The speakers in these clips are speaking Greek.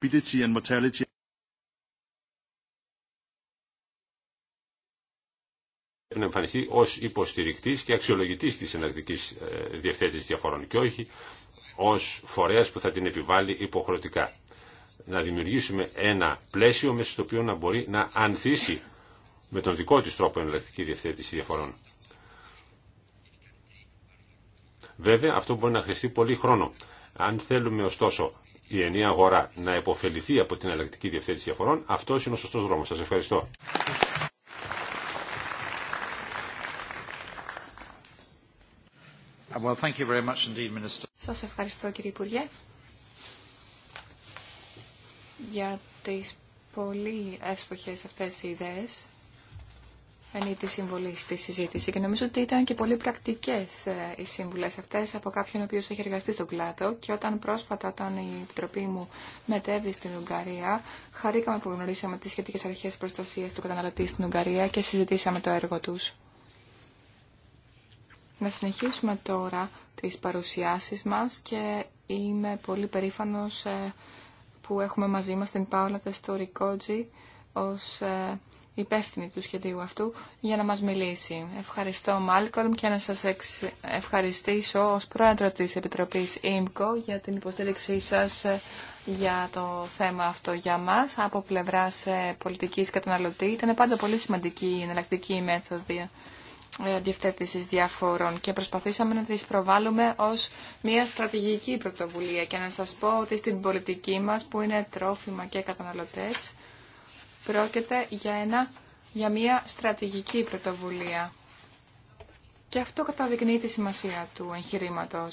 morbidity and mortality να εμφανιστεί ω υποστηρικτής και αξιολογητής της εναλλακτική ε, διευθέτησης διαφορών και όχι ω φορέα που θα την επιβάλλει υποχρεωτικά. Να δημιουργήσουμε ένα πλαίσιο μέσα στο οποίο να μπορεί να ανθίσει με τον δικό της τρόπο εναλλακτική διευθέτηση διαφορών. Βέβαια αυτό μπορεί να χρειαστεί πολύ χρόνο. Αν θέλουμε ωστόσο η ενιαία αγορά να επωφεληθεί από την αλλακτική διευθέτηση διαφορών, αυτό είναι ο σωστό δρόμο. Σα ευχαριστώ. Uh, well, thank you very much indeed, Σας ευχαριστώ κύριε Υπουργέ για τις πολύ εύστοχες αυτές οι ιδέες εν εκτροπή μου μετέβηε στην συμβολή στη συζήτηση και νομίζω ότι ήταν και πολύ πρακτικέ ε, οι σύμβουλε αυτέ από κάποιον ο οποίο έχει εργαστεί στον κλάδο. Και όταν πρόσφατα, όταν η Επιτροπή μου μετέβη στην Ουγγαρία, χαρήκαμε που γνωρίσαμε τι σχετικέ αρχέ προστασία του καταναλωτή στην Ουγγαρία και συζητήσαμε το έργο του. Να συνεχίσουμε τώρα τι παρουσιάσεις μας και είμαι πολύ περήφανος ε, που έχουμε μαζί μας την Πάολα Τεστορικότζη ως ε, υπεύθυνη του σχεδίου αυτού για να μας μιλήσει. Ευχαριστώ Μάλκολμ και να σας ευχαριστήσω ως πρόεδρο της Επιτροπής ΙΜΚΟ για την υποστήριξή σας ε, για το θέμα αυτό για μας από πλευράς ε, πολιτικής καταναλωτή. Ήταν πάντα πολύ σημαντική η εναλλακτική μέθοδη αντιευθέτησης ε, διαφόρων και προσπαθήσαμε να τις προβάλλουμε ως μια στρατηγική πρωτοβουλία και να σας πω ότι στην πολιτική μας που είναι τρόφιμα και καταναλωτές Πρόκειται για, ένα, για μια στρατηγική πρωτοβουλία. Και αυτό καταδεικνύει τη σημασία του εγχειρήματο.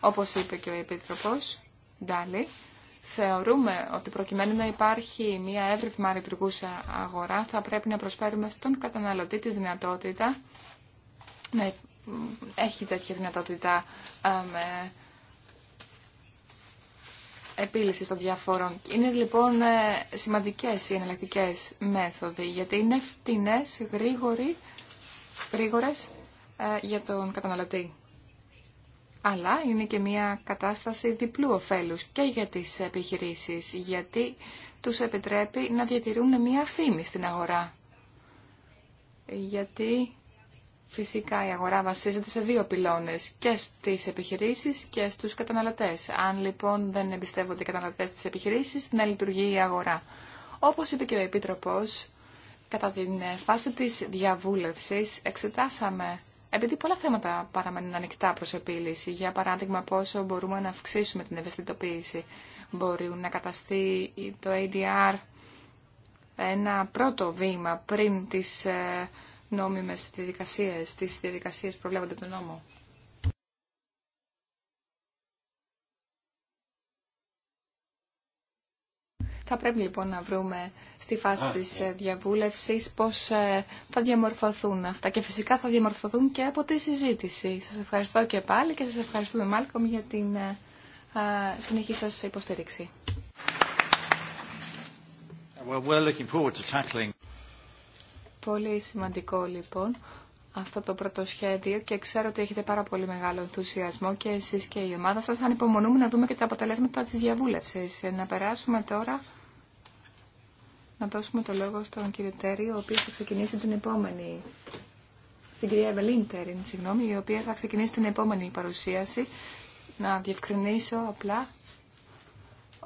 Όπως είπε και ο Επίτροπος Ντάλι, θεωρούμε ότι προκειμένου να υπάρχει μια εύρυθμα λειτουργούσα αγορά, θα πρέπει να προσφέρουμε στον καταναλωτή τη δυνατότητα να έχει τέτοια δυνατότητα ε, με επίλυσης των διαφόρων. Είναι λοιπόν ε, σημαντικές οι εναλλακτικέ μέθοδοι, γιατί είναι φτηνές, γρήγορε γρήγορες ε, για τον καταναλωτή. Αλλά είναι και μια κατάσταση διπλού ωφέλους και για τις επιχειρήσεις, γιατί τους επιτρέπει να διατηρούν μια φήμη στην αγορά. Γιατί Φυσικά η αγορά βασίζεται σε δύο πυλώνες, και στις επιχειρήσεις και στους καταναλωτές. Αν λοιπόν δεν εμπιστεύονται οι καταναλωτές στις επιχειρήσεις, να λειτουργεί η αγορά. Όπως είπε και ο Επίτροπος, κατά την φάση της διαβούλευσης εξετάσαμε επειδή πολλά θέματα παραμένουν ανοιχτά προς επίλυση, για παράδειγμα πόσο μπορούμε να αυξήσουμε την ευαισθητοποίηση, μπορεί να καταστεί το ADR ένα πρώτο βήμα πριν τις ε, νόμιμες διαδικασίες, τις διαδικασίες που προβλέπονται από τον νόμο. Θα πρέπει λοιπόν να βρούμε στη φάση Α, της ε. Ε, διαβούλευσης πώς ε, θα διαμορφωθούν αυτά και φυσικά θα διαμορφωθούν και από τη συζήτηση. Σας ευχαριστώ και πάλι και σας ευχαριστούμε Μάλκομ για την συνεχή σας υποστήριξη. Well, Πολύ σημαντικό λοιπόν αυτό το πρώτο σχέδιο και ξέρω ότι έχετε πάρα πολύ μεγάλο ενθουσιασμό και εσείς και η ομάδα σας. Αν υπομονούμε να δούμε και τα αποτελέσματα της διαβούλευσης. Ε, να περάσουμε τώρα να δώσουμε το λόγο στον κύριο Τέρι, ο οποίος θα ξεκινήσει την επόμενη, την κυρία Ευελίν Τέρι, η οποία θα ξεκινήσει την επόμενη παρουσίαση. Να διευκρινίσω απλά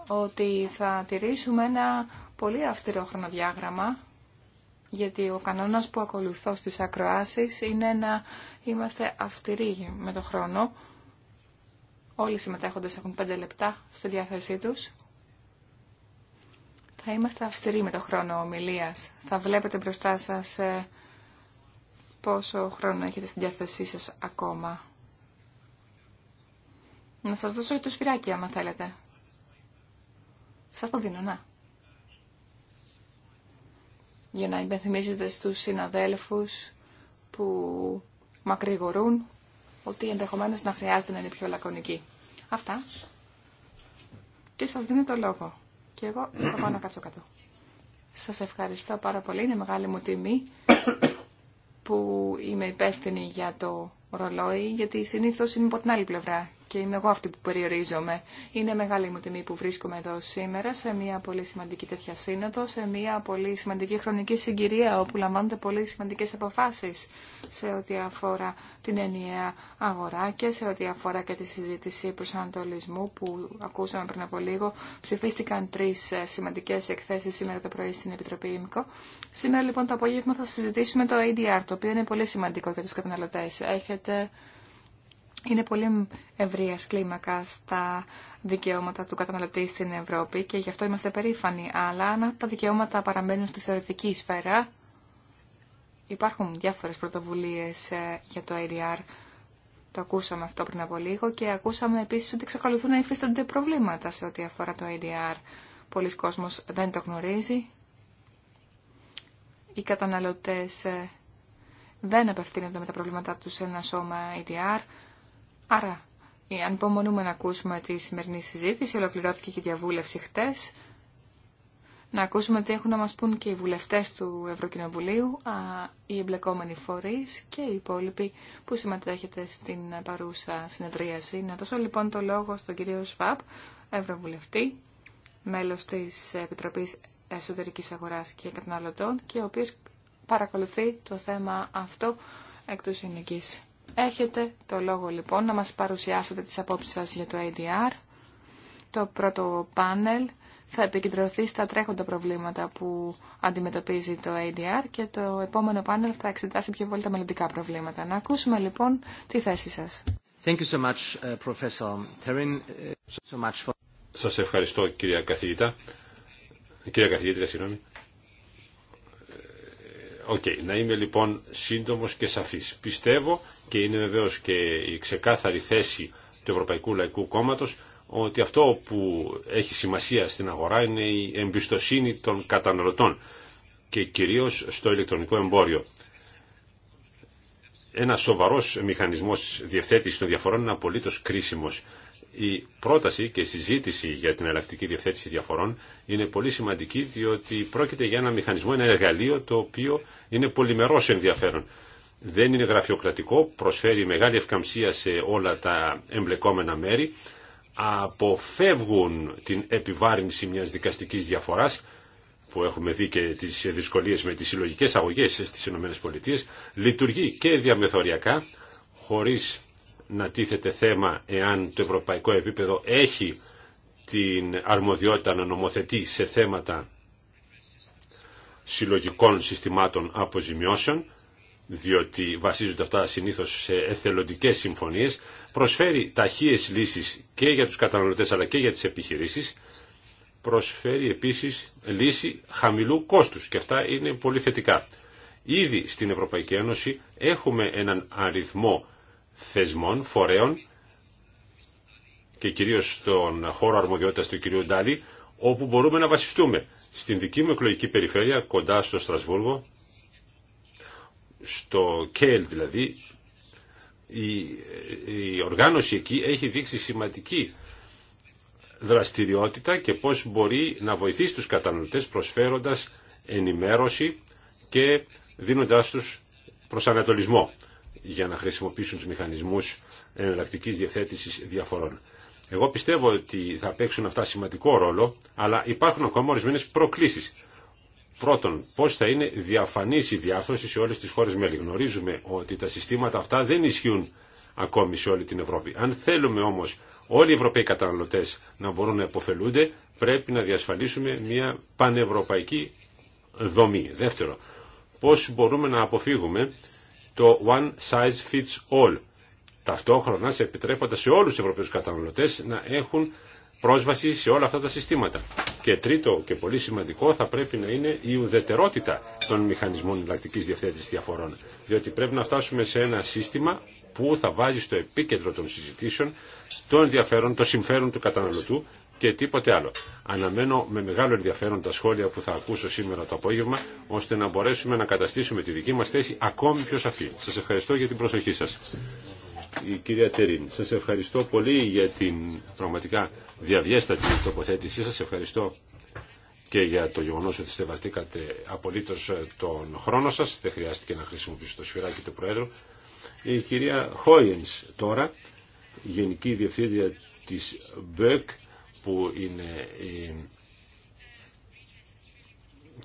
ότι θα τηρήσουμε ένα πολύ αυστηρό χρονοδιάγραμμα γιατί ο κανόνας που ακολουθώ στις ακροάσεις είναι να είμαστε αυστηροί με το χρόνο. Όλοι οι συμμετέχοντες έχουν πέντε λεπτά στη διάθεσή τους. Θα είμαστε αυστηροί με το χρόνο ομιλίας. Θα βλέπετε μπροστά σας ε, πόσο χρόνο έχετε στη διάθεσή σας ακόμα. Να σας δώσω και το σφυράκι άμα θέλετε. Σας το δίνω, να για να υπενθυμίζετε στους συναδέλφους που μακρηγορούν ότι ενδεχομένως να χρειάζεται να είναι πιο λακωνική. Αυτά. Και σας δίνω το λόγο. Και εγώ θα πάω να κάτσω κάτω. Σας ευχαριστώ πάρα πολύ. Είναι μεγάλη μου τιμή που είμαι υπεύθυνη για το ρολόι, γιατί συνήθως είναι από την άλλη πλευρά και είμαι εγώ αυτή που περιορίζομαι. Είναι μεγάλη μου τιμή που βρίσκομαι εδώ σήμερα σε μια πολύ σημαντική τέτοια σύνοδο, σε μια πολύ σημαντική χρονική συγκυρία όπου λαμβάνονται πολύ σημαντικές αποφάσεις σε ό,τι αφορά την ενιαία αγορά και σε ό,τι αφορά και τη συζήτηση προσανατολισμού που ακούσαμε πριν από λίγο. Ψηφίστηκαν τρεις ε, σημαντικές εκθέσεις σήμερα το πρωί στην Επιτροπή ΙΜΚΟ. Σήμερα λοιπόν το απόγευμα θα συζητήσουμε το ADR, το οποίο είναι πολύ σημαντικό για του καταναλωτέ. Έχετε είναι πολύ ευρεία κλίμακα στα δικαιώματα του καταναλωτή στην Ευρώπη και γι' αυτό είμαστε περήφανοι. Αλλά αν τα δικαιώματα παραμένουν στη θεωρητική σφαίρα, υπάρχουν διάφορες πρωτοβουλίες ε, για το ADR. Το ακούσαμε αυτό πριν από λίγο και ακούσαμε επίσης ότι εξακολουθούν να υφίστανται προβλήματα σε ό,τι αφορά το ADR. Πολλοί κόσμος δεν το γνωρίζει. Οι καταναλωτές ε, δεν απευθύνονται με τα προβλήματά τους σε ένα σώμα ADR. Άρα, ε, αν υπομονούμε να ακούσουμε τη σημερινή συζήτηση, ολοκληρώθηκε και η διαβούλευση χτες, να ακούσουμε τι έχουν να μας πούν και οι βουλευτές του Ευρωκοινοβουλίου, α, οι εμπλεκόμενοι φορεί και οι υπόλοιποι που συμμετέχετε στην παρούσα συνεδρίαση. Να δώσω λοιπόν το λόγο στον κύριο Σφαπ, Ευρωβουλευτή, μέλο τη Επιτροπής Εσωτερική Αγορά και Καταναλωτών και ο οποίο παρακολουθεί το θέμα αυτό εκ του συνεκής. Έχετε το λόγο λοιπόν να μας παρουσιάσετε τις απόψεις σας για το ADR. Το πρώτο πάνελ θα επικεντρωθεί στα τρέχοντα προβλήματα που αντιμετωπίζει το ADR και το επόμενο πάνελ θα εξετάσει πιο πολύ τα μελλοντικά προβλήματα. Να ακούσουμε λοιπόν τη θέση σας. Thank you so much, uh, Professor Terin. Uh, so much for... Σας ευχαριστώ κυρία καθηγητά. Κυρία καθηγήτρια, συγγνώμη. Ε, οκ, okay, να είμαι λοιπόν σύντομος και σαφής. Πιστεύω και είναι βεβαίω και η ξεκάθαρη θέση του Ευρωπαϊκού Λαϊκού Κόμματο ότι αυτό που έχει σημασία στην αγορά είναι η εμπιστοσύνη των καταναλωτών και κυρίω στο ηλεκτρονικό εμπόριο. Ένα σοβαρό μηχανισμό διευθέτηση των διαφορών είναι απολύτω κρίσιμος. Η πρόταση και η συζήτηση για την ελλακτική διευθέτηση διαφορών είναι πολύ σημαντική διότι πρόκειται για ένα μηχανισμό, ένα εργαλείο το οποίο είναι πολυμερό ενδιαφέρον δεν είναι γραφειοκρατικό, προσφέρει μεγάλη ευκαμψία σε όλα τα εμπλεκόμενα μέρη, αποφεύγουν την επιβάρυνση μιας δικαστικής διαφοράς, που έχουμε δει και τις δυσκολίες με τις συλλογικές αγωγές στις ΗΠΑ, λειτουργεί και διαμεθοριακά, χωρίς να τίθεται θέμα εάν το ευρωπαϊκό επίπεδο έχει την αρμοδιότητα να νομοθετεί σε θέματα συλλογικών συστημάτων αποζημιώσεων, διότι βασίζονται αυτά συνήθως σε εθελοντικές συμφωνίες, προσφέρει ταχύες λύσεις και για τους καταναλωτές αλλά και για τις επιχειρήσεις, προσφέρει επίσης λύση χαμηλού κόστους και αυτά είναι πολύ θετικά. Ήδη στην Ευρωπαϊκή Ένωση έχουμε έναν αριθμό θεσμών, φορέων και κυρίως στον χώρο αρμοδιότητας του κυρίου Ντάλι, όπου μπορούμε να βασιστούμε. Στην δική μου εκλογική περιφέρεια, κοντά στο Στρασβούργο, στο ΚΕΛ δηλαδή, η, η οργάνωση εκεί έχει δείξει σημαντική δραστηριότητα και πώς μπορεί να βοηθήσει τους καταναλωτές προσφέροντας ενημέρωση και δίνοντάς τους προσανατολισμό για να χρησιμοποιήσουν τους μηχανισμούς εναλλακτική διαθέτησης διαφορών. Εγώ πιστεύω ότι θα παίξουν αυτά σημαντικό ρόλο, αλλά υπάρχουν ακόμα ορισμένε προκλήσεις. Πρώτον, πώ θα είναι διαφανή η διάρθρωση σε όλες τις χώρες μέλη. Γνωρίζουμε ότι τα συστήματα αυτά δεν ισχύουν ακόμη σε όλη την Ευρώπη. Αν θέλουμε όμως όλοι οι Ευρωπαίοι καταναλωτές να μπορούν να υποφελούνται, πρέπει να διασφαλίσουμε μια πανευρωπαϊκή δομή. Δεύτερο, πώς μπορούμε να αποφύγουμε το one size fits all, ταυτόχρονα σε επιτρέποντα σε όλου του Ευρωπαίου καταναλωτέ να έχουν πρόσβαση σε όλα αυτά τα συστήματα. Και τρίτο και πολύ σημαντικό θα πρέπει να είναι η ουδετερότητα των μηχανισμών εναλλακτική διευθέτηση διαφορών. Διότι πρέπει να φτάσουμε σε ένα σύστημα που θα βάζει στο επίκεντρο των συζητήσεων το ενδιαφέρον, το συμφέρον του καταναλωτού και τίποτε άλλο. Αναμένω με μεγάλο ενδιαφέρον τα σχόλια που θα ακούσω σήμερα το απόγευμα, ώστε να μπορέσουμε να καταστήσουμε τη δική μα θέση ακόμη πιο σαφή. Σα ευχαριστώ για την προσοχή σα. Η κυρία Τερίν, σα ευχαριστώ πολύ για την πραγματικά διαβιέστατη τοποθέτησή σας. Ευχαριστώ και για το γεγονός ότι στεβαστήκατε απολύτως ε, τον χρόνο σας. Δεν χρειάστηκε να χρησιμοποιήσω το σφυράκι του Προέδρου. Η κυρία Χόιενς τώρα, Γενική Διευθύντρια της ΜΠΕΚ, που είναι η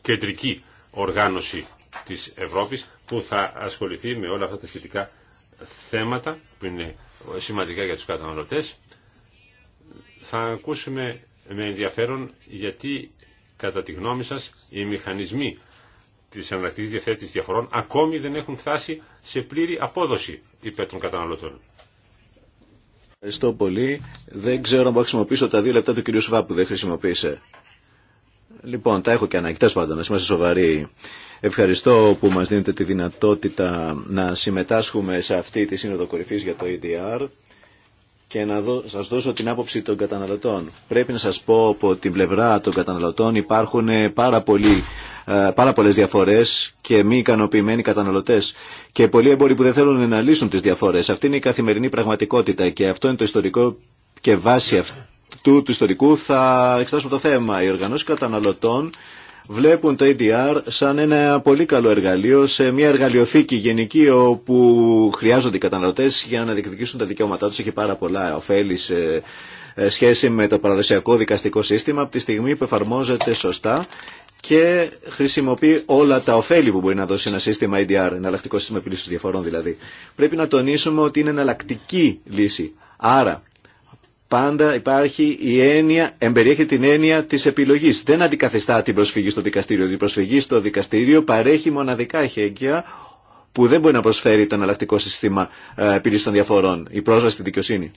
κεντρική οργάνωση της Ευρώπης, που θα ασχοληθεί με όλα αυτά τα σχετικά θέματα, που είναι σημαντικά για τους καταναλωτές. Θα ακούσουμε με ενδιαφέρον γιατί κατά τη γνώμη σας οι μηχανισμοί της εναλλακτικής διαθέτησης διαφορών ακόμη δεν έχουν φτάσει σε πλήρη απόδοση υπέρ των καταναλωτών. Ευχαριστώ πολύ. Δεν ξέρω αν μπορώ να χρησιμοποιήσω τα δύο λεπτά του κυρίου Σουβά που δεν χρησιμοποίησε. Λοιπόν, τα έχω και ανάγκη. Τέλο πάντων, είμαστε σοβαροί. Ευχαριστώ που μα δίνετε τη δυνατότητα να συμμετάσχουμε σε αυτή τη σύνοδο κορυφή για το EDR και να δω, σας δώσω την άποψη των καταναλωτών. Πρέπει να σας πω από την πλευρά των καταναλωτών υπάρχουν ε, πάρα, πολλοί, ε, πάρα πολλές διαφορές και μη ικανοποιημένοι καταναλωτές και πολλοί έμποροι που δεν θέλουν να λύσουν τις διαφορές. Αυτή είναι η καθημερινή πραγματικότητα και αυτό είναι το ιστορικό και βάση αυτού του ιστορικού θα εξετάσουμε το θέμα. Οι οργανώσεις καταναλωτών βλέπουν το ADR σαν ένα πολύ καλό εργαλείο σε μια εργαλειοθήκη γενική όπου χρειάζονται οι καταναλωτές για να διεκδικήσουν τα δικαιώματά τους. Έχει πάρα πολλά ωφέλη σε ε, σχέση με το παραδοσιακό δικαστικό σύστημα από τη στιγμή που εφαρμόζεται σωστά και χρησιμοποιεί όλα τα ωφέλη που μπορεί να δώσει ένα σύστημα ADR, εναλλακτικό σύστημα επιλύσεως διαφορών δηλαδή. Πρέπει να τονίσουμε ότι είναι εναλλακτική λύση. Άρα πάντα υπάρχει η έννοια, εμπεριέχει την έννοια τη επιλογή. Δεν αντικαθιστά την προσφυγή στο δικαστήριο. Η προσφυγή στο δικαστήριο παρέχει μοναδικά χέγγια που δεν μπορεί να προσφέρει το εναλλακτικό σύστημα ε, επίλυση των διαφορών, η πρόσβαση στη δικαιοσύνη.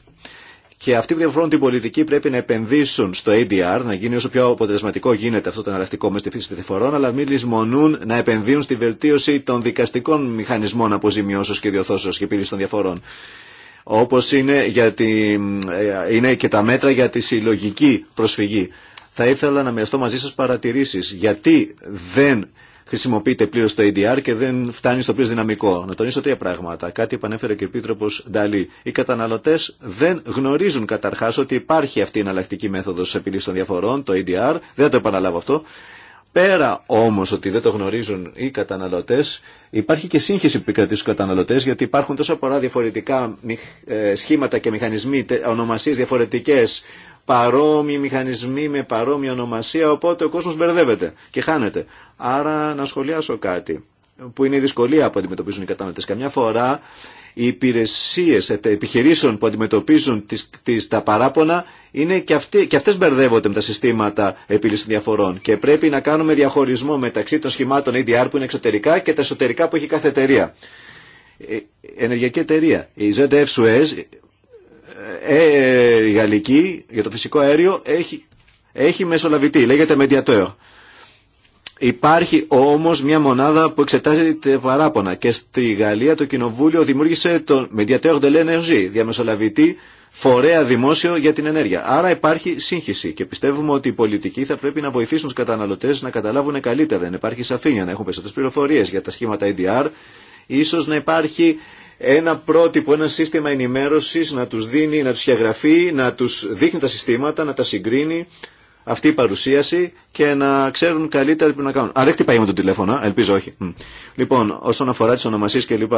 Και αυτοί που διαφορούν την πολιτική πρέπει να επενδύσουν στο ADR, να γίνει όσο πιο αποτελεσματικό γίνεται αυτό το εναλλακτικό με στη φύση των διαφορών, αλλά μην λησμονούν να επενδύουν στη βελτίωση των δικαστικών μηχανισμών αποζημιώσεω και διορθώσεω και επίλυση των διαφορών όπως είναι, για ε, είναι και τα μέτρα για τη συλλογική προσφυγή. Θα ήθελα να μοιραστώ μαζί σας παρατηρήσεις. Γιατί δεν χρησιμοποιείται πλήρω το ADR και δεν φτάνει στο πλήρω δυναμικό. Να τονίσω τρία πράγματα. Κάτι που ανέφερε και ο Επίτροπο Νταλή. Οι καταναλωτέ δεν γνωρίζουν καταρχά ότι υπάρχει αυτή η εναλλακτική μέθοδο επιλύση των διαφορών, το ADR. Δεν το επαναλάβω αυτό. Πέρα όμως ότι δεν το γνωρίζουν οι καταναλωτές, υπάρχει και σύγχυση που επικρατεί στους καταναλωτές, γιατί υπάρχουν τόσα πολλά διαφορετικά ε, σχήματα και μηχανισμοί, ονομασίες διαφορετικές, παρόμοιοι μηχανισμοί με παρόμοια ονομασία, οπότε ο κόσμος μπερδεύεται και χάνεται. Άρα να σχολιάσω κάτι, που είναι η δυσκολία που αντιμετωπίζουν οι καταναλωτές. Καμιά φορά οι υπηρεσίες ε, επιχειρήσεων που αντιμετωπίζουν τις, τα παράπονα είναι και, αυτοί, αυτές μπερδεύονται με τα συστήματα επίλυσης διαφορών και πρέπει να κάνουμε διαχωρισμό μεταξύ των σχημάτων EDR που είναι εξωτερικά και τα εσωτερικά που έχει κάθε εταιρεία. Ε, ενεργειακή εταιρεία. Η ZF Suez, ε, ε, η γαλλική για το φυσικό αέριο, έχει, έχει μεσολαβητή, λέγεται Mediator. Υπάρχει όμως μια μονάδα που εξετάζει παράπονα και στη Γαλλία το κοινοβούλιο δημιούργησε τον Mediator de l'Energie, διαμεσολαβητή φορέα δημόσιο για την ενέργεια. Άρα υπάρχει σύγχυση και πιστεύουμε ότι οι πολιτικοί θα πρέπει να βοηθήσουν του καταναλωτέ να καταλάβουν καλύτερα, να υπάρχει σαφήνεια, να έχουν περισσότερε πληροφορίε για τα σχήματα EDR, ίσω να υπάρχει ένα πρότυπο, ένα σύστημα ενημέρωσης να τους δίνει, να του διαγραφεί, να του δείχνει τα συστήματα, να τα συγκρίνει, αυτή η παρουσίαση και να ξέρουν καλύτερα τι να κάνουν. Αλλά δεν χτυπάει με τον τηλέφωνο, ελπίζω όχι. Λοιπόν, όσον αφορά τι ονομασίε κλπ.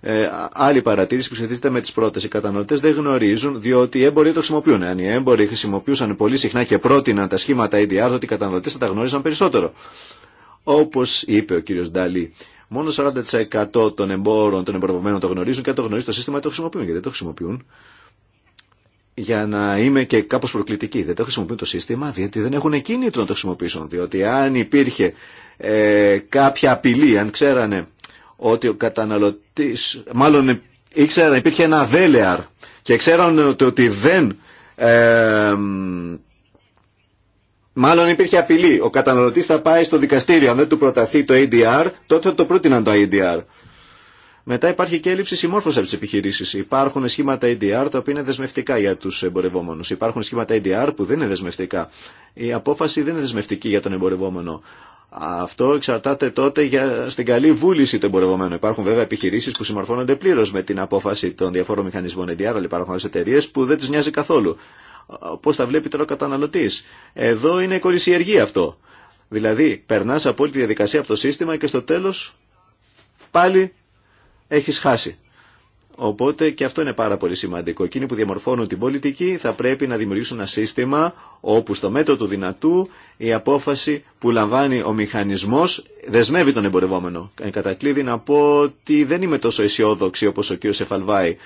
Ε, άλλη παρατήρηση που σχετίζεται με τι πρώτε. Οι κατανοητέ δεν γνωρίζουν διότι οι έμποροι το χρησιμοποιούν. Αν οι έμποροι χρησιμοποιούσαν πολύ συχνά και πρότειναν τα σχήματα EDR, τότε οι κατανοητέ θα τα γνώριζαν περισσότερο. Όπω είπε ο κύριο Νταλή, μόνο 40% των εμπόρων, των εμπορευμένων το γνωρίζουν και αν το γνωρίζει το σύστημα το χρησιμοποιούν. Γιατί το χρησιμοποιούν για να είμαι και κάπως προκλητική. Δεν το χρησιμοποιούν το σύστημα διότι δεν έχουν κίνητρο να το χρησιμοποιήσουν. Διότι αν υπήρχε ε, κάποια απειλή, αν ξέρανε ότι ο καταναλωτής, μάλλον ήξεραν, υπήρχε ένα δέλεαρ και ξέρανε ότι δεν... Ε, Μάλλον υπήρχε απειλή. Ο καταναλωτή θα πάει στο δικαστήριο. Αν δεν του προταθεί το ADR, τότε θα το πρότειναν το ADR. Μετά υπάρχει και έλλειψη συμμόρφωση από τι επιχειρήσει. Υπάρχουν σχήματα ADR τα οποία είναι δεσμευτικά για του εμπορευόμενου. Υπάρχουν σχήματα ADR που δεν είναι δεσμευτικά. Η απόφαση δεν είναι δεσμευτική για τον εμπορευόμενο. Αυτό εξαρτάται τότε για, στην καλή βούληση του εμπορευόμενου. Υπάρχουν βέβαια επιχειρήσει που συμμορφώνονται πλήρω με την απόφαση των διαφόρων μηχανισμών ADR, αλλά υπάρχουν άλλε εταιρείε που δεν τι νοιάζει καθόλου. Πώ τα βλέπει τώρα ο καταναλωτή. Εδώ είναι κολυσιεργή αυτό. Δηλαδή, περνά από όλη τη διαδικασία από το σύστημα και στο τέλο πάλι έχεις χάσει. Οπότε και αυτό είναι πάρα πολύ σημαντικό. Εκείνοι που διαμορφώνουν την πολιτική θα πρέπει να δημιουργήσουν ένα σύστημα όπου στο μέτρο του δυνατού η απόφαση που λαμβάνει ο μηχανισμός δεσμεύει τον εμπορευόμενο. Κατακλείδη να πω ότι δεν είμαι τόσο αισιόδοξη όπως ο κύριος Εφαλβάη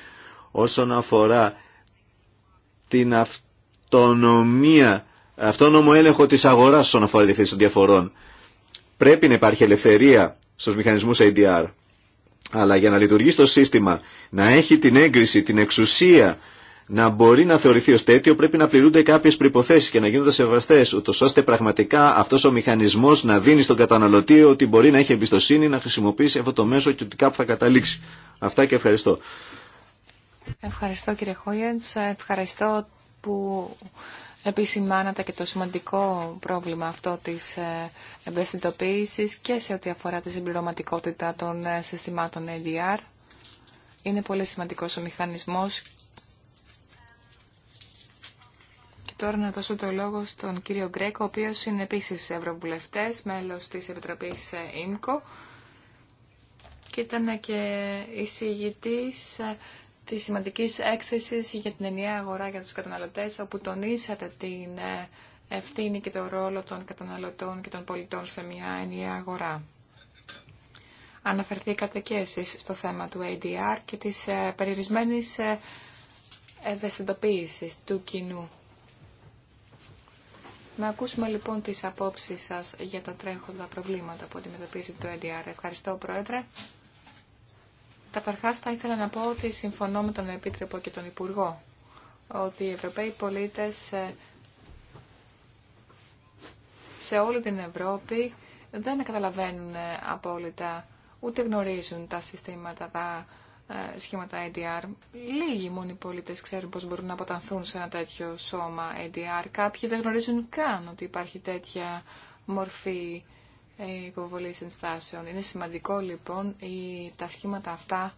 όσον αφορά την αυτονομία, αυτόνομο έλεγχο της αγοράς όσον αφορά τη θέση των διαφορών. Πρέπει να υπάρχει ελευθερία στους μηχανισμούς ADR αλλά για να λειτουργεί το σύστημα, να έχει την έγκριση, την εξουσία να μπορεί να θεωρηθεί ω τέτοιο, πρέπει να πληρούνται κάποιε προποθέσει και να γίνονται σεβαστέ, ούτω ώστε πραγματικά αυτό ο μηχανισμό να δίνει στον καταναλωτή ότι μπορεί να έχει εμπιστοσύνη να χρησιμοποιήσει αυτό το μέσο και ότι κάπου θα καταλήξει. Αυτά και ευχαριστώ. Ευχαριστώ κύριε Χόιεντ. ευχαριστώ που επισημάνατε και το σημαντικό πρόβλημα αυτό της ε, ευαισθητοποίησης και σε ό,τι αφορά τη συμπληρωματικότητα των ε, συστημάτων ADR. Είναι πολύ σημαντικός ο μηχανισμός. Και τώρα να δώσω το λόγο στον κύριο Γκρέκο, ο οποίος είναι επίσης ευρωβουλευτές, μέλος της Επιτροπής ε, ΙΜΚΟ και ήταν και εισηγητής της σημαντικής έκθεσης για την ενιαία αγορά για τους καταναλωτές, όπου τονίσατε την ε, ευθύνη και το ρόλο των καταναλωτών και των πολιτών σε μια ενιαία αγορά. Αναφερθήκατε και εσείς στο θέμα του ADR και της ε, περιορισμένης ε, ευαισθητοποίησης του κοινού. Να ακούσουμε λοιπόν τις απόψεις σας για τα τρέχοντα προβλήματα που αντιμετωπίζει το ADR. Ευχαριστώ Πρόεδρε. Καταρχά θα ήθελα να πω ότι συμφωνώ με τον Επίτροπο και τον Υπουργό ότι οι Ευρωπαίοι πολίτες ε, σε όλη την Ευρώπη δεν καταλαβαίνουν ε, απόλυτα ούτε γνωρίζουν τα συστήματα, τα ε, σχήματα ADR. Λίγοι μόνοι πολίτες ξέρουν πώς μπορούν να αποτανθούν σε ένα τέτοιο σώμα ADR. Κάποιοι δεν γνωρίζουν καν ότι υπάρχει τέτοια μορφή ε, υποβολή ενστάσεων. Είναι σημαντικό λοιπόν η, τα σχήματα αυτά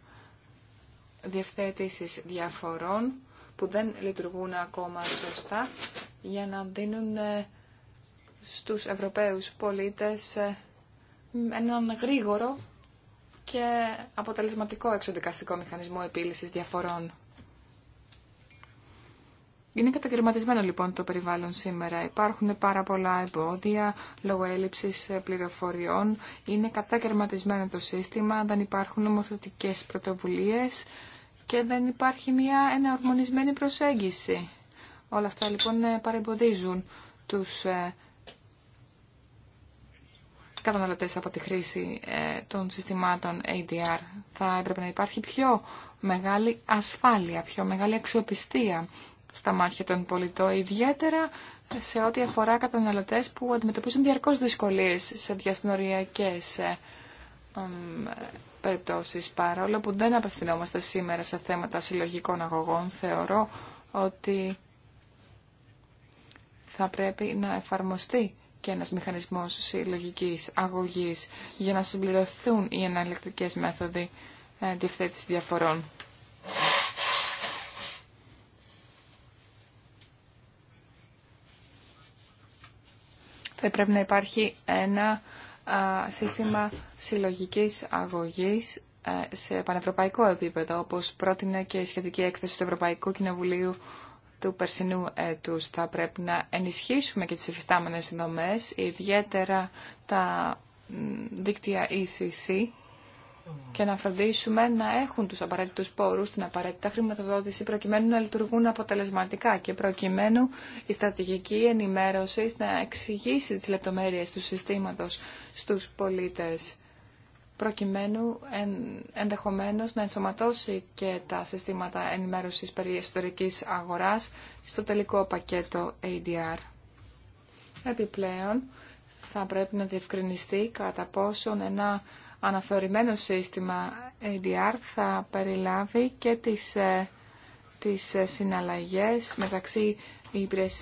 διευθέτησης διαφορών που δεν λειτουργούν ακόμα σωστά για να δίνουν ε, στους Ευρωπαίους πολίτες ε, έναν γρήγορο και αποτελεσματικό εξοδικαστικό μηχανισμό επίλυσης διαφορών. Είναι κατακαιρματισμένο λοιπόν το περιβάλλον σήμερα. Υπάρχουν πάρα πολλά εμπόδια λόγω έλλειψη ε, πληροφοριών. Είναι κατακαιρματισμένο το σύστημα, δεν υπάρχουν νομοθετικέ πρωτοβουλίε και δεν υπάρχει μια εναρμονισμένη προσέγγιση. Όλα αυτά λοιπόν ε, παρεμποδίζουν τους ε, καταναλωτές από τη χρήση των συστημάτων ADR. Θα έπρεπε να υπάρχει πιο μεγάλη ασφάλεια, πιο μεγάλη αξιοπιστία στα μάτια των πολιτών, ιδιαίτερα σε ό,τι αφορά καταναλωτέ που αντιμετωπίζουν διαρκώ δυσκολίε σε διασυνοριακές ε, περιπτώσεις. Παρόλο που δεν απευθυνόμαστε σήμερα σε θέματα συλλογικών αγωγών, θεωρώ ότι θα πρέπει να εφαρμοστεί και ένας μηχανισμός συλλογικής αγωγής για να συμπληρωθούν οι αναλεκτικές μέθοδοι ε, διευθέτηση διαφορών. θα πρέπει να υπάρχει ένα σύστημα συλλογικής αγωγής ε, σε πανευρωπαϊκό επίπεδο, όπως πρότεινε και η σχετική έκθεση του Ευρωπαϊκού Κοινοβουλίου του περσινού έτους. Θα πρέπει να ενισχύσουμε και τις εφιστάμενες δομές, ιδιαίτερα τα δίκτυα ECC, και να φροντίσουμε να έχουν τους απαραίτητους πόρους, την απαραίτητα χρηματοδότηση προκειμένου να λειτουργούν αποτελεσματικά και προκειμένου η στρατηγική ενημέρωση να εξηγήσει τις λεπτομέρειες του συστήματος στους πολίτες προκειμένου εν, ενδεχομένως να ενσωματώσει και τα συστήματα ενημέρωσης περί ιστορικής αγοράς στο τελικό πακέτο ADR. Επιπλέον, θα πρέπει να διευκρινιστεί κατά πόσον ένα αναθεωρημένο σύστημα ADR θα περιλάβει και τις, ε, τις ε, συναλλαγές μεταξύ,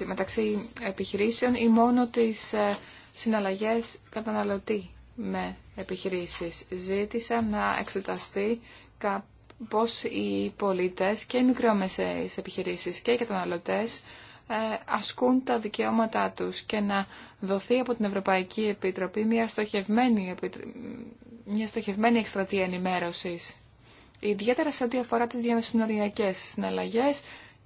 μεταξύ επιχειρήσεων ή μόνο τις ε, συναλλαγές καταναλωτή με επιχειρήσεις. Ζήτησα να εξεταστεί πώς οι πολίτες και οι μικρόμεσαίες επιχειρήσεις και οι καταναλωτές ασκούν τα δικαιώματά τους και να δοθεί από την Ευρωπαϊκή Επιτροπή μια στοχευμένη μια στοχευμένη εκστρατεία ενημέρωση, ιδιαίτερα σε ό,τι αφορά τι διασυνοριακές συναλλαγέ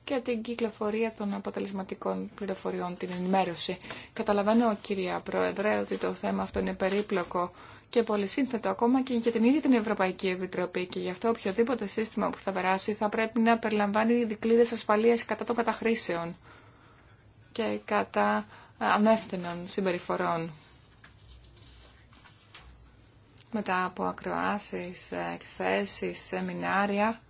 και την κυκλοφορία των αποτελεσματικών πληροφοριών, την ενημέρωση. Καταλαβαίνω, κυρία Πρόεδρε, ότι το θέμα αυτό είναι περίπλοκο και πολύ σύνθετο ακόμα και για την ίδια την Ευρωπαϊκή Επιτροπή και γι' αυτό οποιοδήποτε σύστημα που θα περάσει θα πρέπει να περιλαμβάνει δικλείδες ασφαλεία κατά των καταχρήσεων και κατά ανεύθυνων συμπεριφορών μετά από ακροάσεις, εκθέσεις, σεμινάρια.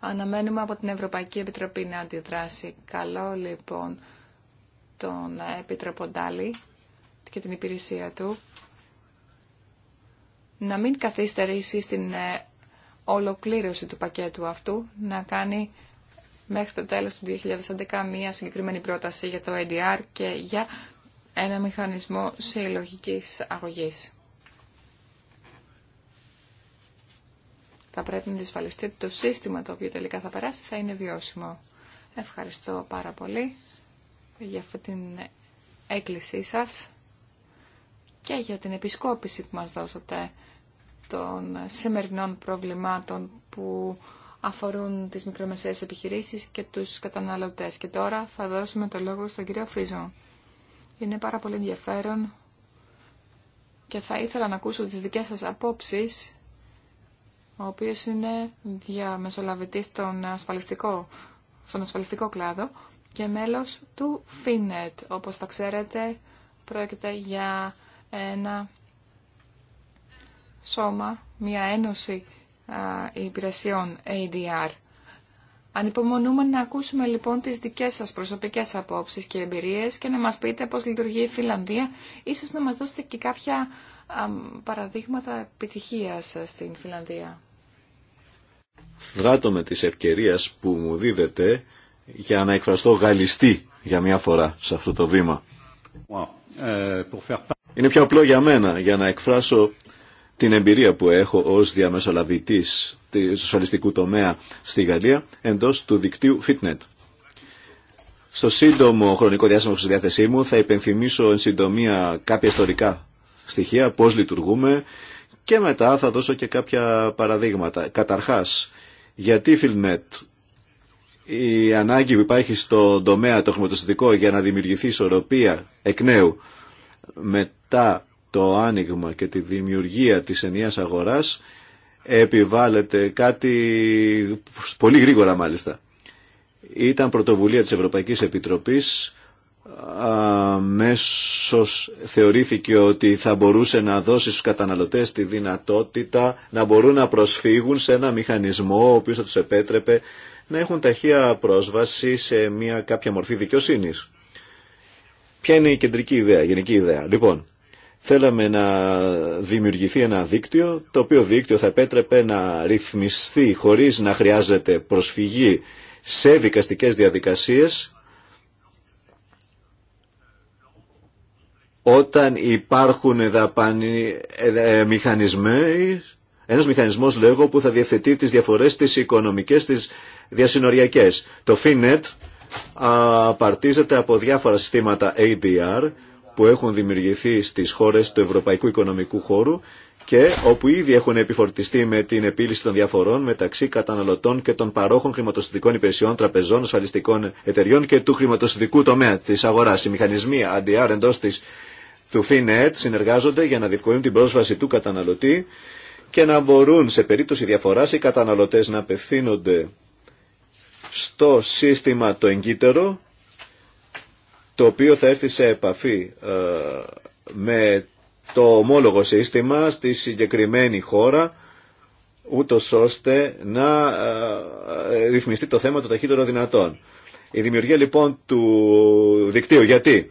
Αναμένουμε από την Ευρωπαϊκή Επιτροπή να αντιδράσει. Καλό λοιπόν τον Επίτροπο Ντάλι και την υπηρεσία του να μην καθυστερήσει στην ε, ολοκλήρωση του πακέτου αυτού, να κάνει μέχρι το τέλος του 2011 μία συγκεκριμένη πρόταση για το ADR και για ένα μηχανισμό συλλογικής αγωγής. Θα πρέπει να δυσφαλιστεί ότι το σύστημα το οποίο τελικά θα περάσει θα είναι βιώσιμο. Ευχαριστώ πάρα πολύ για αυτή την έκκλησή σας και για την επισκόπηση που μας δώσατε των σημερινών προβλημάτων που αφορούν τις μικρομεσαίες επιχειρήσεις και τους καταναλωτές. Και τώρα θα δώσουμε το λόγο στον κύριο Φρίζο. Είναι πάρα πολύ ενδιαφέρον και θα ήθελα να ακούσω τις δικές σας απόψεις ο οποίος είναι διαμεσολαβητής στον ασφαλιστικό, στον ασφαλιστικό κλάδο και μέλος του FINET. Όπως θα ξέρετε, πρόκειται για ένα σώμα, μια ένωση α, υπηρεσιών ADR. Ανυπομονούμε να ακούσουμε λοιπόν τις δικές σας προσωπικές απόψεις και εμπειρίες και να μας πείτε πώς λειτουργεί η Φιλανδία. Ίσως να μας δώσετε και κάποια παραδείγματα επιτυχίας στην Φιλανδία δράτω με της ευκαιρίας που μου δίδεται για να εκφραστώ γαλλιστή για μια φορά σε αυτό το βήμα. Ε, Είναι πιο απλό για μένα για να εκφράσω την εμπειρία που έχω ως διαμεσολαβητής του ασφαλιστικού τομέα στη Γαλλία εντός του δικτύου Fitnet. Στο σύντομο χρονικό διάστημα στη διάθεσή μου θα υπενθυμίσω εν συντομία κάποια ιστορικά στοιχεία, πώς λειτουργούμε, και μετά θα δώσω και κάποια παραδείγματα. Καταρχάς, γιατί Φιλνέτ, η ανάγκη που υπάρχει στον τομέα το χρηματοστατικό για να δημιουργηθεί ισορροπία εκ νέου μετά το άνοιγμα και τη δημιουργία της ενιαίας αγοράς επιβάλλεται κάτι πολύ γρήγορα μάλιστα. Ήταν πρωτοβουλία της Ευρωπαϊκής Επιτροπής αμέσως θεωρήθηκε ότι θα μπορούσε να δώσει στους καταναλωτές τη δυνατότητα να μπορούν να προσφύγουν σε ένα μηχανισμό ο οποίος θα τους επέτρεπε να έχουν ταχεία πρόσβαση σε μια κάποια μορφή δικαιοσύνης. Ποια είναι η κεντρική ιδέα, η γενική ιδέα. Λοιπόν, θέλαμε να δημιουργηθεί ένα δίκτυο, το οποίο δίκτυο θα επέτρεπε να ρυθμιστεί χωρίς να χρειάζεται προσφυγή σε δικαστικές διαδικασίες όταν υπάρχουν δαπάνη, ε, ε, μηχανισμοί, ένας μηχανισμός λέγω που θα διευθετεί τις διαφορές τις οικονομικές, τις διασυνοριακές. Το FINET απαρτίζεται από διάφορα συστήματα ADR που έχουν δημιουργηθεί στις χώρες του Ευρωπαϊκού Οικονομικού Χώρου και όπου ήδη έχουν επιφορτιστεί με την επίλυση των διαφορών μεταξύ καταναλωτών και των παρόχων χρηματοσυντικών υπηρεσιών, τραπεζών, ασφαλιστικών εταιριών και του χρηματοστητικού τομέα της αγοράς. Οι μηχανισμοί ADR εντός της του FinET συνεργάζονται για να διευκολύνουν την πρόσβαση του καταναλωτή και να μπορούν σε περίπτωση διαφοράς οι καταναλωτές να απευθύνονται στο σύστημα το εγκύτερο το οποίο θα έρθει σε επαφή ε, με το ομόλογο σύστημα στη συγκεκριμένη χώρα ούτω ώστε να ε, ρυθμιστεί το θέμα το ταχύτερο δυνατόν. Η δημιουργία λοιπόν του δικτύου γιατί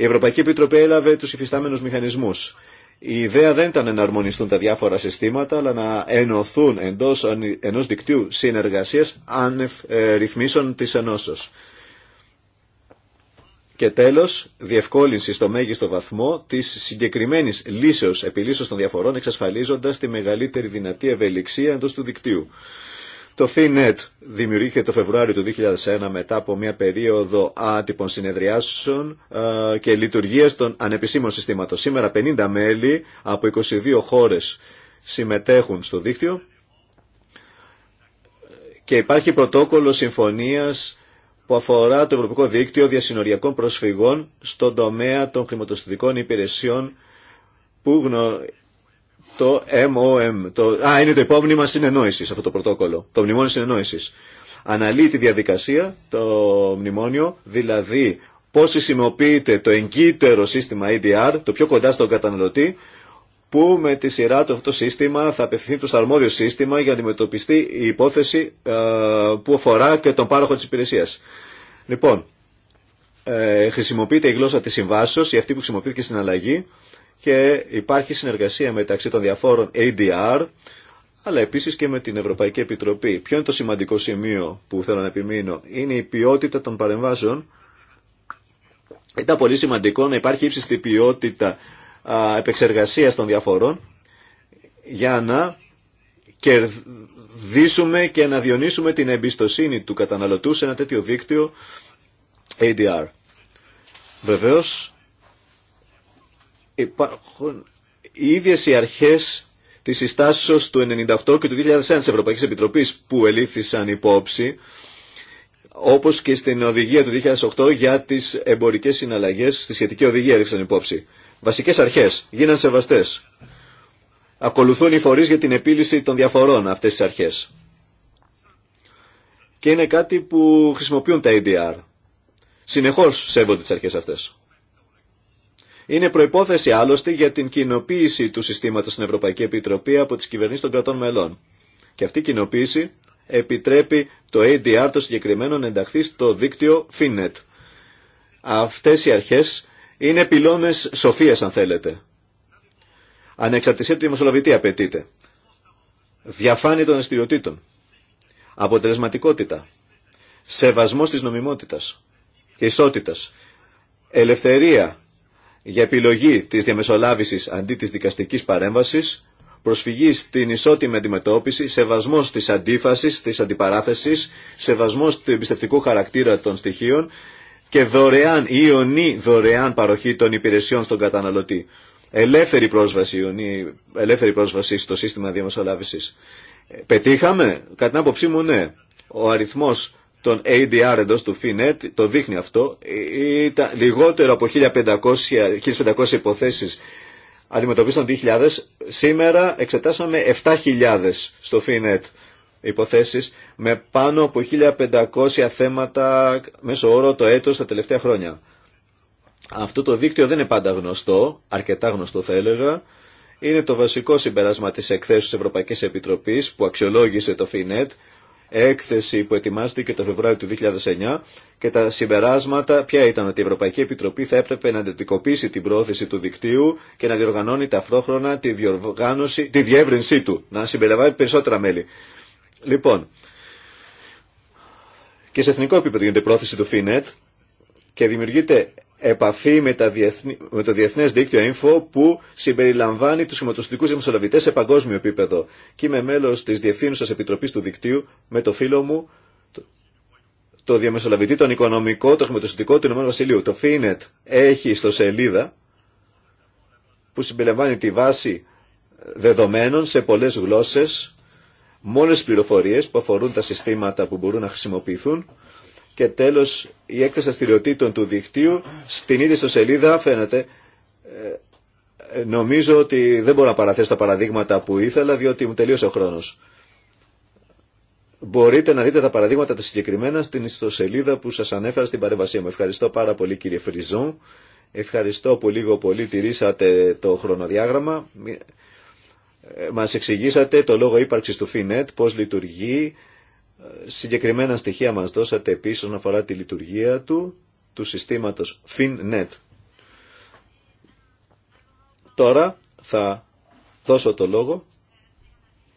η Ευρωπαϊκή Επιτροπή έλαβε τους υφιστάμενους μηχανισμούς. Η ιδέα δεν ήταν να αρμονιστούν τα διάφορα συστήματα, αλλά να ενωθούν εντός ενός δικτύου συνεργασίας άνευ ε, ρυθμίσεων της ενώσεως. Και τέλος, διευκόλυνση στο μέγιστο βαθμό της συγκεκριμένης λύσεως επιλύσεως των διαφορών, εξασφαλίζοντας τη μεγαλύτερη δυνατή ευελιξία εντός του δικτύου. Το FINET e δημιουργήθηκε το Φεβρουάριο του 2001 μετά από μια περίοδο άτυπων συνεδριάσεων ε, και λειτουργίας των ανεπισήμων συστημάτων. Σήμερα 50 μέλη από 22 χώρες συμμετέχουν στο δίκτυο και υπάρχει πρωτόκολλο συμφωνίας που αφορά το Ευρωπαϊκό Δίκτυο Διασυνοριακών Προσφυγών στον τομέα των χρηματοστατικών υπηρεσιών που το MOM. Το... Α, είναι το υπόμνημα συνεννόηση αυτό το πρωτόκολλο. Το μνημόνιο συνεννόηση. Αναλύει τη διαδικασία, το μνημόνιο, δηλαδή πώ χρησιμοποιείται το εγκύτερο σύστημα EDR, το πιο κοντά στον καταναλωτή, που με τη σειρά του αυτό το σύστημα θα απευθυνθεί το αρμόδιο σύστημα για να αντιμετωπιστεί η υπόθεση ε, που αφορά και τον πάροχο τη υπηρεσία. Λοιπόν, ε, χρησιμοποιείται η γλώσσα τη συμβάσεω, η αυτή που χρησιμοποιήθηκε στην αλλαγή και υπάρχει συνεργασία μεταξύ των διαφόρων ADR αλλά επίσης και με την Ευρωπαϊκή Επιτροπή. Ποιο είναι το σημαντικό σημείο που θέλω να επιμείνω. Είναι η ποιότητα των παρεμβάσεων. Ήταν πολύ σημαντικό να υπάρχει ύψιστη ποιότητα επεξεργασίας των διαφορών για να κερδίσουμε και να διονύσουμε την εμπιστοσύνη του καταναλωτού σε ένα τέτοιο δίκτυο ADR. Βεβαίως υπάρχουν οι ίδιες οι αρχές της συστάσεως του 98 και του 2001 της Ευρωπαϊκής Επιτροπής που ελήφθησαν υπόψη όπως και στην οδηγία του 2008 για τις εμπορικές συναλλαγές, στη σχετική οδηγία έλήφθησαν υπόψη. Βασικές αρχές γίναν σεβαστές. Ακολουθούν οι φορείς για την επίλυση των διαφορών αυτές τις αρχές. Και είναι κάτι που χρησιμοποιούν τα ADR. E Συνεχώς σέβονται τις αρχές αυτές. Είναι προπόθεση άλλωστε για την κοινοποίηση του συστήματο στην Ευρωπαϊκή Επιτροπή από τι κυβερνήσει των κρατών μελών. Και αυτή η κοινοποίηση επιτρέπει το ADR το συγκεκριμένο να ενταχθεί στο δίκτυο FINET. Αυτές οι αρχές είναι πυλώνε σοφίας αν θέλετε. Ανεξαρτησία του δημοσιολογητή απαιτείται. Διαφάνεια των αστηριοτήτων. Αποτελεσματικότητα. σεβασμό τη νομιμότητα, ισότητα, Ελευθερία για επιλογή της διαμεσολάβησης αντί της δικαστικής παρέμβασης, προσφυγή στην ισότιμη αντιμετώπιση, σεβασμός της αντίφασης, της αντιπαράθεσης, σεβασμός του εμπιστευτικού χαρακτήρα των στοιχείων και δωρεάν ή ιονή δωρεάν παροχή των υπηρεσιών στον καταναλωτή. Ελεύθερη πρόσβαση, ελεύθερη πρόσβαση στο σύστημα διαμεσολάβησης. Πετύχαμε, κατά την άποψή μου ναι, ο αριθμός τον ADR εντό του FINET, το δείχνει αυτό, ε, ήταν λιγότερο από 1500, 1500 υποθέσεις αντιμετωπίστων 2.000, σήμερα εξετάσαμε 7.000 στο FINET υποθέσεις με πάνω από 1.500 θέματα μέσω όρο το έτος τα τελευταία χρόνια. Αυτό το δίκτυο δεν είναι πάντα γνωστό, αρκετά γνωστό θα έλεγα. Είναι το βασικό συμπεράσμα της εκθέσεως τη Ευρωπαϊκής Επιτροπής που αξιολόγησε το FINET έκθεση που ετοιμάστηκε το Φεβρουάριο του 2009 και τα συμπεράσματα ποια ήταν ότι η Ευρωπαϊκή Επιτροπή θα έπρεπε να αντιτικοποιήσει την πρόθεση του δικτύου και να διοργανώνει ταυτόχρονα τη, διοργάνωση, τη διεύρυνσή του, να συμπεριλαμβάνει περισσότερα μέλη. Λοιπόν, και σε εθνικό επίπεδο γίνεται η πρόθεση του ΦΙΝΕΤ και δημιουργείται επαφή με, τα το διεθνέ Δίκτυο Info που συμπεριλαμβάνει του χρηματοστικού δημοσιολαβητές σε παγκόσμιο επίπεδο. Και είμαι μέλο τη Διευθύνουσα Επιτροπής του Δικτύου με το φίλο μου, το, διαμεσολαβητή, τον οικονομικό, το χρηματοστικό του Ηνωμένου Βασιλείου. Το FINET έχει στο σελίδα που συμπεριλαμβάνει τη βάση δεδομένων σε πολλέ γλώσσε, μόνε πληροφορίε που αφορούν τα συστήματα που μπορούν να χρησιμοποιηθούν και τέλος η έκταση αστηριοτήτων του δικτύου στην ίδια ιστοσελίδα σελίδα φαίνεται ε, νομίζω ότι δεν μπορώ να παραθέσω τα παραδείγματα που ήθελα διότι μου τελείωσε ο χρόνος. Μπορείτε να δείτε τα παραδείγματα τα συγκεκριμένα στην ιστοσελίδα που σας ανέφερα στην παρεμβασία μου. Ευχαριστώ πάρα πολύ κύριε Φριζόν. Ευχαριστώ που λίγο πολύ τηρήσατε το χρονοδιάγραμμα. Ε, μας εξηγήσατε το λόγο ύπαρξης του ΦΙΝΕΤ, πώς λειτουργεί, Συγκεκριμένα στοιχεία μας δώσατε επίσης όσον αφορά τη λειτουργία του, του συστήματος FinNet. Τώρα θα δώσω το λόγο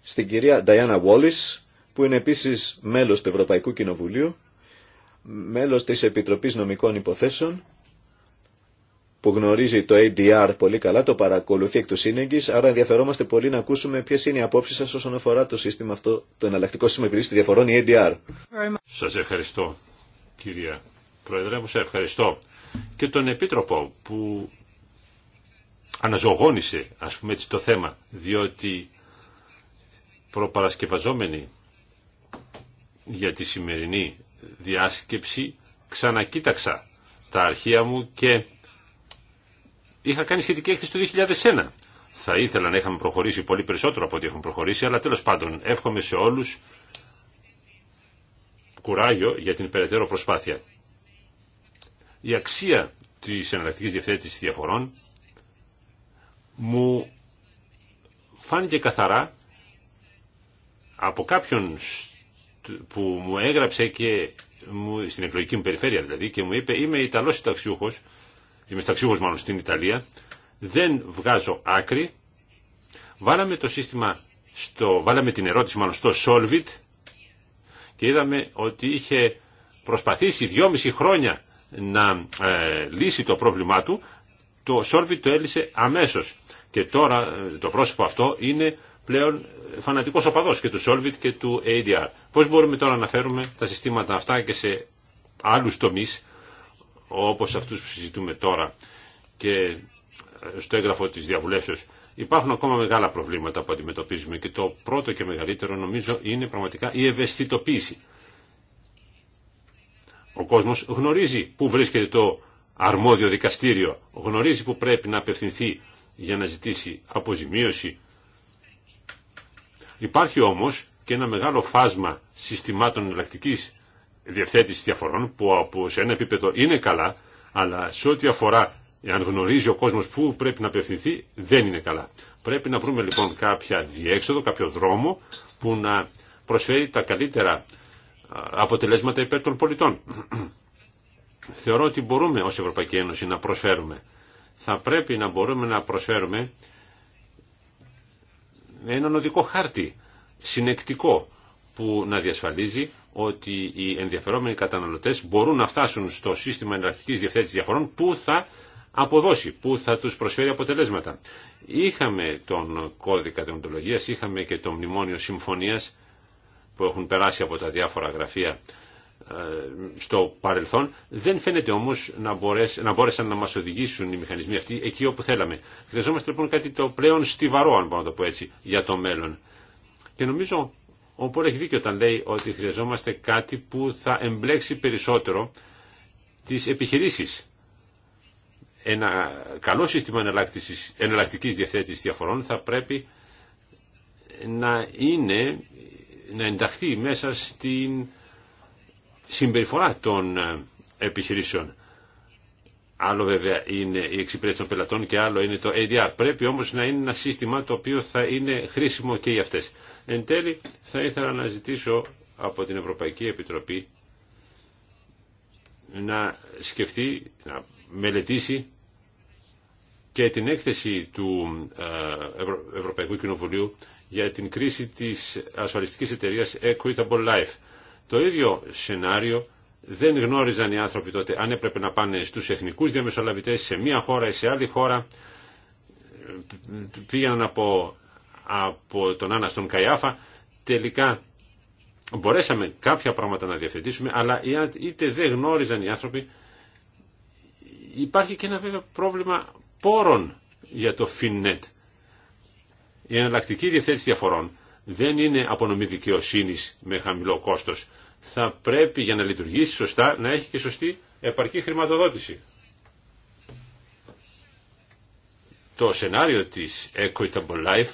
στην κυρία Diana Wallis, που είναι επίσης μέλος του Ευρωπαϊκού Κοινοβουλίου, μέλος της Επιτροπής Νομικών Υποθέσεων που γνωρίζει το ADR πολύ καλά, το παρακολουθεί εκ του σύνεγγυ, άρα ενδιαφερόμαστε πολύ να ακούσουμε ποιε είναι οι απόψει σα όσον αφορά το σύστημα αυτό, το εναλλακτικό σύστημα επιλύση των διαφορών, η ADR. Σα ευχαριστώ, κυρία Πρόεδρε, μου σε ευχαριστώ και τον Επίτροπο που αναζωογόνησε, ας πούμε έτσι, το θέμα, διότι προπαρασκευαζόμενοι για τη σημερινή διάσκεψη ξανακοίταξα τα αρχεία μου και είχα κάνει σχετική έκθεση το 2001. Θα ήθελα να είχαμε προχωρήσει πολύ περισσότερο από ό,τι έχουμε προχωρήσει, αλλά τέλος πάντων εύχομαι σε όλους κουράγιο για την περαιτέρω προσπάθεια. Η αξία της εναλλακτικής διευθέτησης διαφορών μου φάνηκε καθαρά από κάποιον που μου έγραψε και στην εκλογική μου περιφέρεια δηλαδή και μου είπε είμαι Ιταλός συνταξιούχος είμαι σταξιούχος μάλλον στην Ιταλία, δεν βγάζω άκρη. Βάλαμε το σύστημα στο, βάλαμε την ερώτηση μάλλον στο Solvit και είδαμε ότι είχε προσπαθήσει δυόμιση χρόνια να ε, λύσει το πρόβλημά του, το Solvit το έλυσε αμέσως. Και τώρα ε, το πρόσωπο αυτό είναι πλέον φανατικός οπαδός και του Solvit και του ADR. Πώς μπορούμε τώρα να φέρουμε τα συστήματα αυτά και σε άλλους τομείς όπως αυτούς που συζητούμε τώρα και ε, στο έγγραφο της διαβουλεύσεως υπάρχουν ακόμα μεγάλα προβλήματα που αντιμετωπίζουμε και το πρώτο και μεγαλύτερο νομίζω είναι πραγματικά η ευαισθητοποίηση. Ο κόσμος γνωρίζει που βρίσκεται το αρμόδιο δικαστήριο, γνωρίζει που πρέπει να απευθυνθεί για να ζητήσει αποζημίωση. Υπάρχει όμως και ένα μεγάλο φάσμα συστημάτων εναλλακτική διευθέτηση διαφορών που από σε ένα επίπεδο είναι καλά, αλλά σε ό,τι αφορά αν γνωρίζει ο κόσμος πού πρέπει να απευθυνθεί, δεν είναι καλά. Πρέπει να βρούμε λοιπόν κάποια διέξοδο, κάποιο δρόμο που να προσφέρει τα καλύτερα αποτελέσματα υπέρ των πολιτών. Θεωρώ ότι μπορούμε ως Ευρωπαϊκή Ένωση να προσφέρουμε. Θα πρέπει να μπορούμε να προσφέρουμε έναν οδικό χάρτη συνεκτικό που να διασφαλίζει ότι οι ενδιαφερόμενοι καταναλωτέ μπορούν να φτάσουν στο σύστημα εναλλακτική διευθέτηση διαφορών που θα αποδώσει, που θα του προσφέρει αποτελέσματα. Είχαμε τον κώδικα δεοντολογίας, είχαμε και το μνημόνιο Συμφωνία που έχουν περάσει από τα διάφορα γραφεία ε, στο παρελθόν. Δεν φαίνεται όμως να, να μπόρεσαν να μας οδηγήσουν οι μηχανισμοί αυτοί εκεί όπου θέλαμε. Χρειαζόμαστε λοιπόν κάτι το πλέον στιβαρό, αν μπορώ να το πω έτσι, για το μέλλον. Και νομίζω Οπότε έχει δίκιο όταν λέει ότι χρειαζόμαστε κάτι που θα εμπλέξει περισσότερο τις επιχειρήσεις. Ένα καλό σύστημα εναλλακτική διευθέτησης διαφορών θα πρέπει να είναι, να ενταχθεί μέσα στην συμπεριφορά των επιχειρήσεων. Άλλο βέβαια είναι η εξυπηρέτηση των πελατών και άλλο είναι το ADR. Πρέπει όμως να είναι ένα σύστημα το οποίο θα είναι χρήσιμο και για αυτές. Εν τέλει θα ήθελα να ζητήσω από την Ευρωπαϊκή Επιτροπή να σκεφτεί, να μελετήσει και την έκθεση του ε, Ευρωπαϊκού Κοινοβουλίου για την κρίση της ασφαλιστικής εταιρείας Equitable Life. Το ίδιο σενάριο δεν γνώριζαν οι άνθρωποι τότε αν έπρεπε να πάνε στους εθνικούς διαμεσολαβητές σε μία χώρα ή σε άλλη χώρα. Πήγαιναν από, τον Άννα στον Καϊάφα. Τελικά μπορέσαμε κάποια πράγματα να διευθετήσουμε, αλλά είτε δεν γνώριζαν οι άνθρωποι, υπάρχει και ένα βέβαια πρόβλημα πόρων για το FinNet. Η εναλλακτική διευθέτηση διαφορών δεν είναι απονομή δικαιοσύνη με χαμηλό κόστος θα πρέπει για να λειτουργήσει σωστά να έχει και σωστή επαρκή χρηματοδότηση. Το σενάριο της Equitable Life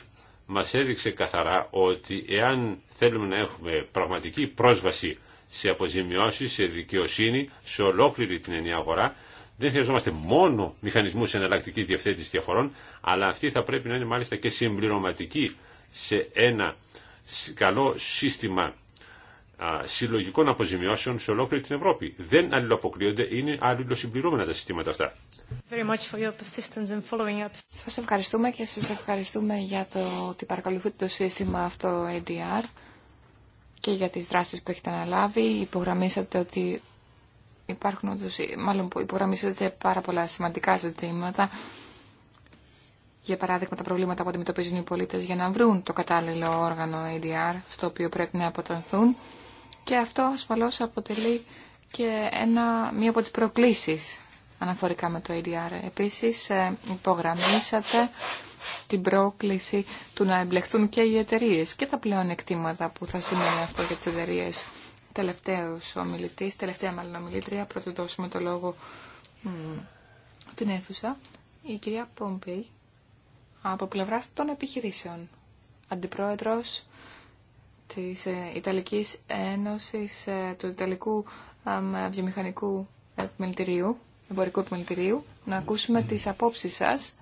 μας έδειξε καθαρά ότι εάν θέλουμε να έχουμε πραγματική πρόσβαση σε αποζημιώσεις, σε δικαιοσύνη, σε ολόκληρη την ενιαία αγορά, δεν χρειαζόμαστε μόνο μηχανισμούς εναλλακτικής διευθέτησης διαφορών, αλλά αυτή θα πρέπει να είναι μάλιστα και συμπληρωματική σε ένα καλό σύστημα συλλογικών αποζημιώσεων σε ολόκληρη την Ευρώπη. Δεν αλληλοαποκλείονται, είναι αλληλοσυμπληρώμενα τα συστήματα αυτά. Σας ευχαριστούμε και σας ευχαριστούμε για το ότι παρακολουθείτε το σύστημα αυτό ADR και για τις δράσεις που έχετε αναλάβει. Υπογραμμίσατε ότι υπάρχουν όντως, μάλλον υπογραμμίσατε πάρα πολλά σημαντικά ζητήματα. Για παράδειγμα, τα προβλήματα που αντιμετωπίζουν οι πολίτες για να βρουν το κατάλληλο όργανο ADR στο οποίο πρέπει να αποτανθούν. Και αυτό ασφαλώς αποτελεί και ένα, μία από τις προκλήσεις αναφορικά με το ADR. Επίσης, ε, υπογραμμίσατε την πρόκληση του να εμπλεχθούν και οι εταιρείε και τα πλέον εκτίματα που θα σημαίνει αυτό για τις εταιρείε. Τελευταίος ομιλητής, τελευταία μάλλον ομιλήτρια, πρώτη δώσουμε το λόγο στην αίθουσα, η κυρία Πόμπη, από πλευράς των επιχειρήσεων, αντιπρόεδρος της ε, Ιταλικής Ένωσης ε, του Ιταλικού Βιομηχανικού Επιμελητηρίου, Εμπορικού Επιμελητηρίου, να ακούσουμε τις απόψεις σας,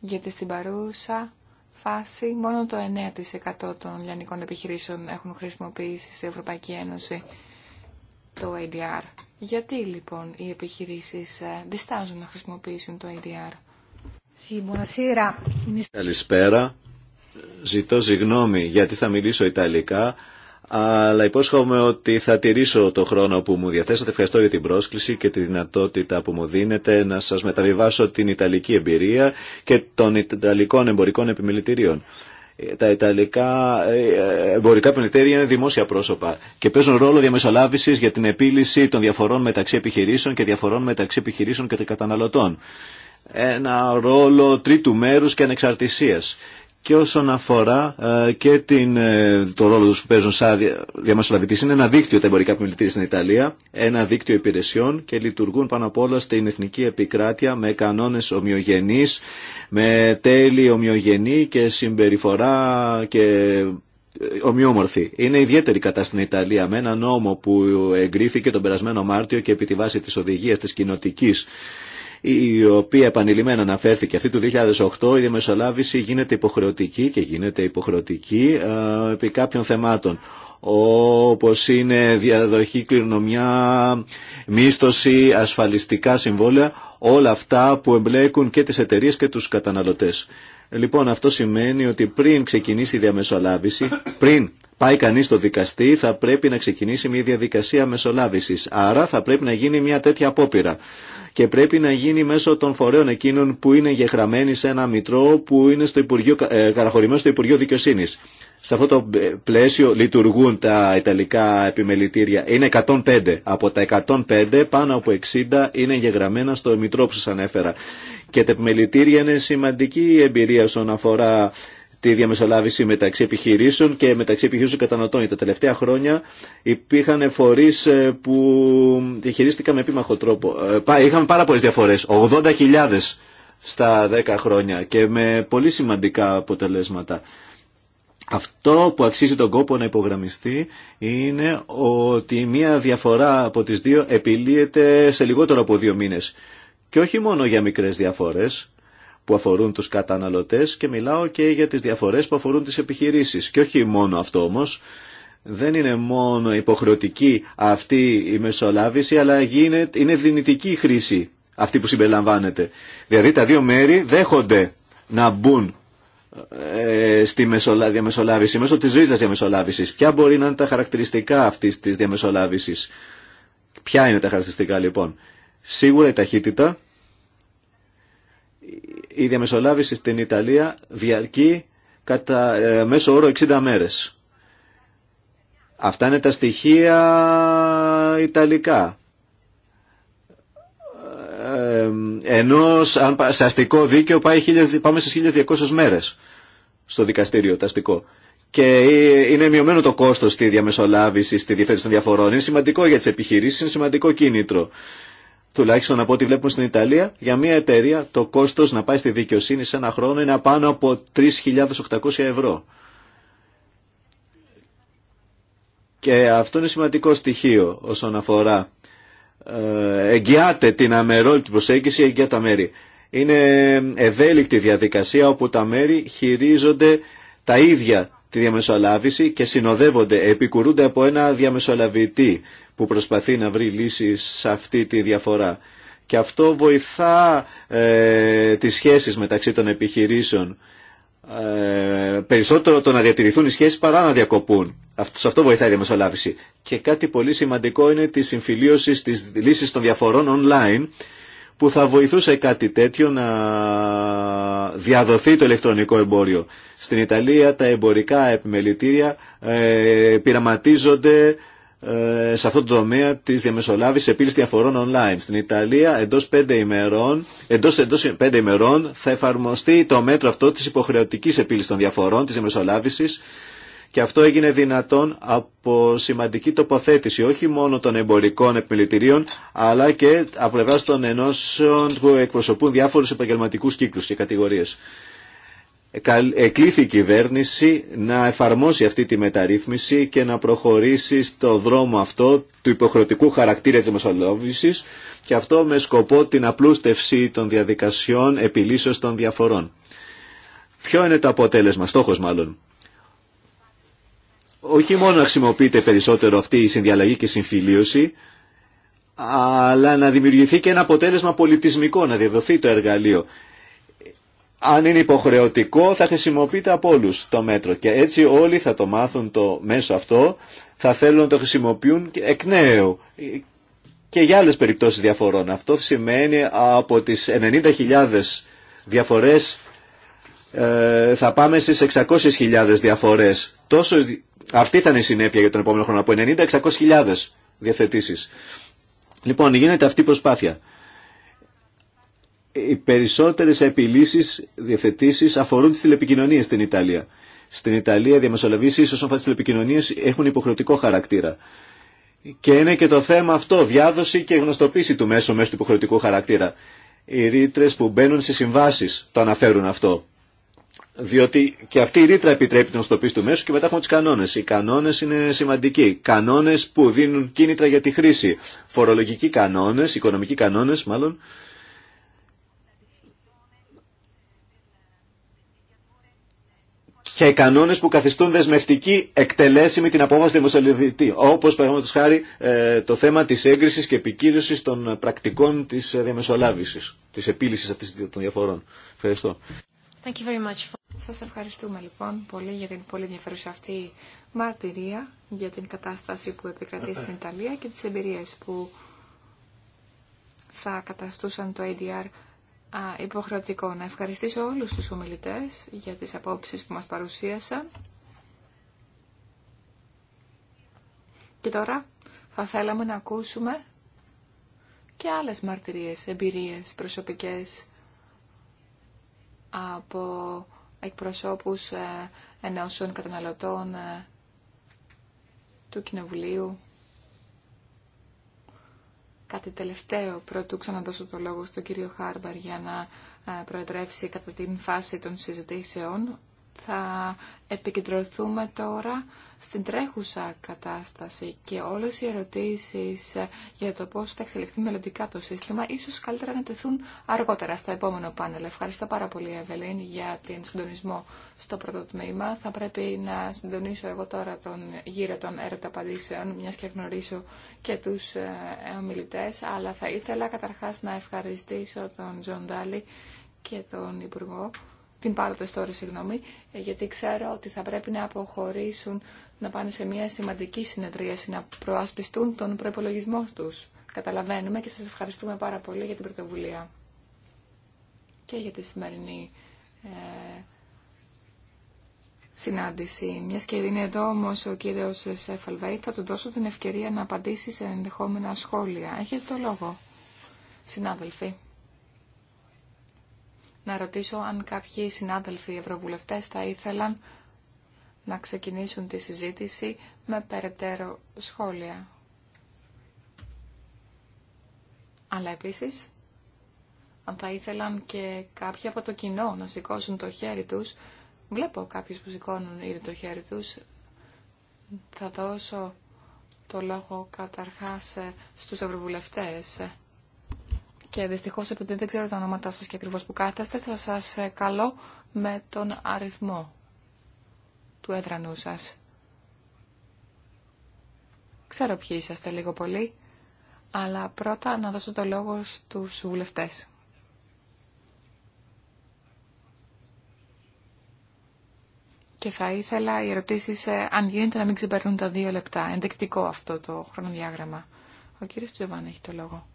γιατί στην παρούσα φάση μόνο το 9% των λιανικών επιχειρήσεων έχουν χρησιμοποιήσει στην Ευρωπαϊκή Ένωση το ADR. Γιατί λοιπόν οι επιχειρήσεις ε, διστάζουν να χρησιμοποιήσουν το ADR. Καλησπέρα ζητώ συγγνώμη γιατί θα μιλήσω Ιταλικά, αλλά υπόσχομαι ότι θα τηρήσω το χρόνο που μου διαθέσατε. Ευχαριστώ για την πρόσκληση και τη δυνατότητα που μου δίνετε να σας μεταβιβάσω την Ιταλική εμπειρία και των Ιταλικών εμπορικών επιμελητηρίων. Τα Ιταλικά ε, ε, εμπορικά επιμελητήρια είναι δημόσια πρόσωπα και παίζουν ρόλο διαμεσολάβησης για την επίλυση των διαφορών μεταξύ επιχειρήσεων και διαφορών μεταξύ επιχειρήσεων και των καταναλωτών ένα ρόλο τρίτου μέρους και ανεξαρτησίας και όσον αφορά ε, και την, ε, το ρόλο του που παίζουν σαν διαμεσολαβητής. Είναι ένα δίκτυο τα εμπορικά επιμελητήρια στην Ιταλία, ένα δίκτυο υπηρεσιών και λειτουργούν πάνω απ' όλα στην εθνική επικράτεια με κανόνες ομοιογενείς, με τέλη ομοιογενή και συμπεριφορά και ε, ομοιόμορφη. Είναι ιδιαίτερη κατά στην Ιταλία με ένα νόμο που εγκρίθηκε τον περασμένο Μάρτιο και επί τη βάση της οδηγίας της κοινοτικής η οποία επανειλημμένα αναφέρθηκε αυτή του 2008, η διαμεσολάβηση γίνεται υποχρεωτική και γίνεται υποχρεωτική ε, επί κάποιων θεμάτων όπως είναι διαδοχή, κληρονομιά, μίσθωση, ασφαλιστικά συμβόλαια, όλα αυτά που εμπλέκουν και τις εταιρείε και τους καταναλωτές. Λοιπόν, αυτό σημαίνει ότι πριν ξεκινήσει η διαμεσολάβηση, πριν πάει κανεί στο δικαστή, θα πρέπει να ξεκινήσει μια διαδικασία μεσολάβησης. Άρα θα πρέπει να γίνει μια τέτοια απόπειρα και πρέπει να γίνει μέσω των φορέων εκείνων που είναι γεγραμμένοι σε ένα μητρό που είναι στο Υπουργείο, ε, καταχωρημένο στο Υπουργείο Δικαιοσύνης. Σε αυτό το ε, πλαίσιο λειτουργούν τα Ιταλικά επιμελητήρια. Είναι 105. Από τα 105 πάνω από 60 είναι γεγραμμένα στο Μητρό που σας ανέφερα. Και τα επιμελητήρια είναι σημαντική εμπειρία όσον αφορά τη διαμεσολάβηση μεταξύ επιχειρήσεων και μεταξύ επιχειρήσεων καταναλωτών. Τα τελευταία χρόνια υπήρχαν φορεί ε, που διαχειρίστηκαν με επίμαχο τρόπο. Ε, Είχαμε πάρα πολλέ διαφορέ. 80.000 στα 10 χρόνια και με πολύ σημαντικά αποτελέσματα. Αυτό που αξίζει τον κόπο να υπογραμμιστεί είναι ότι μία διαφορά από τις δύο επιλύεται σε λιγότερο από δύο μήνες. Και όχι μόνο για μικρές διαφορές, που αφορούν τους καταναλωτές και μιλάω και για τις διαφορές που αφορούν τις επιχειρήσεις. Και όχι μόνο αυτό όμως, δεν είναι μόνο υποχρεωτική αυτή η μεσολάβηση, αλλά γίνεται, είναι δυνητική η χρήση αυτή που συμπεριλαμβάνεται. Δηλαδή τα δύο μέρη δέχονται να μπουν ε, στη μεσολα... διαμεσολάβηση, μέσω της ρίζας διαμεσολάβησης. Ποια μπορεί να είναι τα χαρακτηριστικά αυτής της διαμεσολάβησης. Ποια είναι τα χαρακτηριστικά λοιπόν. Σίγουρα η ταχύτητα, η διαμεσολάβηση στην Ιταλία διαρκεί κατά ε, μέσο όρο 60 μέρες. Αυτά είναι τα στοιχεία Ιταλικά. Ε, ενώ αν, σε αστικό δίκαιο πάει, πάμε στις 1200 μέρες στο δικαστήριο, το αστικό. Και ε, είναι μειωμένο το κόστος στη διαμεσολάβηση, στη διευθέτηση των διαφορών. Είναι σημαντικό για τις επιχειρήσεις, είναι σημαντικό κίνητρο τουλάχιστον από ό,τι βλέπουμε στην Ιταλία, για μια εταιρεία το κόστος να πάει στη δικαιοσύνη σε ένα χρόνο είναι πάνω από 3.800 ευρώ. Και αυτό είναι σημαντικό στοιχείο όσον αφορά. Ε, εγγυάται την αμερόληπτη προσέγγιση για τα μέρη. Είναι ευέλικτη διαδικασία όπου τα μέρη χειρίζονται τα ίδια τη διαμεσολάβηση και συνοδεύονται, επικουρούνται από ένα διαμεσολαβητή που προσπαθεί να βρει λύσεις σε αυτή τη διαφορά. Και αυτό βοηθά ε, τις σχέσεις μεταξύ των επιχειρήσεων. Ε, περισσότερο το να διατηρηθούν οι σχέσεις παρά να διακοπούν. Αυτό, σε αυτό βοηθάει η διαμεσολάβηση. Και κάτι πολύ σημαντικό είναι τη συμφιλίωση της λύσης των διαφορών online που θα βοηθούσε κάτι τέτοιο να διαδοθεί το ηλεκτρονικό εμπόριο. Στην Ιταλία τα εμπορικά επιμελητήρια ε, πειραματίζονται ε, σε αυτό το τομέα τη διαμεσολάβηση επίλυση διαφορών online. Στην Ιταλία, εντό πέντε ημερών, εντός, εντός πέντε ημερών θα εφαρμοστεί το μέτρο αυτό τη υποχρεωτική επίλυση των διαφορών, τη διαμεσολάβηση. Και αυτό έγινε δυνατόν από σημαντική τοποθέτηση όχι μόνο των εμπορικών επιμελητηρίων, αλλά και από πλευρά των ενώσεων που εκπροσωπούν διάφορου επαγγελματικού κύκλου και κατηγορίε εκλήθη ε, η κυβέρνηση να εφαρμόσει αυτή τη μεταρρύθμιση και να προχωρήσει στο δρόμο αυτό του υποχρεωτικού χαρακτήρα της μεσολάβησης και αυτό με σκοπό την απλούστευση των διαδικασιών επιλύσεως των διαφορών. Ποιο είναι το αποτέλεσμα, στόχος μάλλον. Όχι μόνο να χρησιμοποιείται περισσότερο αυτή η συνδιαλλαγή και συμφιλίωση, αλλά να δημιουργηθεί και ένα αποτέλεσμα πολιτισμικό, να διαδοθεί το εργαλείο αν είναι υποχρεωτικό θα χρησιμοποιείται από όλου το μέτρο και έτσι όλοι θα το μάθουν το μέσο αυτό, θα θέλουν να το χρησιμοποιούν εκ νέου και για άλλες περιπτώσεις διαφορών. Αυτό σημαίνει από τις 90.000 διαφορές ε, θα πάμε στις 600.000 διαφορές. Τόσο, αυτή θα είναι η συνέπεια για τον επόμενο χρόνο, από 90-600.000 διαθετήσεις. Λοιπόν, γίνεται αυτή η προσπάθεια οι περισσότερες επιλύσεις, διευθετήσεις αφορούν τις τηλεπικοινωνίες στην Ιταλία. Στην Ιταλία διαμεσολαβήσεις όσον αφορά τις τηλεπικοινωνίες έχουν υποχρεωτικό χαρακτήρα. Και είναι και το θέμα αυτό, διάδοση και γνωστοποίηση του μέσου μέσω του υποχρεωτικού χαρακτήρα. Οι ρήτρε που μπαίνουν σε συμβάσεις το αναφέρουν αυτό. Διότι και αυτή η ρήτρα επιτρέπει την γνωστοποίηση του μέσου και μετά έχουμε τι κανόνε. Οι κανόνε είναι σημαντικοί. Κανόνε που δίνουν κίνητρα για τη χρήση. Φορολογικοί κανόνε, οικονομικοί κανόνε μάλλον, και οι κανόνε που καθιστούν δεσμευτική εκτελέση με την απόφαση δημοσιοληπτή. Όπω, παραδείγματο χάρη, ε, το θέμα τη έγκριση και επικύρωση των πρακτικών τη ε, διαμεσολάβηση, τη επίλυση αυτή των διαφορών. Ευχαριστώ. Thank Σας ευχαριστούμε λοιπόν πολύ για την πολύ ενδιαφέρουσα αυτή μαρτυρία για την κατάσταση που επικρατεί στην Ιταλία και τι εμπειρίε που θα καταστούσαν το ADR υποχρεωτικό. Να ευχαριστήσω όλους τους ομιλητές για τις απόψεις που μας παρουσίασαν. Και τώρα θα θέλαμε να ακούσουμε και άλλες μαρτυρίες, εμπειρίες προσωπικές από εκπροσώπους ε, ενώσεων καταναλωτών ε, του Κοινοβουλίου κάτι τελευταίο πρωτού ξαναδώσω το λόγο στον κύριο Χάρμπαρ για να ε, προεδρεύσει κατά την φάση των συζητήσεων θα επικεντρωθούμε τώρα στην τρέχουσα κατάσταση και όλες οι ερωτήσεις για το πώς θα εξελιχθεί μελλοντικά το σύστημα ίσως καλύτερα να τεθούν αργότερα στο επόμενο πάνελ. Ευχαριστώ πάρα πολύ Εβελίν για την συντονισμό στο πρώτο τμήμα. Θα πρέπει να συντονίσω εγώ τώρα τον γύρο των ερωταπαντήσεων μιας και γνωρίσω και τους ε, ομιλητέ, αλλά θα ήθελα καταρχάς να ευχαριστήσω τον Τζον Ντάλι και τον Υπουργό την παρατεστόρη, συγγνώμη, ε, γιατί ξέρω ότι θα πρέπει να αποχωρήσουν, να πάνε σε μια σημαντική συνεδρίαση, να προασπιστούν τον προπολογισμό τους. Καταλαβαίνουμε και σας ευχαριστούμε πάρα πολύ για την πρωτοβουλία και για τη σημερινή ε, συνάντηση. Μιας και είναι εδώ όμω ο κύριο Σεφαλβέη, θα του δώσω την ευκαιρία να απαντήσει σε ενδεχόμενα σχόλια. Έχετε το λόγο, συνάδελφοι να ρωτήσω αν κάποιοι συνάδελφοι ευρωβουλευτές θα ήθελαν να ξεκινήσουν τη συζήτηση με περαιτέρω σχόλια. Αλλά επίσης, αν θα ήθελαν και κάποιοι από το κοινό να σηκώσουν το χέρι τους, βλέπω κάποιους που σηκώνουν ήδη το χέρι τους, θα δώσω το λόγο καταρχάς ε, στους ευρωβουλευτές και δυστυχώ επειδή δεν ξέρω τα ονόματά σας και ακριβώ που κάθεστε θα σας ε, καλώ με τον αριθμό του έδρανού σας. Ξέρω ποιοι είσαστε λίγο πολύ, αλλά πρώτα να δώσω το λόγο στους βουλευτές. Και θα ήθελα οι ερωτήσεις, ε, αν γίνεται, να μην ξεπερνούν τα δύο λεπτά. εντεκτικό αυτό το χρονοδιάγραμμα. Ο κύριος Τζοβάν έχει το λόγο.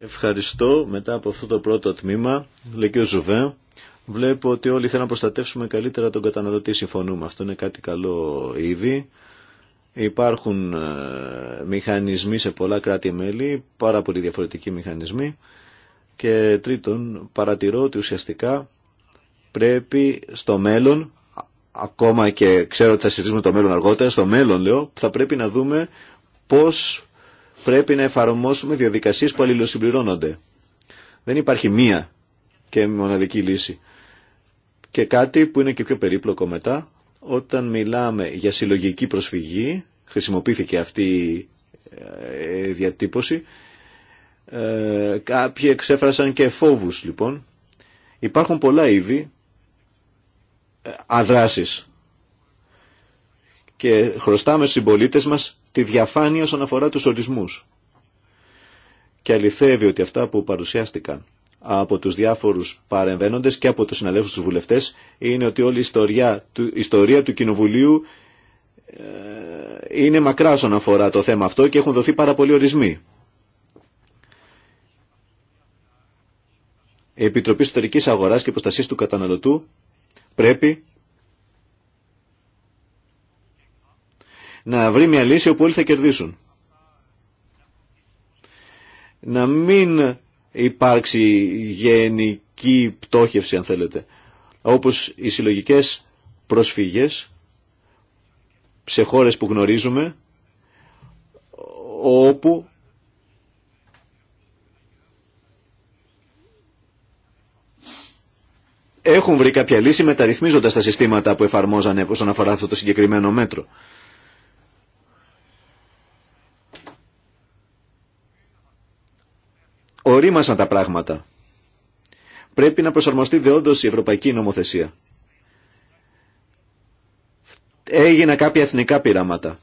Ευχαριστώ. Μετά από αυτό το πρώτο τμήμα, λέει και ο Ζουβέ, βλέπω ότι όλοι θέλουν να προστατεύσουμε καλύτερα τον καταναλωτή. Συμφωνούμε. Αυτό είναι κάτι καλό ήδη. Υπάρχουν ε, μηχανισμοί σε πολλά κράτη-μέλη, πάρα πολύ διαφορετικοί μηχανισμοί. Και τρίτον, παρατηρώ ότι ουσιαστικά πρέπει στο μέλλον, ακόμα και ξέρω ότι θα συζητήσουμε το μέλλον αργότερα, στο μέλλον λέω, θα πρέπει να δούμε πώς πρέπει να εφαρμόσουμε διαδικασίε που αλληλοσυμπληρώνονται. Δεν υπάρχει μία και μοναδική λύση. Και κάτι που είναι και πιο περίπλοκο μετά, όταν μιλάμε για συλλογική προσφυγή, χρησιμοποιήθηκε αυτή ε, η διατύπωση, ε, κάποιοι εξέφρασαν και φόβους λοιπόν. Υπάρχουν πολλά είδη ε, αδράσεις και χρωστάμε στους συμπολίτε μας τη διαφάνεια όσον αφορά του ορισμούς. Και αληθεύει ότι αυτά που παρουσιάστηκαν από τους διάφορους παρεμβαίνοντες και από τους συναδέλφους τους βουλευτές είναι ότι όλη η ιστορία του, η ιστορία του Κοινοβουλίου ε, είναι μακρά όσον αφορά το θέμα αυτό και έχουν δοθεί πάρα πολλοί ορισμοί. Η Επιτροπή Ιστορικής Αγοράς και Προστασίας του Καταναλωτού πρέπει να βρει μια λύση όπου όλοι θα κερδίσουν. Να μην υπάρξει γενική πτώχευση αν θέλετε, όπως οι συλλογικές προσφύγες σε χώρες που γνωρίζουμε όπου έχουν βρει κάποια λύση μεταρρυθμίζοντας τα συστήματα που εφαρμόζανε όσον αφορά αυτό το συγκεκριμένο μέτρο. ορίμασαν τα πράγματα. Πρέπει να προσαρμοστεί δεόντως η ευρωπαϊκή νομοθεσία. Έγιναν κάποια εθνικά πειράματα.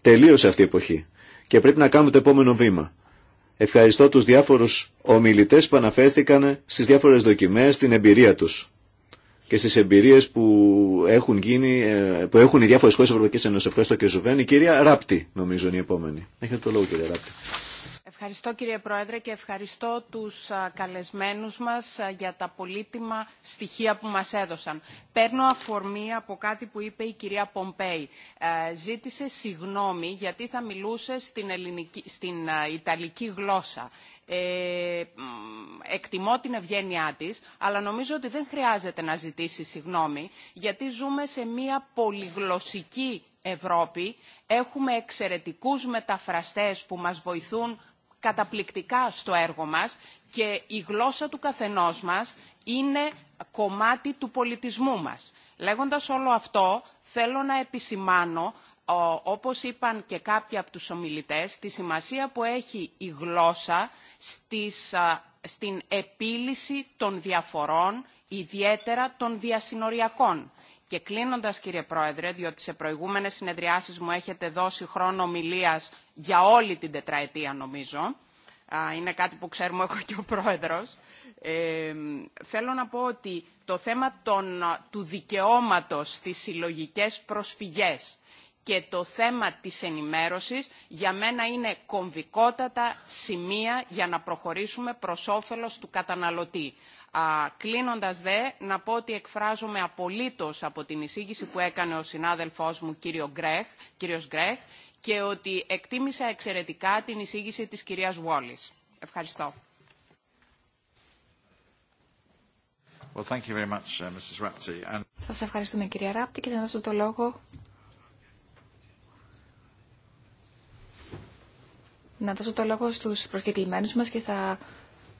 Τελείωσε αυτή η εποχή και πρέπει να κάνουμε το επόμενο βήμα. Ευχαριστώ τους διάφορους ομιλητές που αναφέρθηκαν στις διάφορες δοκιμές, την εμπειρία τους και στις εμπειρίες που έχουν, γίνει, ε, που έχουν οι διάφορες χώρες Ευρωπαϊκής Ένωσης. Ευχαριστώ και Ζουβέν. Η κυρία Ράπτη νομίζω είναι η επόμενη. Έχετε το λόγο κυρία Ράπτη. Ευχαριστώ κύριε Πρόεδρε και ευχαριστώ τους καλεσμένους μας για τα πολύτιμα στοιχεία που μας έδωσαν. Παίρνω αφορμή από κάτι που είπε η κυρία Πομπέη. Ε, ζήτησε συγνώμη γιατί θα μιλούσε στην, ελληνική, στην Ιταλική γλώσσα. Ε, εκτιμώ την ευγένειά της, αλλά νομίζω ότι δεν χρειάζεται να ζητήσει συγνώμη γιατί ζούμε σε μια πολυγλωσσική Ευρώπη. Έχουμε εξαιρετικούς μεταφραστές που μας βοηθούν καταπληκτικά στο έργο μας και η γλώσσα του καθενός μας είναι κομμάτι του πολιτισμού μας. Λέγοντας όλο αυτό, θέλω να επισημάνω, όπως είπαν και κάποιοι από τους ομιλητές, τη σημασία που έχει η γλώσσα στην επίλυση των διαφορών, ιδιαίτερα των διασυνοριακών. Και κλείνοντας κύριε Πρόεδρε, διότι σε προηγούμενες συνεδριάσεις μου έχετε δώσει χρόνο μιλίας για όλη την τετραετία νομίζω, είναι κάτι που ξέρουμε εγώ και ο Πρόεδρος, ε, θέλω να πω ότι το θέμα του δικαιώματος στις συλλογικέ προσφυγές και το θέμα της ενημέρωσης για μένα είναι κομβικότατα σημεία για να προχωρήσουμε προς όφελος του καταναλωτή. Κλείνοντας δε, να πω ότι εκφράζομαι απολύτως από την εισήγηση που έκανε ο συνάδελφός μου κύριο Γκρέχ, κύριος Γκρέχ και ότι εκτίμησα εξαιρετικά την εισήγηση της κυρίας Βόλης. Ευχαριστώ. Well, thank you very much, uh, Rapti. Σας ευχαριστούμε κυρία Ράπτη και θα δώσω το λόγο να δώσω το λόγο στους προσκεκλημένους μας και στα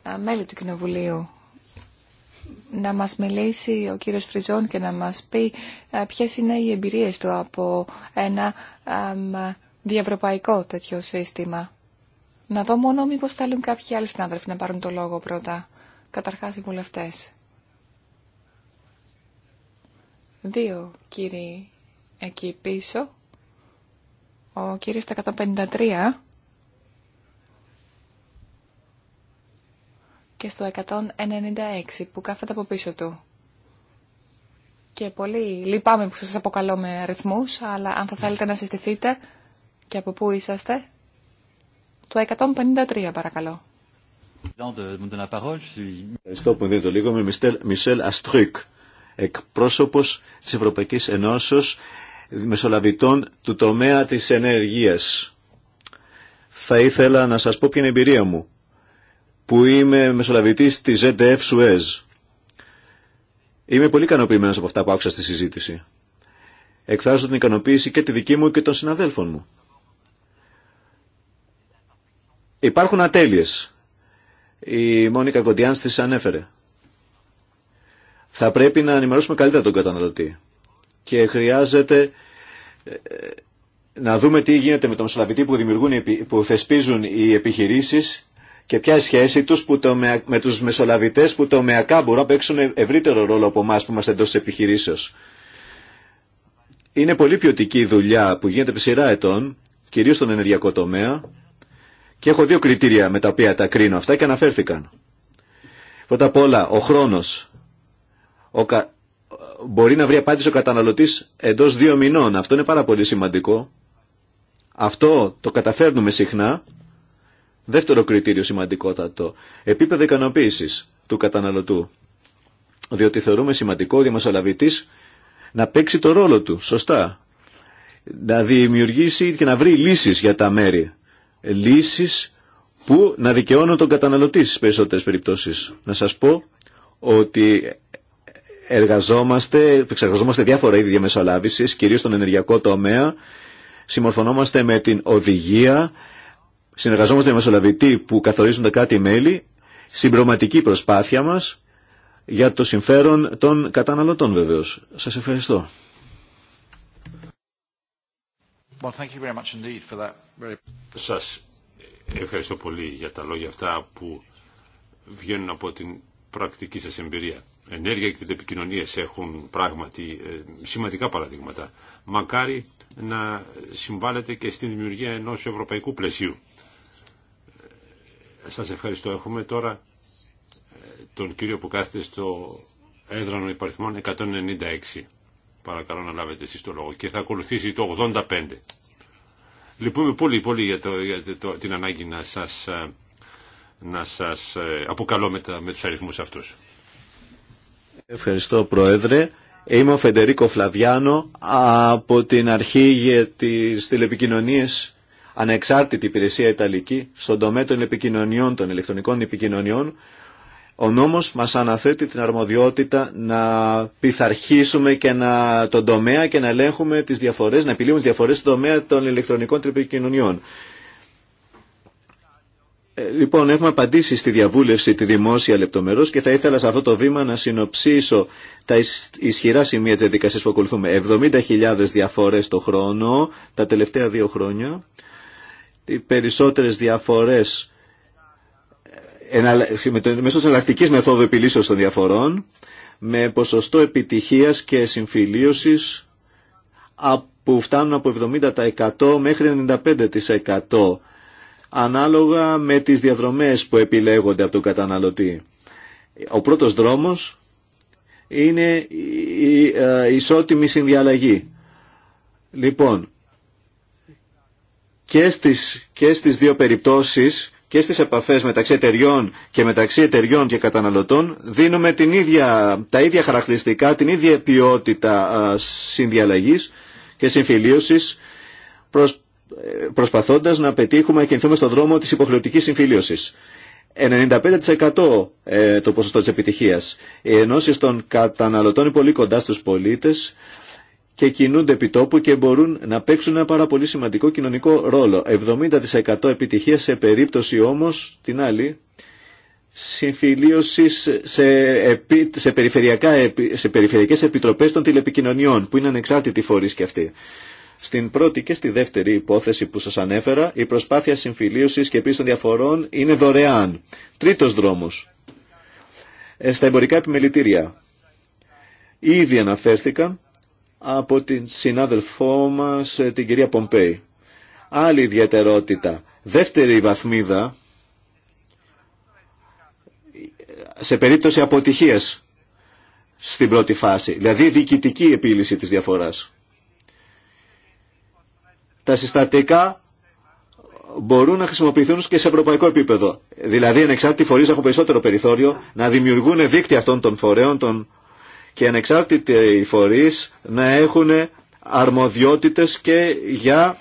ε, μέλη του Κοινοβουλίου να μας μιλήσει ο κύριος Φριζόν και να μας πει ε, ποιες είναι οι εμπειρίες του από ένα διευρωπαϊκό τέτοιο σύστημα. Να δω μόνο μήπως θέλουν κάποιοι άλλοι συνάδελφοι να πάρουν το λόγο πρώτα. Καταρχάς οι βουλευτές. Δύο κύριοι εκεί πίσω. Ο κύριος τα 153 και στο 196 που κάθεται από πίσω του. Και πολύ λυπάμαι που σας αποκαλώ με αριθμούς, αλλά αν θα θέλετε να συστηθείτε και από πού είσαστε, το 153 παρακαλώ. Ευχαριστώ που δίνετε το λίγο με Μισελ Αστρουκ, εκπρόσωπος της Ευρωπαϊκής Ενώσεως Μεσολαβητών του τομέα της ενέργειας. Θα ήθελα να σας πω ποια είναι η εμπειρία μου που είμαι μεσολαβητής της ZDF Suez. Είμαι πολύ ικανοποιημένος από αυτά που άκουσα στη συζήτηση. Εκφράζω την ικανοποίηση και τη δική μου και των συναδέλφων μου. Υπάρχουν ατέλειες. Η Μόνικα Κοντιάνς τις ανέφερε. Θα πρέπει να ενημερώσουμε καλύτερα τον καταναλωτή. Και χρειάζεται ε, να δούμε τι γίνεται με τον μεσολαβητή που, δημιουργούν, που θεσπίζουν οι επιχειρήσεις και ποια είναι η σχέση τους που το, με τους μεσολαβητές που τομεακά μπορούν να παίξουν ευρύτερο ρόλο από εμά που είμαστε εντός της Είναι πολύ ποιοτική η δουλειά που γίνεται επί σειρά ετών, κυρίως στον ενεργειακό τομέα, και έχω δύο κριτήρια με τα οποία τα κρίνω αυτά και αναφέρθηκαν. Πρώτα απ' όλα, ο χρόνος. Ο Μπορεί να βρει απάντηση ο καταναλωτής εντός δύο μηνών. Αυτό είναι πάρα πολύ σημαντικό. Αυτό το καταφέρνουμε συχνά Δεύτερο κριτήριο σημαντικότατο, επίπεδο ικανοποίηση του καταναλωτού. Διότι θεωρούμε σημαντικό ο διαμεσολαβητή να παίξει το ρόλο του σωστά. Να δημιουργήσει και να βρει λύσει για τα μέρη. Λύσει που να δικαιώνουν τον καταναλωτή στι περισσότερε περιπτώσει. Να σα πω ότι εργαζόμαστε, εξεργαζόμαστε διάφορα είδη διαμεσολάβηση, κυρίω στον ενεργειακό τομέα. Συμμορφωνόμαστε με την οδηγία συνεργαζόμαστε με μεσολαβητή που καθορίζουν τα κράτη-μέλη, συμπροματική προσπάθεια μας για το συμφέρον των καταναλωτών βεβαίως. Σας ευχαριστώ. Well, Σας ευχαριστώ πολύ για τα λόγια αυτά που βγαίνουν από την πρακτική σας εμπειρία. Ενέργεια και τηλεπικοινωνίες έχουν πράγματι ε, σημαντικά παραδείγματα. Μακάρι να συμβάλλετε και στην δημιουργία ενός ευρωπαϊκού πλαισίου. Σας ευχαριστώ. Έχουμε τώρα ε, τον κύριο που κάθεται στο έδρανο υπαριθμών 196. Παρακαλώ να λάβετε εσείς το λόγο. Και θα ακολουθήσει το 85. Λυπούμε πολύ πολύ για, το, την ανάγκη να σας, ε, να σας ε, αποκαλώ με, τα, με τους αριθμούς αυτούς. Ευχαριστώ Πρόεδρε. Είμαι ο Φεντερίκο Φλαβιάνο από την αρχή για τις τηλεπικοινωνίες ανεξάρτητη υπηρεσία Ιταλική στον τομέα των επικοινωνιών, των ηλεκτρονικών επικοινωνιών, ο νόμος μας αναθέτει την αρμοδιότητα να πειθαρχήσουμε και να, τον τομέα και να ελέγχουμε τις διαφορές, να επιλύουμε τις διαφορές στον τομέα των ηλεκτρονικών επικοινωνιών. Ε, λοιπόν, έχουμε απαντήσει στη διαβούλευση τη δημόσια λεπτομερώς και θα ήθελα σε αυτό το βήμα να συνοψίσω τα ισχυρά σημεία της διαδικασίας που ακολουθούμε. 70.000 διαφορές το χρόνο τα τελευταία δύο χρόνια οι περισσότερες διαφορές μέσω της εναλλακτικής μεθόδου επιλύσεως των διαφορών με ποσοστό επιτυχίας και συμφιλίωσης που φτάνουν από 70% μέχρι 95% ανάλογα με τις διαδρομές που επιλέγονται από τον καταναλωτή. Ο πρώτος δρόμος είναι η ε, ισότιμη συνδιαλλαγή. Λοιπόν, και στις, και στις δύο περιπτώσεις και στις επαφές μεταξύ εταιριών και μεταξύ εταιριών και καταναλωτών δίνουμε την ίδια, τα ίδια χαρακτηριστικά, την ίδια ποιότητα συνδιαλλαγής και συμφιλίωσης προσ, ε, προσπαθώντας να πετύχουμε και ενθούμε στον δρόμο της υποχρεωτικής συμφιλίωσης. 95% ε, το ποσοστό της επιτυχίας. Οι ενώσεις των καταναλωτών είναι πολύ κοντά στους πολίτες και κινούνται επί τόπου και μπορούν να παίξουν ένα πάρα πολύ σημαντικό κοινωνικό ρόλο. 70% επιτυχία σε περίπτωση όμως την άλλη συμφιλίωση σε, επι, σε, περιφερειακά, σε περιφερειακές επιτροπές των τηλεπικοινωνιών που είναι ανεξάρτητοι φορείς και αυτή. Στην πρώτη και στη δεύτερη υπόθεση που σας ανέφερα, η προσπάθεια συμφιλίωσης και επίσης των διαφορών είναι δωρεάν. Τρίτος δρόμος, ε, στα εμπορικά επιμελητήρια. Ήδη αναφέρθηκαν από την συνάδελφό μας ε, την κυρία Πομπέη. Άλλη ιδιαιτερότητα. Δεύτερη βαθμίδα σε περίπτωση αποτυχίας στην πρώτη φάση, δηλαδή διοικητική επίλυση της διαφοράς. Τα συστατικά μπορούν να χρησιμοποιηθούν και σε ευρωπαϊκό επίπεδο. Δηλαδή, ανεξάρτητοι φορεί έχουν περισσότερο περιθώριο να δημιουργούν δίκτυα αυτών των φορέων, των και ανεξάρτητοι φορείς να έχουν αρμοδιότητες και για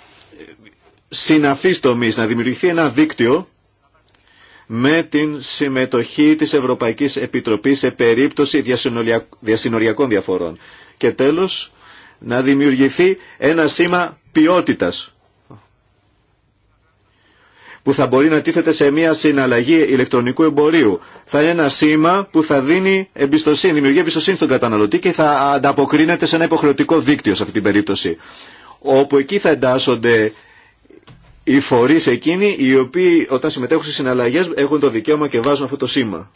συναφείς τομείς, να δημιουργηθεί ένα δίκτυο με την συμμετοχή της Ευρωπαϊκής Επιτροπής σε περίπτωση διασυνοριακών διαφορών. Και τέλος, να δημιουργηθεί ένα σήμα ποιότητας που θα μπορεί να τίθεται σε μια συναλλαγή ηλεκτρονικού εμπορίου. Θα είναι ένα σήμα που θα δίνει εμπιστοσύνη, δημιουργεί εμπιστοσύνη στον καταναλωτή και θα ανταποκρίνεται σε ένα υποχρεωτικό δίκτυο σε αυτή την περίπτωση. Όπου εκεί θα εντάσσονται οι φορεί εκείνοι οι οποίοι όταν συμμετέχουν στι συναλλαγέ έχουν το δικαίωμα και βάζουν αυτό το σήμα.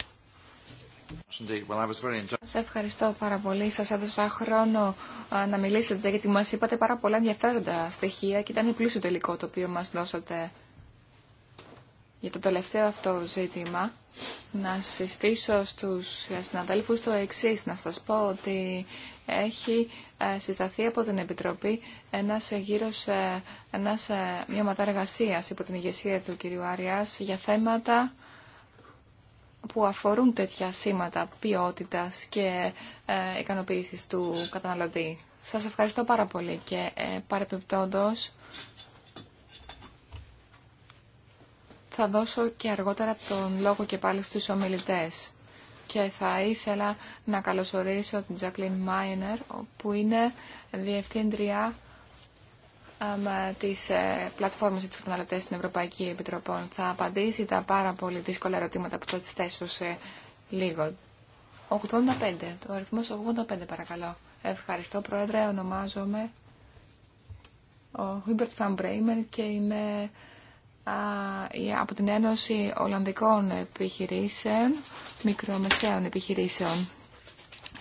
Σα ευχαριστώ πάρα πολύ. Σα έδωσα χρόνο να μιλήσετε γιατί μα είπατε πάρα πολλά ενδιαφέροντα στοιχεία και ήταν πλούσιο το υλικό το οποίο μα δώσατε για το τελευταίο αυτό ζήτημα να συστήσω στους συναδέλφους το εξή να σας πω ότι έχει ε, συσταθεί από την Επιτροπή ένας γύρος, ε, ένας, ε, μια ματάργασία υπό την ηγεσία του κ. Άριας για θέματα που αφορούν τέτοια σήματα ποιότητας και ικανοποίησης του καταναλωτή. Σας ευχαριστώ πάρα πολύ και παρεπιπτόντως Θα δώσω και αργότερα τον λόγο και πάλι στους ομιλητές. Και θα ήθελα να καλωσορίσω την Τζακλίν Μάινερ, που είναι διευθύντρια της ε, πλατφόρμας για τους καταναλωτές στην Ευρωπαϊκή Επιτροπή. Θα απαντήσει τα πάρα πολύ δύσκολα ερωτήματα που θα τις θέσω σε λίγο. 85, το αριθμός 85 παρακαλώ. Ευχαριστώ Πρόεδρε, ονομάζομαι ο Χίμπερτ Φαμπρέιμερ και είμαι από την Ένωση Ολλανδικών Επιχειρήσεων, Μικρομεσαίων Επιχειρήσεων.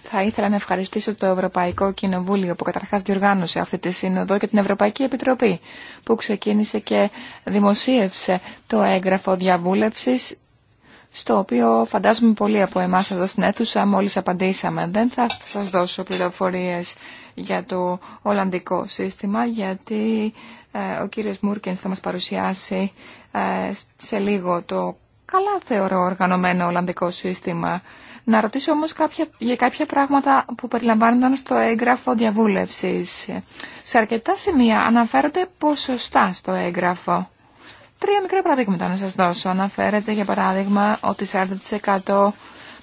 Θα ήθελα να ευχαριστήσω το Ευρωπαϊκό Κοινοβούλιο που καταρχάς διοργάνωσε αυτή τη σύνοδο και την Ευρωπαϊκή Επιτροπή που ξεκίνησε και δημοσίευσε το έγγραφο διαβούλευσης στο οποίο φαντάζομαι πολλοί από εμάς εδώ στην αίθουσα μόλις απαντήσαμε. Δεν θα σας δώσω πληροφορίες για το Ολλανδικό σύστημα γιατί ε, ο κύριος Μούρκενς θα μας παρουσιάσει ε, σε λίγο το καλά θεωρώ οργανωμένο Ολλανδικό σύστημα. Να ρωτήσω όμως κάποια, για κάποια πράγματα που περιλαμβάνονταν στο έγγραφο διαβούλευσης. Σε αρκετά σημεία αναφέρονται ποσοστά στο έγγραφο. Τρία μικρά παραδείγματα να σας δώσω. Αναφέρεται για παράδειγμα ότι 40%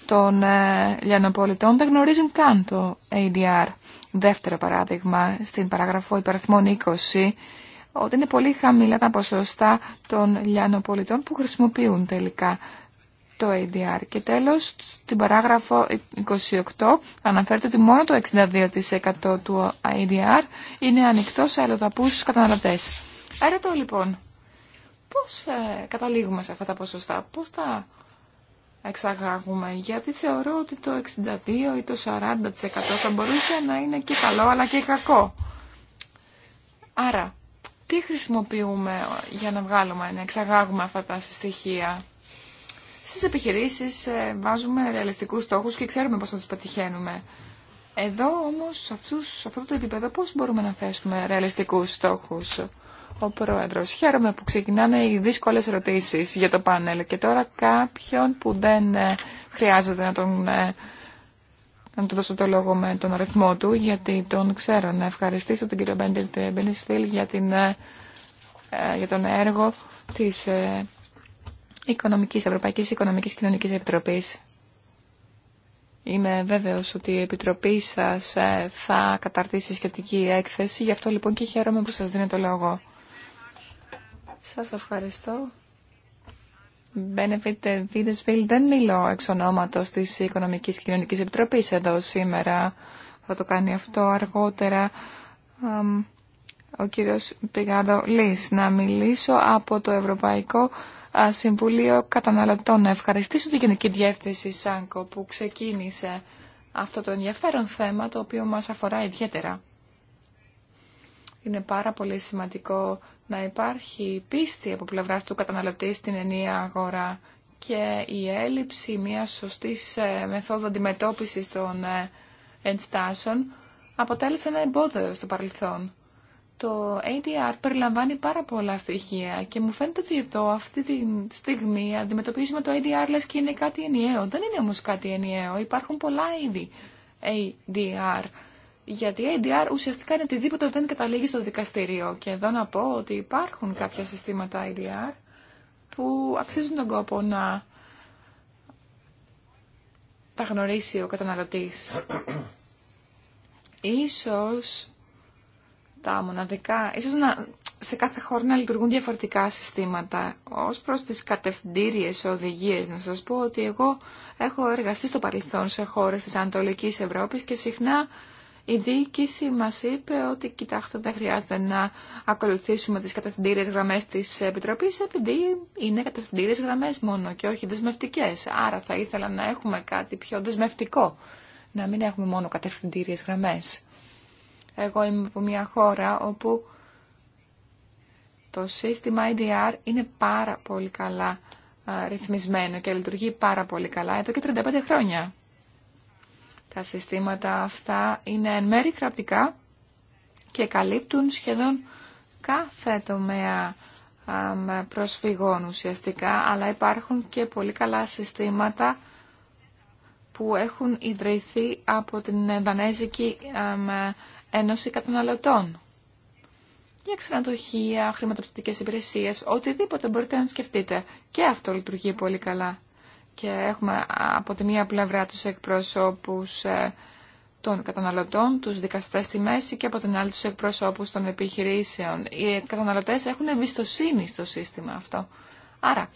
των ε, λιανοπολιτών δεν γνωρίζουν καν το ADR. Δεύτερο παράδειγμα, στην παράγραφο υπαριθμών 20 ότι είναι πολύ χαμηλά τα ποσοστά των λιανοπολιτών που χρησιμοποιούν τελικά το ADR. Και τέλος, στην παράγραφο 28 αναφέρεται ότι μόνο το 62% του ADR είναι ανοιχτό σε αλλοδαπούς καταναλωτές. Άρα το λοιπόν, πώς ε, καταλήγουμε σε αυτά τα ποσοστά, πώς τα εξαγάγουμε, γιατί θεωρώ ότι το 62% ή το 40% θα μπορούσε να είναι και καλό αλλά και κακό. Άρα, τι χρησιμοποιούμε για να βγάλουμε, να εξαγάγουμε αυτά τα στοιχεία. Στις επιχειρήσεις ε, βάζουμε ρεαλιστικού στόχου και ξέρουμε πώς θα του πετυχαίνουμε. Εδώ όμως, σε, αυτό το επίπεδο, πώς μπορούμε να θέσουμε ρεαλιστικού στόχου, Ο πρόεδρο. χαίρομαι που ξεκινάνε οι δύσκολες ερωτήσεις για το πάνελ και τώρα κάποιον που δεν ε, χρειάζεται να τον ε, να του δώσω το λόγο με τον αριθμό του, γιατί τον ξέρω. Να ευχαριστήσω τον κύριο Μπέντελτ Μπενισφίλ για, την, ε, για τον έργο της ε, Οικονομικής, Ευρωπαϊκής Οικονομικής Κοινωνικής Επιτροπής. Είμαι βέβαιος ότι η Επιτροπή σας ε, θα καταρτήσει σχετική έκθεση, γι' αυτό λοιπόν και χαίρομαι που σας δίνω το λόγο. Σας ευχαριστώ. Benefit Βίδεσβιλ, δεν μιλώ εξ ονόματος της Οικονομικής και Κοινωνικής Επιτροπής εδώ σήμερα. Θα το κάνει αυτό αργότερα ο κύριος Πιγάδο Λής. Να μιλήσω από το Ευρωπαϊκό Συμβουλίο Καταναλωτών. Να ευχαριστήσω την Γενική Διεύθυνση ΣΑΝΚΟ που ξεκίνησε αυτό το ενδιαφέρον θέμα το οποίο μας αφορά ιδιαίτερα. Είναι πάρα πολύ σημαντικό να υπάρχει πίστη από πλευράς του καταναλωτή στην ενιαία αγορά και η έλλειψη μιας σωστής ε, μεθόδου αντιμετώπισης των ε, ενστάσεων αποτέλεσε ένα εμπόδιο στο παρελθόν. Το ADR περιλαμβάνει πάρα πολλά στοιχεία και μου φαίνεται ότι εδώ αυτή τη στιγμή αντιμετωπίζουμε το ADR λες και είναι κάτι ενιαίο. Δεν είναι όμως κάτι ενιαίο. Υπάρχουν πολλά είδη ADR γιατί ADR ουσιαστικά είναι οτιδήποτε δεν καταλήγει στο δικαστήριο. Και εδώ να πω ότι υπάρχουν κάποια συστήματα ADR που αξίζουν τον κόπο να τα γνωρίσει ο καταναλωτής. Ίσως τα μοναδικά, ίσως να, σε κάθε χώρο να λειτουργούν διαφορετικά συστήματα. Ως προς τις κατευθυντήριες οδηγίες, να σας πω ότι εγώ έχω εργαστεί στο παρελθόν σε χώρες της Ανατολικής Ευρώπης και συχνά η διοίκηση μα είπε ότι κοιτάξτε δεν χρειάζεται να ακολουθήσουμε τις κατευθυντήριε γραμμές της Επιτροπής επειδή είναι κατευθυντήριε γραμμές μόνο και όχι δεσμευτικέ. Άρα θα ήθελα να έχουμε κάτι πιο δεσμευτικό, να μην έχουμε μόνο κατευθυντήριε γραμμές. Εγώ είμαι από μια χώρα όπου το σύστημα IDR e είναι πάρα πολύ καλά ε, ρυθμισμένο και λειτουργεί πάρα πολύ καλά εδώ και 35 χρόνια. Τα συστήματα αυτά είναι εν μέρη κρατικά και καλύπτουν σχεδόν κάθε τομέα προσφυγών ουσιαστικά, αλλά υπάρχουν και πολύ καλά συστήματα που έχουν ιδρυθεί από την Δανέζικη Ένωση Καταναλωτών. Για ξενοδοχεία, χρηματοδοτικές υπηρεσίες, οτιδήποτε μπορείτε να σκεφτείτε. Και αυτό λειτουργεί πολύ καλά και έχουμε από τη μία πλευρά τους εκπροσώπους ε, των καταναλωτών, τους δικαστές στη μέση και από την άλλη τους εκπροσώπους των επιχειρήσεων. Οι καταναλωτές έχουν εμπιστοσύνη στο σύστημα αυτό. Άρα,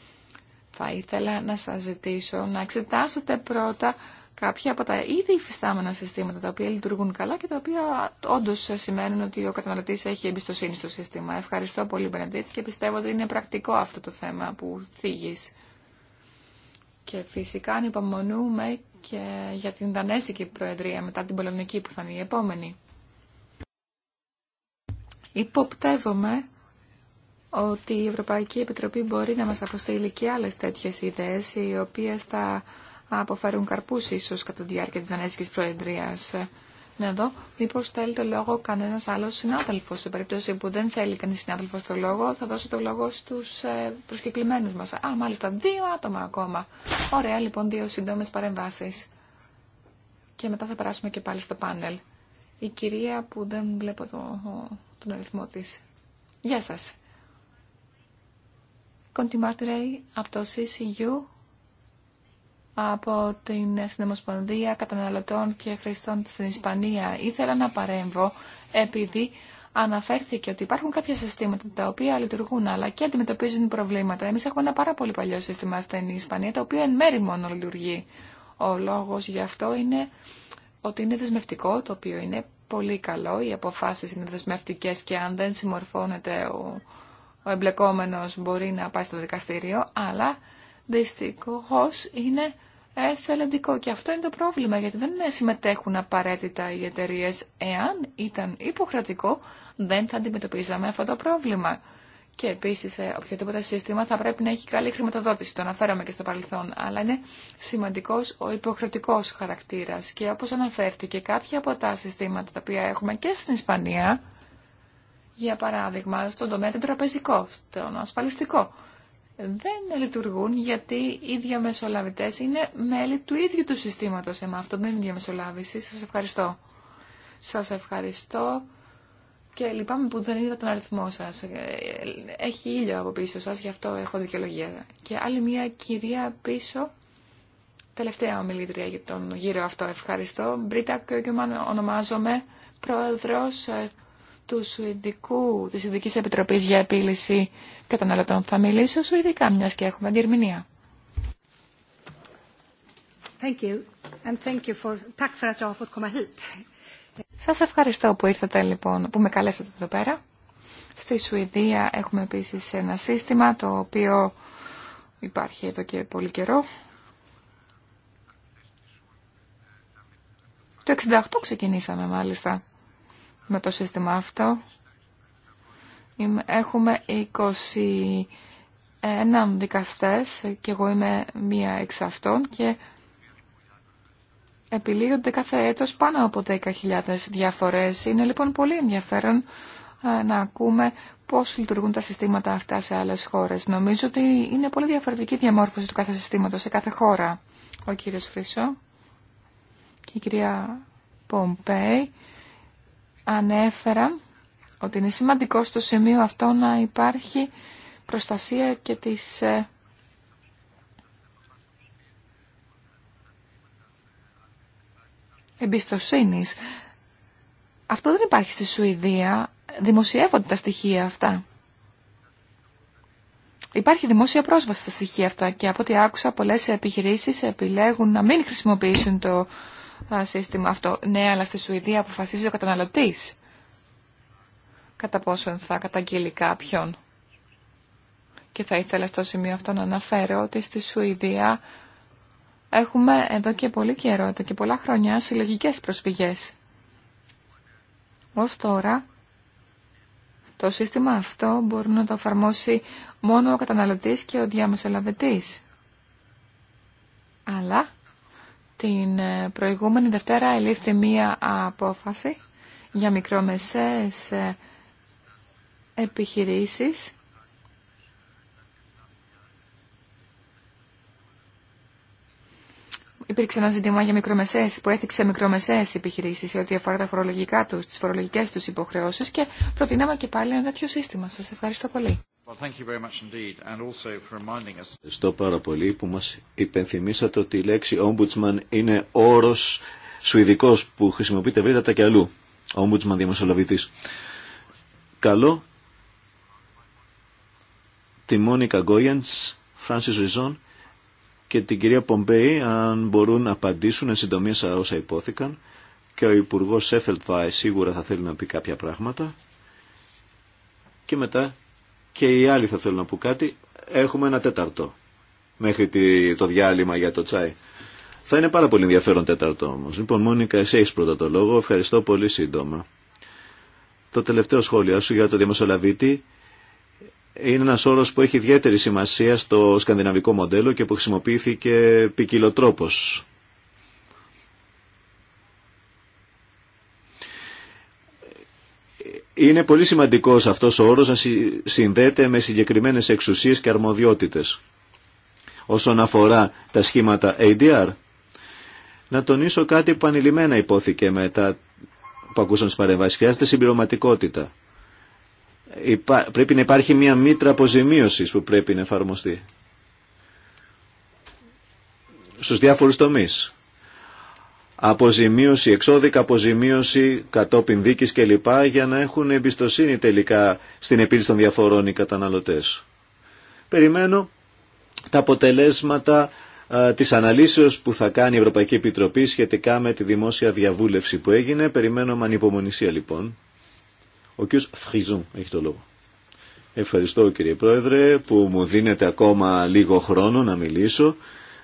θα ήθελα να σας ζητήσω να εξετάσετε πρώτα κάποια από τα ήδη υφιστάμενα συστήματα τα οποία λειτουργούν καλά και τα οποία όντω σημαίνουν ότι ο καταναλωτή έχει εμπιστοσύνη στο σύστημα. Ευχαριστώ πολύ, Μπενεντίτ, και πιστεύω ότι είναι πρακτικό αυτό το θέμα που θίγει. Και φυσικά ανυπομονούμε και για την Δανέσικη Προεδρία μετά την Πολωνική που θα είναι η επόμενη. Υποπτεύομαι ότι η Ευρωπαϊκή Επιτροπή μπορεί να μας αποστείλει και άλλες τέτοιες ιδέες οι οποίες θα αποφέρουν καρπούς ίσως κατά τη διάρκεια της Δανέζικης Προεδρίας. Ναι, εδώ. μήπω θέλει το λόγο κανένα άλλος συνάδελφος. Σε περίπτωση που δεν θέλει κανείς συνάδελφος το λόγο, θα δώσω το λόγο στους ε, προσκεκλημένου μας. Α, μάλιστα δύο άτομα ακόμα. Ωραία, λοιπόν, δύο σύντομες παρεμβάσει. Και μετά θα περάσουμε και πάλι στο πάνελ. Η κυρία που δεν βλέπω τον αριθμό τη. Γεια σα. Κοντιμάρτυρε από το CCU από την Συνδεμοσπονδία Καταναλωτών και Χρηστών στην Ισπανία. Ήθελα να παρέμβω επειδή αναφέρθηκε ότι υπάρχουν κάποια συστήματα τα οποία λειτουργούν αλλά και αντιμετωπίζουν προβλήματα. Εμείς έχουμε ένα πάρα πολύ παλιό σύστημα στην Ισπανία το οποίο εν μέρη μόνο λειτουργεί. Ο λόγος γι' αυτό είναι ότι είναι δεσμευτικό, το οποίο είναι πολύ καλό. Οι αποφάσεις είναι δεσμευτικές και αν δεν συμμορφώνεται ο, ο εμπλεκόμενος μπορεί να πάει στο δικαστήριο, αλλά δυστυχώς είναι εθελοντικό. Και αυτό είναι το πρόβλημα, γιατί δεν συμμετέχουν απαραίτητα οι εταιρείε. Εάν ήταν υποχρεωτικό, δεν θα αντιμετωπίζαμε αυτό το πρόβλημα. Και επίση ε, οποιοδήποτε σύστημα θα πρέπει να έχει καλή χρηματοδότηση, το αναφέραμε και στο παρελθόν, αλλά είναι σημαντικό ο υποχρεωτικό χαρακτήρα. Και όπω αναφέρθηκε κάποια από τα συστήματα τα οποία έχουμε και στην Ισπανία, για παράδειγμα στον τομέα του τραπεζικού, στον ασφαλιστικό, δεν λειτουργούν γιατί οι διαμεσολαβητές είναι μέλη του ίδιου του συστήματος εμά. Αυτό δεν είναι διαμεσολάβηση. Σας ευχαριστώ. Σας ευχαριστώ και λυπάμαι που δεν είδα τον αριθμό σας. Έχει ήλιο από πίσω σας, γι' αυτό έχω δικαιολογία. Και άλλη μια κυρία πίσω, τελευταία ομιλήτρια για τον γύρο αυτό. Ευχαριστώ. Μπρίτα Κιόγκεμαν ονομάζομαι, πρόεδρος ε, του Σουηδικού, της Ειδικής Επιτροπής για Επίλυση Καταναλωτών. Θα μιλήσω Σουηδικά, μιας και έχουμε διερμηνία. Thank Σας ευχαριστώ που ήρθατε λοιπόν, που με καλέσατε εδώ πέρα. Στη Σουηδία έχουμε επίσης ένα σύστημα το οποίο υπάρχει εδώ και πολύ καιρό. Το 68 ξεκινήσαμε μάλιστα με το σύστημα αυτό. Έχουμε 21 δικαστές και εγώ είμαι μία εξ αυτών και επιλύονται κάθε έτος πάνω από 10.000 διαφορές. Είναι λοιπόν πολύ ενδιαφέρον ε, να ακούμε πώς λειτουργούν τα συστήματα αυτά σε άλλες χώρες. Νομίζω ότι είναι πολύ διαφορετική η διαμόρφωση του κάθε συστήματος σε κάθε χώρα. Ο κύριος Φρύσο και η κυρία Πομπέη ανέφερα ότι είναι σημαντικό στο σημείο αυτό να υπάρχει προστασία και της ε, εμπιστοσύνης. Αυτό δεν υπάρχει στη Σουηδία. Δημοσιεύονται τα στοιχεία αυτά. Υπάρχει δημόσια πρόσβαση στα στοιχεία αυτά και από ό,τι άκουσα πολλές επιχειρήσεις επιλέγουν να μην χρησιμοποιήσουν το σύστημα αυτό. Ναι, αλλά στη Σουηδία αποφασίζει ο καταναλωτής κατά πόσον θα καταγγείλει κάποιον. Και θα ήθελα στο σημείο αυτό να αναφέρω ότι στη Σουηδία έχουμε εδώ και πολύ καιρό, εδώ και πολλά χρόνια, συλλογικέ προσφυγέ. Ω τώρα, το σύστημα αυτό μπορεί να το εφαρμόσει μόνο ο καταναλωτής και ο διαμεσολαβητής. Αλλά την ε, προηγούμενη Δευτέρα ελήφθη μία απόφαση για μικρομεσαίες ε, επιχειρήσεις Υπήρξε ένα ζήτημα για μικρομεσαίες, που έθιξε μικρομεσαίες επιχειρήσεις ό,τι αφορά τα φορολογικά τους, τις φορολογικές τους υποχρεώσεις και προτείναμε και πάλι ένα τέτοιο σύστημα. Σας ευχαριστώ πολύ. Ευχαριστώ πάρα πολύ που μας υπενθυμίσατε ότι η λέξη ombudsman είναι όρος σουηδικός που χρησιμοποιείται ευρύτατα και αλλού. Ombudsman διαμεσολαβητή. Καλό. Τη Μόνικα Γκόγιαντς, Φράνσις Ριζόν και την κυρία Πομπέη αν μπορούν να απαντήσουν εν συντομία όσα υπόθηκαν και ο Υπουργός Σέφελτβάη σίγουρα θα θέλει να πει κάποια πράγματα και μετά και οι άλλοι θα θέλουν να πούν κάτι. Έχουμε ένα τέταρτο μέχρι το διάλειμμα για το τσάι. Θα είναι πάρα πολύ ενδιαφέρον τέταρτο όμως. Λοιπόν, Μόνικα, εσύ έχεις πρώτα το λόγο. Ευχαριστώ πολύ σύντομα. Το τελευταίο σχόλιο σου για το Δημοσιολαβήτη είναι ένας όρος που έχει ιδιαίτερη σημασία στο σκανδιναβικό μοντέλο και που χρησιμοποιήθηκε ποικιλοτρόπως. Είναι πολύ σημαντικός αυτός ο όρος να συνδέεται με συγκεκριμένες εξουσίες και αρμοδιότητες. Όσον αφορά τα σχήματα ADR, να τονίσω κάτι που ανηλυμένα υπόθηκε μετά που ακούσαμε τις παρεμβάσεις. Χρειάζεται συμπληρωματικότητα πρέπει να υπάρχει μια μήτρα αποζημίωσης που πρέπει να εφαρμοστεί στους διάφορους τομείς. Αποζημίωση, εξώδικα αποζημίωση, κατόπιν δίκης κλπ. για να έχουν εμπιστοσύνη τελικά στην επίλυση των διαφορών οι καταναλωτές. Περιμένω τα αποτελέσματα α, της αναλύσεως που θα κάνει η Ευρωπαϊκή Επιτροπή σχετικά με τη δημόσια διαβούλευση που έγινε. Περιμένω με ανυπομονησία λοιπόν ο κ. φχίζουν έχει το λόγο. Ευχαριστώ κύριε Πρόεδρε που μου δίνετε ακόμα λίγο χρόνο να μιλήσω.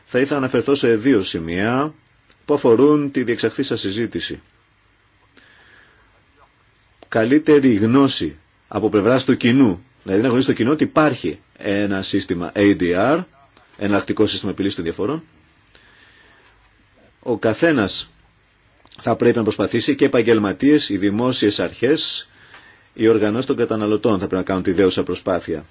Θα ήθελα να αναφερθώ σε δύο σημεία που αφορούν τη διεξαχθή σας συζήτηση. Καλύτερη γνώση από πλευρά του κοινού, δηλαδή να γνωρίζει το κοινό ότι υπάρχει ένα σύστημα ADR, εναλλακτικό σύστημα επιλύσης των διαφορών. Ο καθένας θα πρέπει να προσπαθήσει και επαγγελματίε, οι δημόσιες αρχές, οι οργανώσει των καταναλωτών θα πρέπει να κάνουν τη δέουσα προσπάθεια.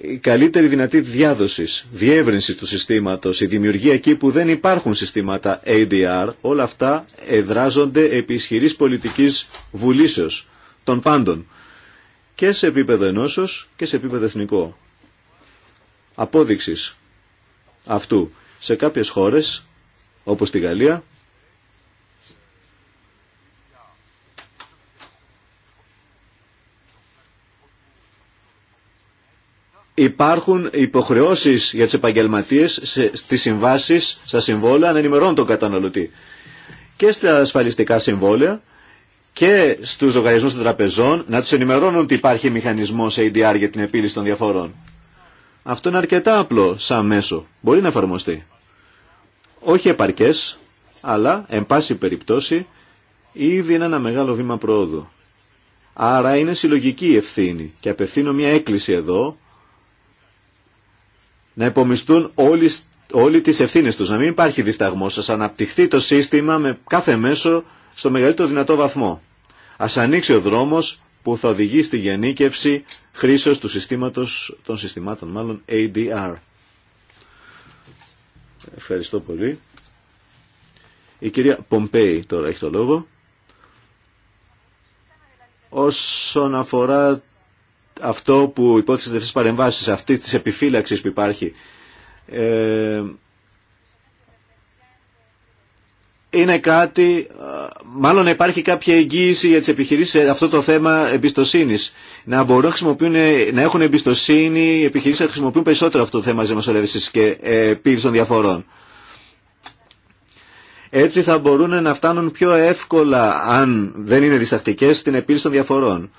Η καλύτερη δυνατή διάδοση, διεύρυνση του συστήματο, η δημιουργία εκεί που δεν υπάρχουν συστήματα ADR, όλα αυτά εδράζονται επί ισχυρή πολιτική βουλήσεω των πάντων και σε επίπεδο ενώσεω και σε επίπεδο εθνικό. Απόδειξης αυτού σε κάποιες χώρες, όπω τη Γαλλία, Υπάρχουν υποχρεώσεις για τους επαγγελματίες στις συμβάσεις, στα συμβόλαια να ενημερώνουν τον καταναλωτή. Και στα ασφαλιστικά συμβόλαια και στους λογαριασμούς των τραπεζών να τους ενημερώνουν ότι υπάρχει μηχανισμός ADR για την επίλυση των διαφορών. Αυτό είναι αρκετά απλό σαν μέσο. Μπορεί να εφαρμοστεί. Όχι επαρκές, αλλά εν πάση περιπτώσει ήδη είναι ένα μεγάλο βήμα προόδου. Άρα είναι συλλογική η ευθύνη και απευθύνω μια έκκληση εδώ να υπομιστούν όλοι, όλοι τις ευθύνες τους, να μην υπάρχει δισταγμός, ας αναπτυχθεί το σύστημα με κάθε μέσο στο μεγαλύτερο δυνατό βαθμό. Ας ανοίξει ο δρόμος που θα οδηγεί στη γενίκευση χρήσεως του συστήματος, των συστημάτων μάλλον ADR. Ευχαριστώ πολύ. Η κυρία Πομπέη τώρα έχει το λόγο. Όσον αφορά αυτό που υπόθεση τελευταίες παρεμβάσεις αυτή της επιφύλαξης που υπάρχει ε, είναι κάτι, ε, μάλλον να υπάρχει κάποια εγγύηση για τις επιχειρήσεις σε αυτό το θέμα εμπιστοσύνης. Να μπορούν να έχουν εμπιστοσύνη οι επιχειρήσεις να χρησιμοποιούν περισσότερο αυτό το θέμα της και ε, επίλυσης των διαφορών. Έτσι θα μπορούν να φτάνουν πιο εύκολα, αν δεν είναι διστακτικές, στην επίλυση των διαφορών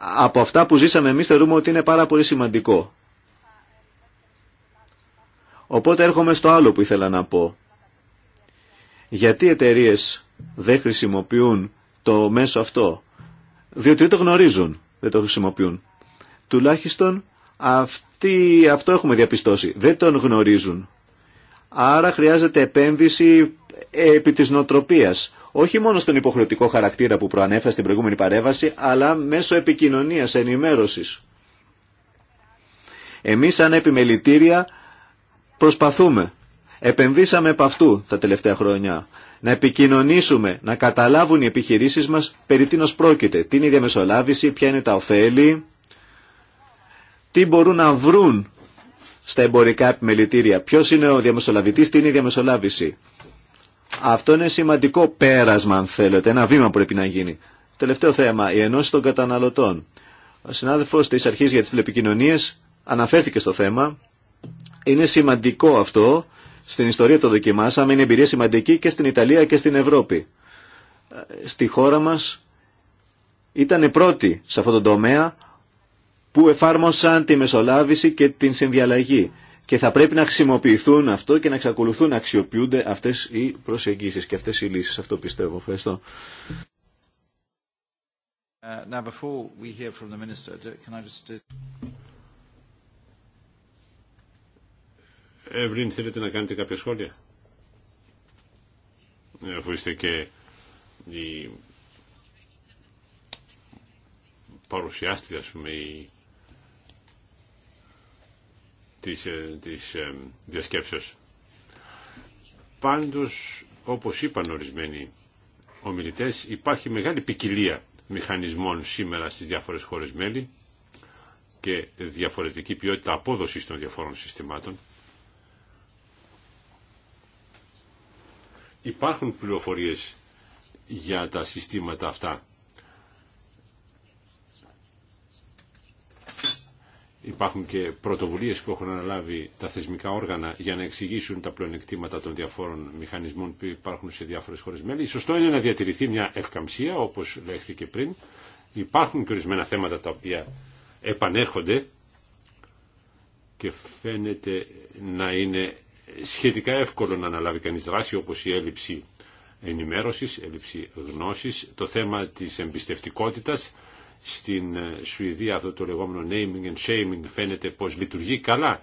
από αυτά που ζήσαμε εμείς θεωρούμε ότι είναι πάρα πολύ σημαντικό. Οπότε έρχομαι στο άλλο που ήθελα να πω. Γιατί οι εταιρείε δεν χρησιμοποιούν το μέσο αυτό. Διότι δεν το γνωρίζουν, δεν το χρησιμοποιούν. Τουλάχιστον αυτοί, αυτό έχουμε διαπιστώσει. Δεν τον γνωρίζουν. Άρα χρειάζεται επένδυση επί της νοτροπίας όχι μόνο στον υποχρεωτικό χαρακτήρα που προανέφερα στην προηγούμενη παρέμβαση, αλλά μέσω επικοινωνίας, ενημέρωσης. Εμείς σαν επιμελητήρια προσπαθούμε, επενδύσαμε επ' αυτού τα τελευταία χρόνια, να επικοινωνήσουμε, να καταλάβουν οι επιχειρήσεις μας περί τι πρόκειται, τι είναι η διαμεσολάβηση, ποια είναι τα ωφέλη, τι μπορούν να βρουν στα εμπορικά επιμελητήρια, ποιος είναι ο διαμεσολαβητής, τι είναι η διαμεσολάβηση. Αυτό είναι σημαντικό πέρασμα, αν θέλετε, ένα βήμα που πρέπει να γίνει. Τελευταίο θέμα, η ενώση των καταναλωτών. Ο συνάδελφο τη Αρχή για τι Τηλεπικοινωνίε αναφέρθηκε στο θέμα. Είναι σημαντικό αυτό. Στην ιστορία το δοκιμάσαμε. Είναι εμπειρία σημαντική και στην Ιταλία και στην Ευρώπη. Στη χώρα μα ήταν πρώτη σε αυτό το τομέα που εφάρμοσαν τη μεσολάβηση και την συνδιαλλαγή και θα πρέπει να χρησιμοποιηθούν αυτό και να εξακολουθούν να αξιοποιούνται αυτές οι προσεγγίσεις και αυτές οι λύσεις. Αυτό πιστεύω. Ευχαριστώ. Ευρύν, θέλετε να κάνετε κάποια σχόλια. Ε, αφού και η παρουσιάστηκε, ας πούμε, η της, ε, της ε, διασκέψεως. Πάντως, όπως είπαν ορισμένοι ομιλητές, υπάρχει μεγάλη ποικιλία μηχανισμών σήμερα στις διάφορες χώρες μέλη και διαφορετική ποιότητα απόδοσης των διαφόρων συστημάτων. Υπάρχουν πληροφορίες για τα συστήματα αυτά Υπάρχουν και πρωτοβουλίες που έχουν αναλάβει τα θεσμικά όργανα για να εξηγήσουν τα πλεονεκτήματα των διαφόρων μηχανισμών που υπάρχουν σε διάφορες χώρες μέλη. Σωστό είναι να διατηρηθεί μια ευκαμψία, όπως λέχθηκε πριν. Υπάρχουν και ορισμένα θέματα τα οποία επανέρχονται και φαίνεται να είναι σχετικά εύκολο να αναλάβει κανείς δράση, όπως η έλλειψη ενημέρωσης, έλλειψη γνώσης, το θέμα της εμπιστευτικότητας, στην ε, Σουηδία αυτό το λεγόμενο naming and shaming φαίνεται πως λειτουργεί καλά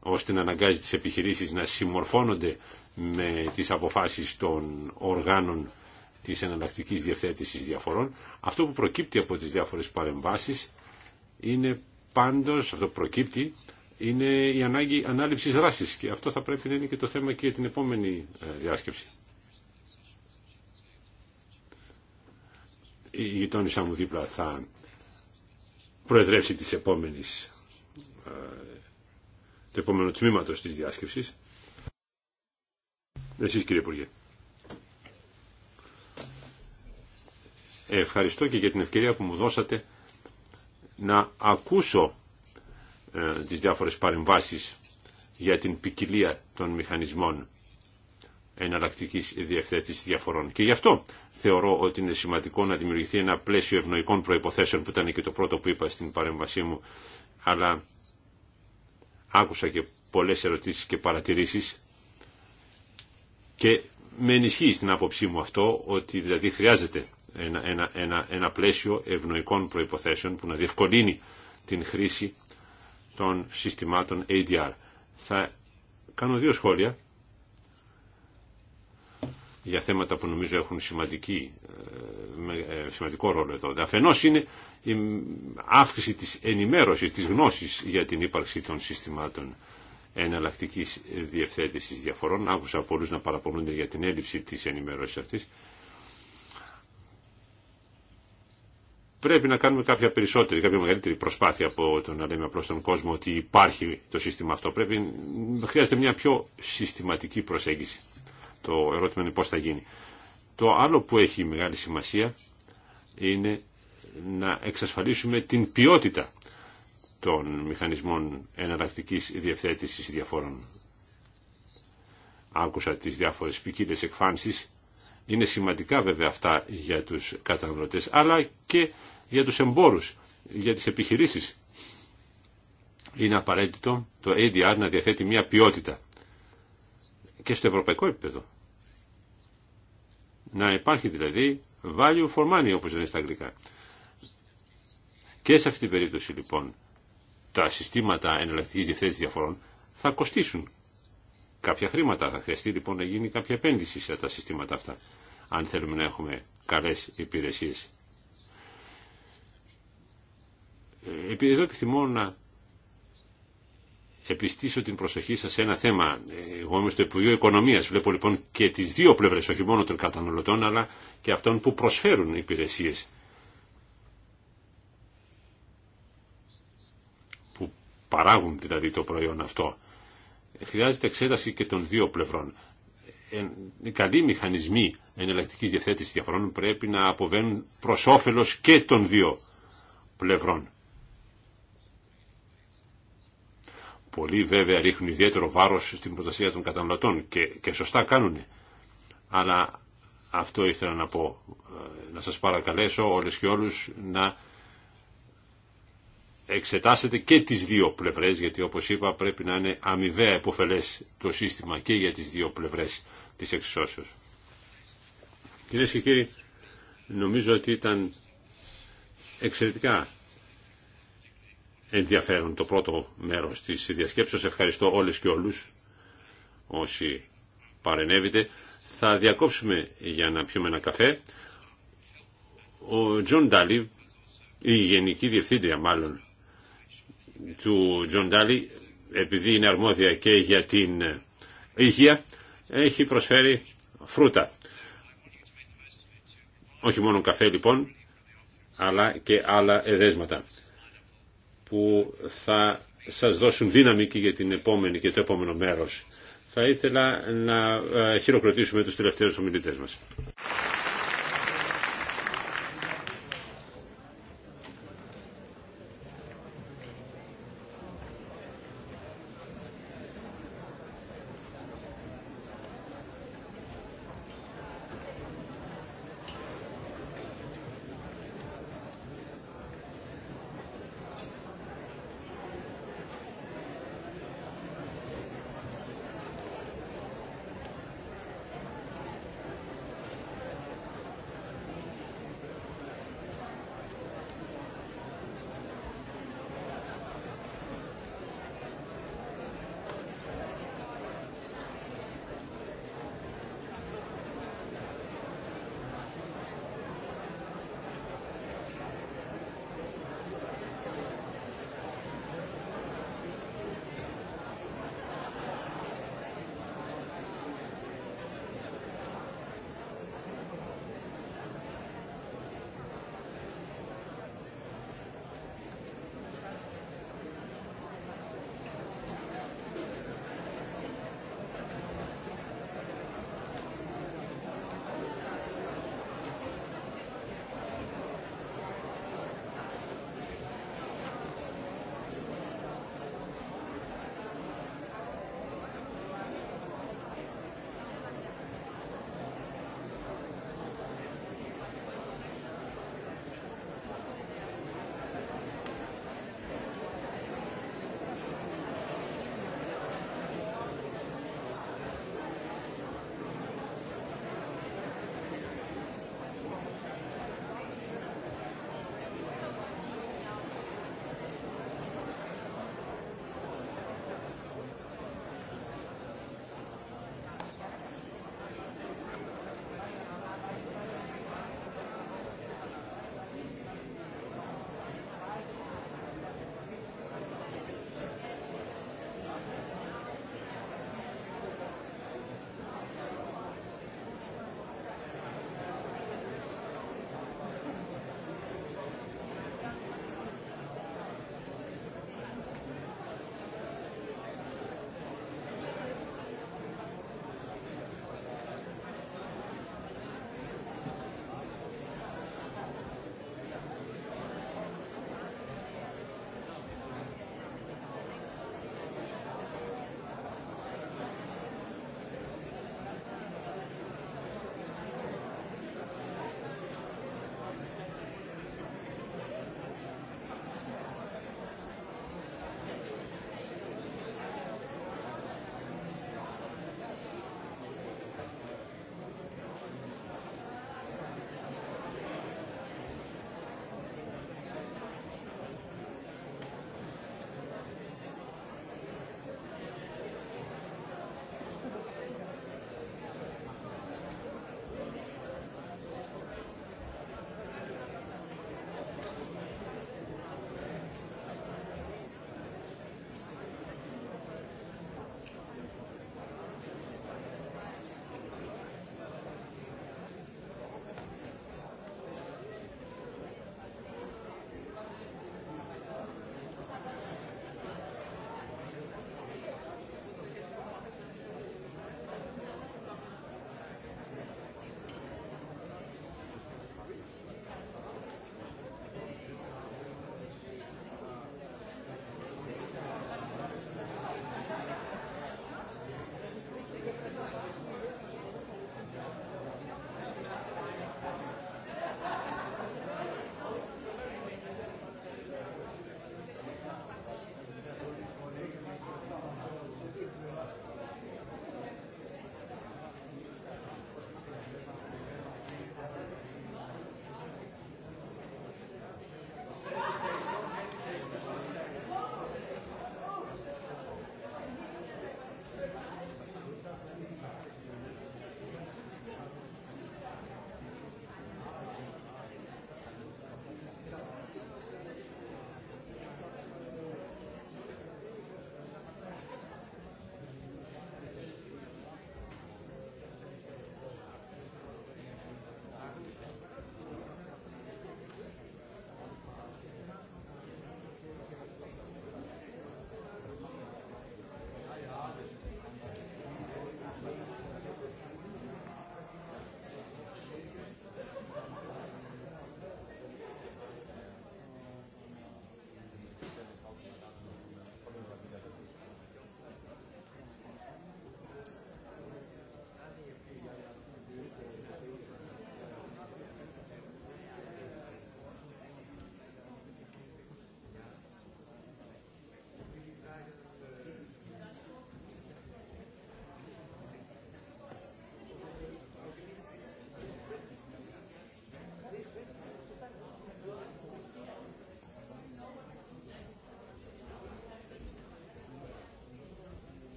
ώστε να αναγκάζει τις επιχειρήσεις να συμμορφώνονται με τις αποφάσεις των οργάνων της εναλλακτική διευθέτησης διαφορών. Αυτό που προκύπτει από τις διάφορες παρεμβάσεις είναι πάντως, αυτό προκύπτει, είναι η ανάγκη ανάληψης δράσης και αυτό θα πρέπει να είναι και το θέμα και για την επόμενη ε, διάσκεψη. η γειτόνισσα μου δίπλα θα προεδρεύσει της επόμενης, ε, το επόμενο τμήματος της διάσκεψης. Εσείς κύριε Υπουργέ. Ευχαριστώ και για την ευκαιρία που μου δώσατε να ακούσω ε, τις διάφορες παρεμβάσεις για την ποικιλία των μηχανισμών εναλλακτικής διευθέτησης διαφορών. Και γι' αυτό θεωρώ ότι είναι σημαντικό να δημιουργηθεί ένα πλαίσιο ευνοϊκών προϋποθέσεων που ήταν και το πρώτο που είπα στην παρέμβασή μου αλλά άκουσα και πολλές ερωτήσεις και παρατηρήσεις και με ενισχύει στην άποψή μου αυτό ότι δηλαδή χρειάζεται ένα, ένα, ένα, ένα πλαίσιο ευνοϊκών προϋποθέσεων που να διευκολύνει την χρήση των συστημάτων ADR. Θα κάνω δύο σχόλια για θέματα που νομίζω έχουν σημαντική, ε, ε, σημαντικό ρόλο εδώ. Αφενό είναι η αύξηση της ενημέρωσης, της γνώσης για την ύπαρξη των συστημάτων εναλλακτική διευθέτηση διαφορών. Άκουσα πολλού να παραπονούνται για την έλλειψη τη ενημέρωση αυτή. Πρέπει να κάνουμε κάποια περισσότερη, κάποια μεγαλύτερη προσπάθεια από το να λέμε απλώ στον κόσμο ότι υπάρχει το σύστημα αυτό. Πρέπει, χρειάζεται μια πιο συστηματική προσέγγιση. Το ερώτημα είναι πώς θα γίνει. Το άλλο που έχει μεγάλη σημασία είναι να εξασφαλίσουμε την ποιότητα των μηχανισμών εναλλακτικής διευθέτησης διαφόρων. Άκουσα τις διάφορες ποικίλε εκφάνσεις. Είναι σημαντικά βέβαια αυτά για τους καταναλωτές, αλλά και για τους εμπόρους, για τις επιχειρήσεις. Είναι απαραίτητο το ADR να διαθέτει μια ποιότητα και στο ευρωπαϊκό επίπεδο. Να υπάρχει δηλαδή value for money όπως λένε στα αγγλικά. Και σε αυτή την περίπτωση λοιπόν τα συστήματα εναλλακτική διευθέτησης διαφορών θα κοστίσουν κάποια χρήματα. Θα χρειαστεί λοιπόν να γίνει κάποια επένδυση σε τα συστήματα αυτά αν θέλουμε να έχουμε καλές υπηρεσίες. Ε, Επειδή εδώ επιθυμώ να επιστήσω την προσοχή σας σε ένα θέμα. Εγώ είμαι στο Υπουργείο Οικονομίας. Βλέπω λοιπόν και τις δύο πλευρές, όχι μόνο των καταναλωτών, αλλά και αυτών που προσφέρουν υπηρεσίες. Που παράγουν δηλαδή το προϊόν αυτό. Χρειάζεται εξέταση και των δύο πλευρών. Ε, οι καλοί μηχανισμοί εναλλακτική διευθέτηση διαφορών πρέπει να αποβαίνουν προ όφελο και των δύο πλευρών. Πολλοί βέβαια ρίχνουν ιδιαίτερο βάρος στην προστασία των καταναλωτών και, και σωστά κάνουν. Αλλά αυτό ήθελα να πω, ε, να σας παρακαλέσω όλες και όλους να εξετάσετε και τις δύο πλευρές, γιατί όπως είπα πρέπει να είναι αμοιβαία υποφελές το σύστημα και για τις δύο πλευρές της εξισώσεως. Κυρίε και κύριοι, νομίζω ότι ήταν εξαιρετικά ενδιαφέρον το πρώτο μέρος της Σας Ευχαριστώ όλες και όλους όσοι παρενέβητε. Θα διακόψουμε για να πιούμε ένα καφέ. Ο Τζον Ντάλι, η Γενική Διευθύντρια μάλλον του Τζον Ντάλι, επειδή είναι αρμόδια και για την υγεία, έχει προσφέρει φρούτα. Όχι μόνο καφέ λοιπόν, αλλά και άλλα εδέσματα που θα σας δώσουν δύναμη και για την επόμενη και το επόμενο μέρος. Θα ήθελα να ε, χειροκροτήσουμε τους τελευταίους ομιλητές μας.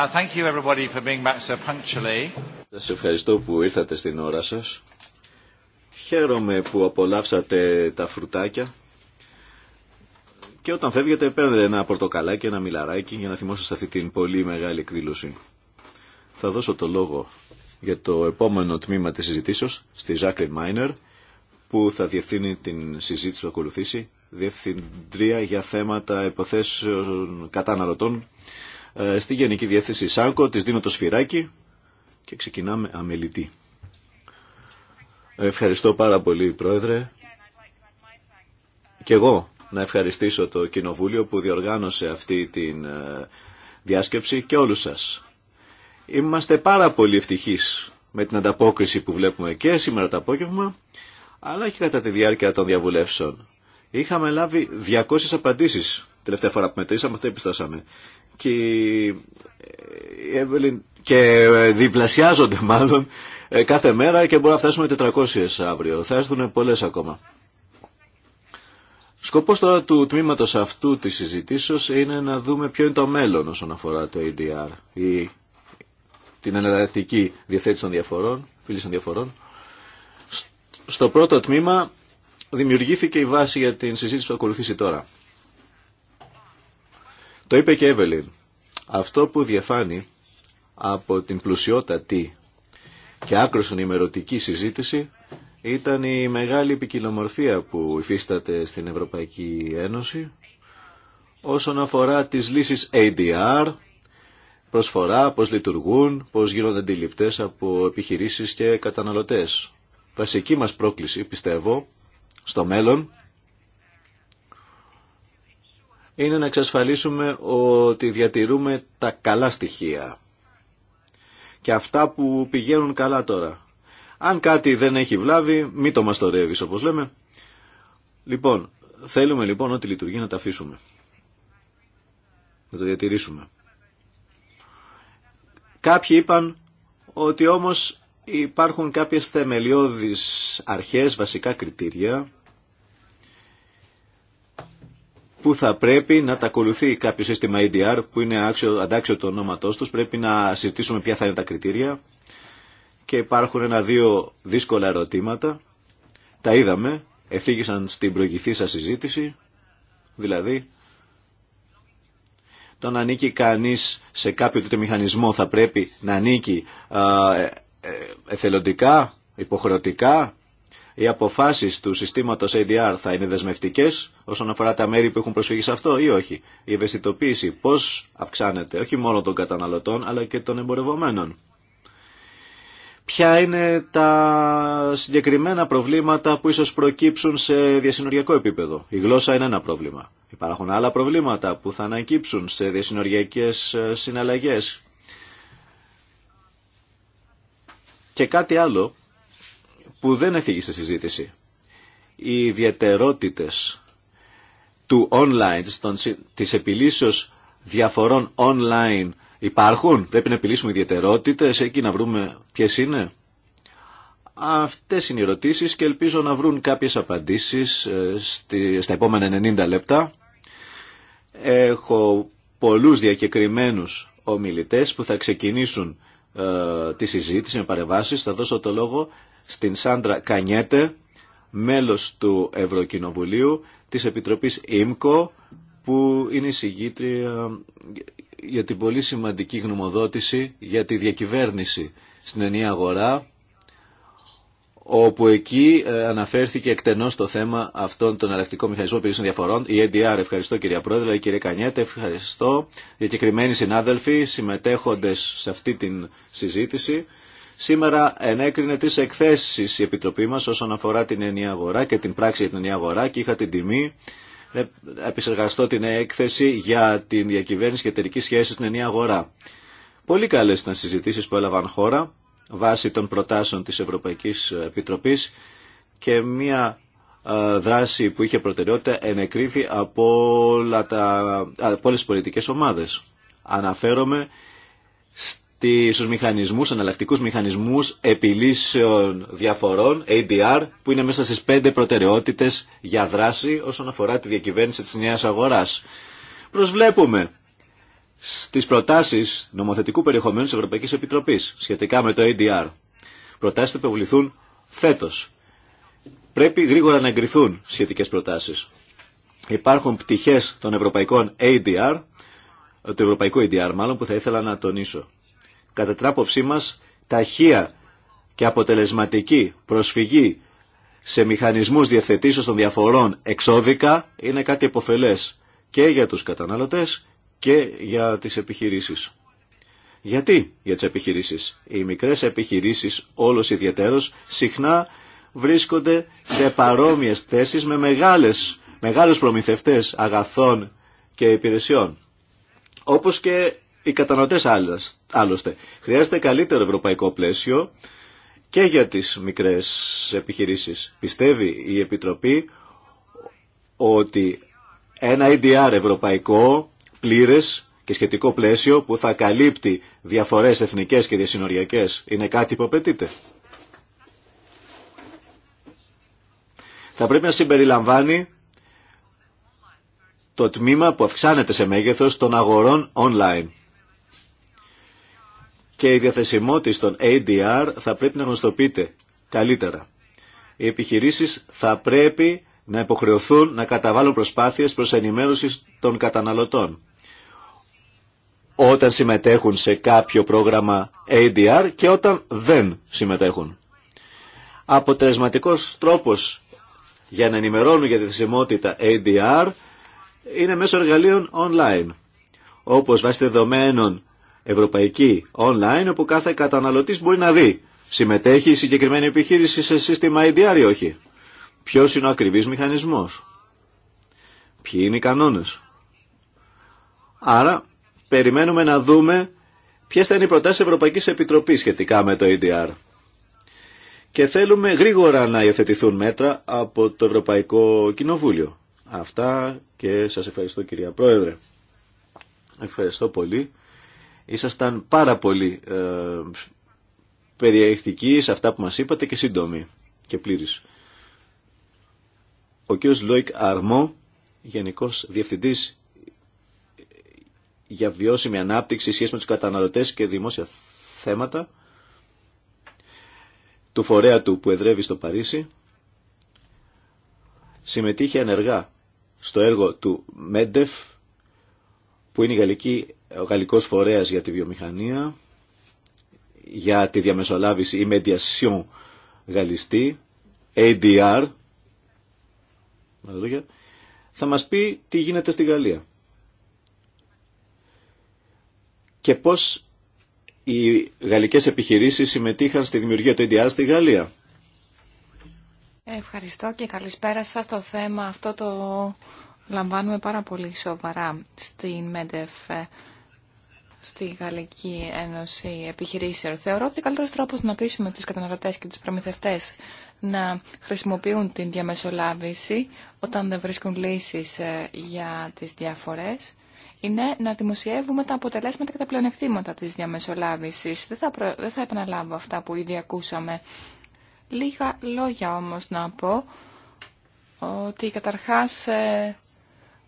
Uh, thank you everybody for being back so punctually. Σας ευχαριστώ που ήρθατε στην ώρα σας. Χαίρομαι που απολαύσατε τα φρουτάκια. Και όταν φεύγετε παίρνετε ένα πορτοκαλάκι, ένα μιλαράκι για να θυμόσαστε αυτή την πολύ μεγάλη εκδήλωση. Θα δώσω το λόγο για το επόμενο τμήμα της συζητήσεως στη Jacqueline Μάινερ που θα διευθύνει την συζήτηση που ακολουθήσει, διευθυντρία για θέματα υποθέσεων καταναλωτών ε, στη Γενική Διεύθυνση ΣΑΚΟ. Της δίνω το σφυράκι και ξεκινάμε αμελητή. Ευχαριστώ πάρα πολύ, Πρόεδρε. Και εγώ να ευχαριστήσω το Κοινοβούλιο που διοργάνωσε αυτή τη ε, διάσκεψη και όλους σας. Είμαστε πάρα πολύ ευτυχείς με την ανταπόκριση που βλέπουμε και σήμερα το απόγευμα, αλλά και κατά τη διάρκεια των διαβουλεύσεων. Είχαμε λάβει 200 απαντήσεις τελευταία φορά που μετρήσαμε, αυτό και, ε, και ε, διπλασιάζονται μάλλον ε, κάθε μέρα και μπορεί να φτάσουμε 400 αύριο. Θα έρθουν πολλές ακόμα. Σκοπός τώρα του τμήματος αυτού της συζητήσεως είναι να δούμε ποιο είναι το μέλλον όσον αφορά το ADR e ή την εναλλακτική διαθέτηση των διαφορών, φίλης των διαφορών. Στο πρώτο τμήμα δημιουργήθηκε η βάση για την συζήτηση που ακολουθήσει τώρα. Το είπε και Εύελιν. Αυτό που διαφάνει από την πλουσιότατη και άκρως ενημερωτική συζήτηση ήταν η μεγάλη επικοινομορφία που υφίσταται στην Ευρωπαϊκή Ένωση όσον αφορά τις λύσεις ADR, προσφορά, πώς λειτουργούν, πώς γίνονται αντιληπτέ από επιχειρήσεις και καταναλωτές. Βασική μας πρόκληση, πιστεύω, στο μέλλον είναι να εξασφαλίσουμε ότι διατηρούμε τα καλά στοιχεία και αυτά που πηγαίνουν καλά τώρα. Αν κάτι δεν έχει βλάβει, μη το μαστορεύεις όπως λέμε. Λοιπόν, θέλουμε λοιπόν ό,τι λειτουργεί να τα αφήσουμε. Να το διατηρήσουμε. Κάποιοι είπαν ότι όμως υπάρχουν κάποιες θεμελιώδεις αρχές, βασικά κριτήρια που θα πρέπει να τα ακολουθεί κάποιο σύστημα EDR που είναι άξιο, αντάξιο του ονόματός τους. Πρέπει να συζητήσουμε ποια θα είναι τα κριτήρια και υπάρχουν ένα-δύο δύσκολα ερωτήματα. Τα είδαμε, εφήγησαν στην προηγηθή σας συζήτηση, δηλαδή το να ανήκει κανείς σε κάποιο τέτοιο μηχανισμό θα πρέπει να ανήκει α, ε, ε, εθελοντικά, υποχρεωτικά οι αποφάσεις του συστήματος ADR θα είναι δεσμευτικές όσον αφορά τα μέρη που έχουν προσφύγει σε αυτό ή όχι. Η ευαισθητοποίηση πώς αυξάνεται όχι μόνο των καταναλωτών αλλά και των εμπορευομένων. Ποια είναι τα συγκεκριμένα προβλήματα που ίσως προκύψουν σε διασυνοριακό επίπεδο. Η γλώσσα είναι ένα πρόβλημα. Υπάρχουν άλλα προβλήματα που θα ανακύψουν σε διασυνοριακές ε, συναλλαγές. Και κάτι άλλο που δεν έφυγε στη συζήτηση. Οι ιδιαιτερότητε του online, τη της διαφορών online υπάρχουν. Πρέπει να επιλύσουμε ιδιαιτερότητε εκεί να βρούμε ποιε είναι. Αυτές είναι οι ερωτήσεις και ελπίζω να βρουν κάποιες απαντήσεις ε, στα επόμενα 90 λεπτά. Έχω πολλούς διακεκριμένους ομιλητές που θα ξεκινήσουν ε, τη συζήτηση με παρεμβάσεις. Θα δώσω το λόγο στην Σάντρα Κανιέτε, μέλος του Ευρωκοινοβουλίου, της Επιτροπής ΙΜΚΟ, που είναι η συγγήτρια για την πολύ σημαντική γνωμοδότηση για τη διακυβέρνηση στην ενία αγορά, όπου εκεί ε, αναφέρθηκε εκτενώς το θέμα αυτών των αλλακτικών μηχανισμών περιουσίων διαφορών. Η EDR, ευχαριστώ κυρία Πρόεδρε, η κυρία Κανιέτε, ευχαριστώ. Διακεκριμένοι συνάδελφοι, συμμετέχοντες σε αυτή την συζήτηση. Σήμερα ενέκρινε τις εκθέσεις η Επιτροπή μας όσον αφορά την ενιαία αγορά και την πράξη για την ενιαία αγορά και είχα την τιμή να επισεργαστώ την έκθεση για την διακυβέρνηση και εταιρική σχέση στην ενιαία αγορά. Πολύ καλές ήταν συζητήσεις που έλαβαν χώρα βάσει των προτάσεων της Ευρωπαϊκής Επιτροπής και μια ε, δράση που είχε προτεραιότητα ενεκρίθη από, όλα τα, από όλες τις πολιτικές ομάδες. Αναφέρομαι στου μηχανισμού, εναλλακτικού μηχανισμούς επιλύσεων διαφορών, ADR, που είναι μέσα στι πέντε προτεραιότητε για δράση όσον αφορά τη διακυβέρνηση τη νέα αγορά. Προσβλέπουμε στι προτάσει νομοθετικού περιεχομένου τη Ευρωπαϊκή Επιτροπή σχετικά με το ADR. προτάσει που επιβληθούν φέτος. Πρέπει γρήγορα να εγκριθούν σχετικέ προτάσει. Υπάρχουν πτυχέ των ευρωπαϊκών ADR, του ευρωπαϊκού ADR μάλλον, που θα ήθελα να τονίσω κατά τράποψή μας, ταχεία και αποτελεσματική προσφυγή σε μηχανισμούς διευθετήσεως των διαφορών εξώδικα είναι κάτι εποφελές και για τους καταναλωτές και για τις επιχειρήσεις. Γιατί για τις επιχειρήσεις. Οι μικρές επιχειρήσεις όλος ιδιαίτερος συχνά βρίσκονται σε παρόμοιες θέσεις με μεγάλες, μεγάλους προμηθευτές αγαθών και υπηρεσιών. Όπως και οι κατανοτέ άλλωστε. Χρειάζεται καλύτερο ευρωπαϊκό πλαίσιο και για τις μικρές επιχειρήσεις. Πιστεύει η Επιτροπή ότι ένα EDR ευρωπαϊκό πλήρες και σχετικό πλαίσιο που θα καλύπτει διαφορές εθνικές και διασυνοριακές είναι κάτι που απαιτείται. Θα πρέπει να συμπεριλαμβάνει το τμήμα που αυξάνεται σε μέγεθος των αγορών online και η διαθεσιμότητα των ADR θα πρέπει να γνωστοποιείται καλύτερα. Οι επιχειρήσεις θα πρέπει να υποχρεωθούν να καταβάλουν προσπάθειες προς ενημέρωση των καταναλωτών όταν συμμετέχουν σε κάποιο πρόγραμμα ADR και όταν δεν συμμετέχουν. Αποτελεσματικός τρόπος για να ενημερώνουν για τη θεσιμότητα ADR είναι μέσω εργαλείων online, όπως βάσει δεδομένων ευρωπαϊκή online όπου κάθε καταναλωτής μπορεί να δει συμμετέχει η συγκεκριμένη επιχείρηση σε σύστημα EDR ή όχι. Ποιος είναι ο ακριβής μηχανισμός. Ποιοι είναι οι κανόνες. Άρα περιμένουμε να δούμε ποιες θα είναι οι προτάσεις Ευρωπαϊκής Επιτροπής σχετικά με το EDR. Και θέλουμε γρήγορα να υιοθετηθούν μέτρα από το Ευρωπαϊκό Κοινοβούλιο. Αυτά και σας ευχαριστώ κυρία Πρόεδρε. Ευχαριστώ πολύ. Ήσασταν πάρα πολύ ε, σε αυτά που μας είπατε και σύντομοι και πλήρης. Ο κ. Λόικ Αρμό, Γενικός Διευθυντής για βιώσιμη ανάπτυξη, σχέση με τους καταναλωτές και δημόσια θέματα, του φορέα του που εδρεύει στο Παρίσι, συμμετείχε ενεργά στο έργο του Μέντεφ, που είναι η Γαλλική ο Γαλλικός Φορέας για τη Βιομηχανία, για τη διαμεσολάβηση ή mediation γαλλιστή, ADR, θα μας πει τι γίνεται στη Γαλλία. Και πώς οι γαλλικές επιχειρήσεις συμμετείχαν στη δημιουργία του ADR στη Γαλλία. Ευχαριστώ και καλησπέρα σας. Το θέμα αυτό το λαμβάνουμε πάρα πολύ σοβαρά στην ΜΕΝΤΕΦ στη Γαλλική Ένωση Επιχειρήσεων. Θεωρώ ότι ο καλύτερος τρόπος να πείσουμε τους καταναλωτέ και τους προμηθευτές να χρησιμοποιούν την διαμεσολάβηση όταν δεν βρίσκουν λύσεις ε, για τις διαφορές είναι να δημοσιεύουμε τα αποτελέσματα και τα πλεονεκτήματα της διαμεσολάβησης. Δεν θα, δεν θα επαναλάβω αυτά που ήδη ακούσαμε. Λίγα λόγια όμως να πω ότι καταρχάς ε,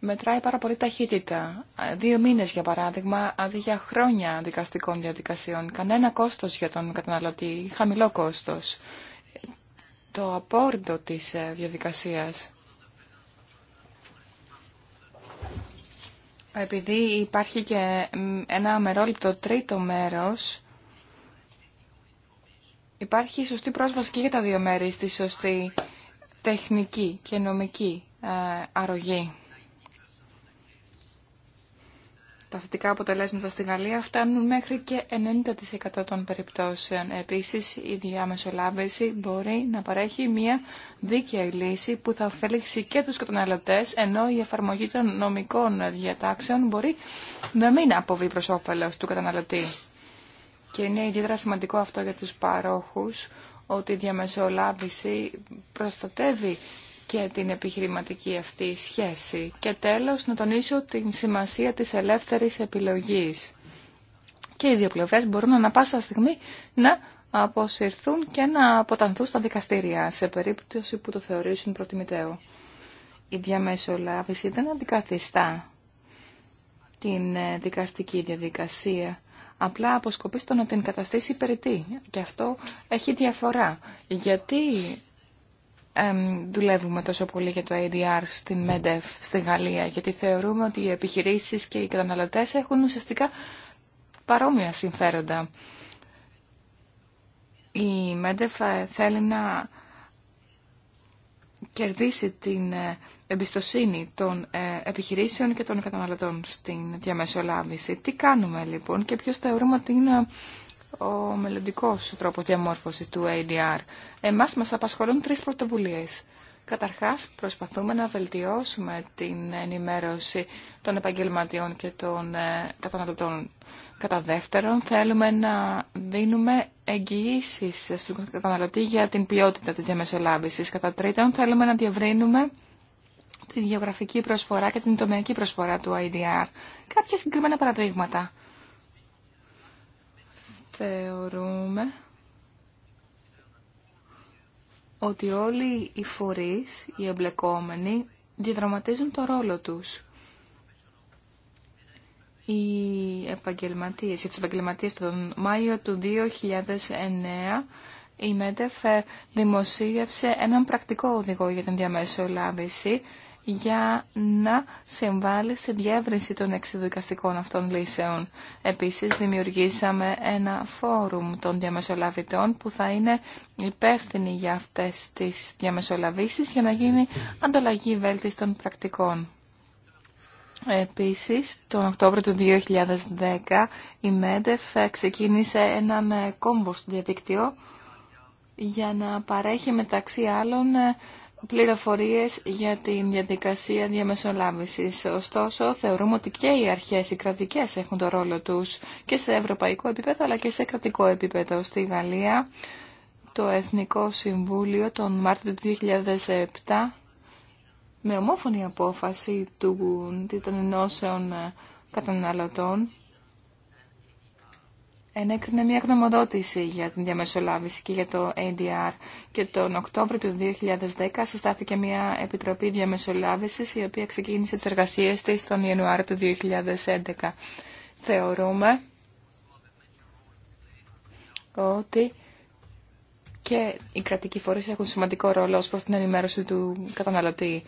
μετράει πάρα πολύ ταχύτητα. Δύο μήνες, για παράδειγμα, αντί για χρόνια δικαστικών διαδικασιών. Κανένα κόστος για τον καταναλωτή, χαμηλό κόστος. Το απόρριτο της ε, διαδικασίας. Επειδή υπάρχει και ένα αμερόληπτο τρίτο μέρος, υπάρχει σωστή πρόσβαση και για τα δύο μέρη στη σωστή τεχνική και νομική ε, αρρωγή. Τα θετικά αποτελέσματα στη Γαλλία φτάνουν μέχρι και 90% των περιπτώσεων. Επίσης, η διαμεσολάβηση μπορεί να παρέχει μια δίκαιη λύση που θα ωφελήσει και τους καταναλωτές, ενώ η εφαρμογή των νομικών διατάξεων μπορεί να μην αποβεί προς όφελος του καταναλωτή. Και είναι ιδιαίτερα σημαντικό αυτό για τους παρόχους, ότι η διαμεσολάβηση προστατεύει και την επιχειρηματική αυτή σχέση. Και τέλος, να τονίσω την σημασία της ελεύθερης επιλογής. Και οι δύο πλευρές μπορούν ανα πάσα στιγμή να αποσυρθούν και να αποτανθούν στα δικαστήρια σε περίπτωση που το θεωρήσουν προτιμητέο. Η διαμεσολάβηση δεν αντικαθιστά την ε, δικαστική διαδικασία. Απλά αποσκοπεί στο να την καταστήσει Και αυτό έχει διαφορά. Γιατί δουλεύουμε τόσο πολύ για το ADR στην ΜΕΝΤΕΦ στη Γαλλία, γιατί θεωρούμε ότι οι επιχειρήσεις και οι καταναλωτές έχουν ουσιαστικά παρόμοια συμφέροντα. Η ΜΕΝΤΕΦ ε, θέλει να κερδίσει την ε, εμπιστοσύνη των ε, επιχειρήσεων και των καταναλωτών στην διαμεσολάβηση. Τι κάνουμε λοιπόν και ποιος θεωρούμε ότι είναι ο μελλοντικό τρόπος διαμόρφωσης του ADR. Εμάς μας απασχολούν τρεις πρωτοβουλίες. Καταρχάς, προσπαθούμε να βελτιώσουμε την ενημέρωση των επαγγελματιών και των ε, καταναλωτών. Κατά δεύτερον, θέλουμε να δίνουμε εγγυήσει στον καταναλωτή για την ποιότητα της διαμεσολάβησης. Κατά τρίτον, θέλουμε να διευρύνουμε τη γεωγραφική προσφορά και την τομεακή προσφορά του IDR. Κάποια συγκεκριμένα παραδείγματα θεωρούμε ότι όλοι οι φορείς, οι εμπλεκόμενοι, διαδραματίζουν το ρόλο τους. Οι επαγγελματίες, για τις επαγγελματίες τον Μάιο του 2009, η ΜΕΤΕΦ δημοσίευσε έναν πρακτικό οδηγό για την διαμεσολάβηση για να συμβάλλει στη διεύρυνση των εξειδικαστικών αυτών λύσεων. Επίσης, δημιουργήσαμε ένα φόρουμ των διαμεσολαβητών που θα είναι υπεύθυνοι για αυτές τις διαμεσολαβήσεις για να γίνει ανταλλαγή βέλτιστων πρακτικών. Επίσης, τον Οκτώβριο του 2010 η ΜΕΔΕΦ ξεκίνησε έναν ε, κόμβο στο διαδίκτυο για να παρέχει μεταξύ άλλων ε, πληροφορίες για τη διαδικασία διαμεσολάβησης. Ωστόσο, θεωρούμε ότι και οι αρχές, οι κρατικές έχουν το ρόλο τους και σε ευρωπαϊκό επίπεδο αλλά και σε κρατικό επίπεδο. Στη Γαλλία, το Εθνικό Συμβούλιο τον Μάρτιο του 2007 με ομόφωνη απόφαση των ενώσεων καταναλωτών ενέκρινε μια γνωμοδότηση για την διαμεσολάβηση και για το ADR και τον Οκτώβριο του 2010 συστάθηκε μια επιτροπή διαμεσολάβησης η οποία ξεκίνησε τις εργασίες της τον Ιανουάριο του 2011. Θεωρούμε ότι και οι κρατικοί φορείς έχουν σημαντικό ρόλο ως προς την ενημέρωση του καταναλωτή.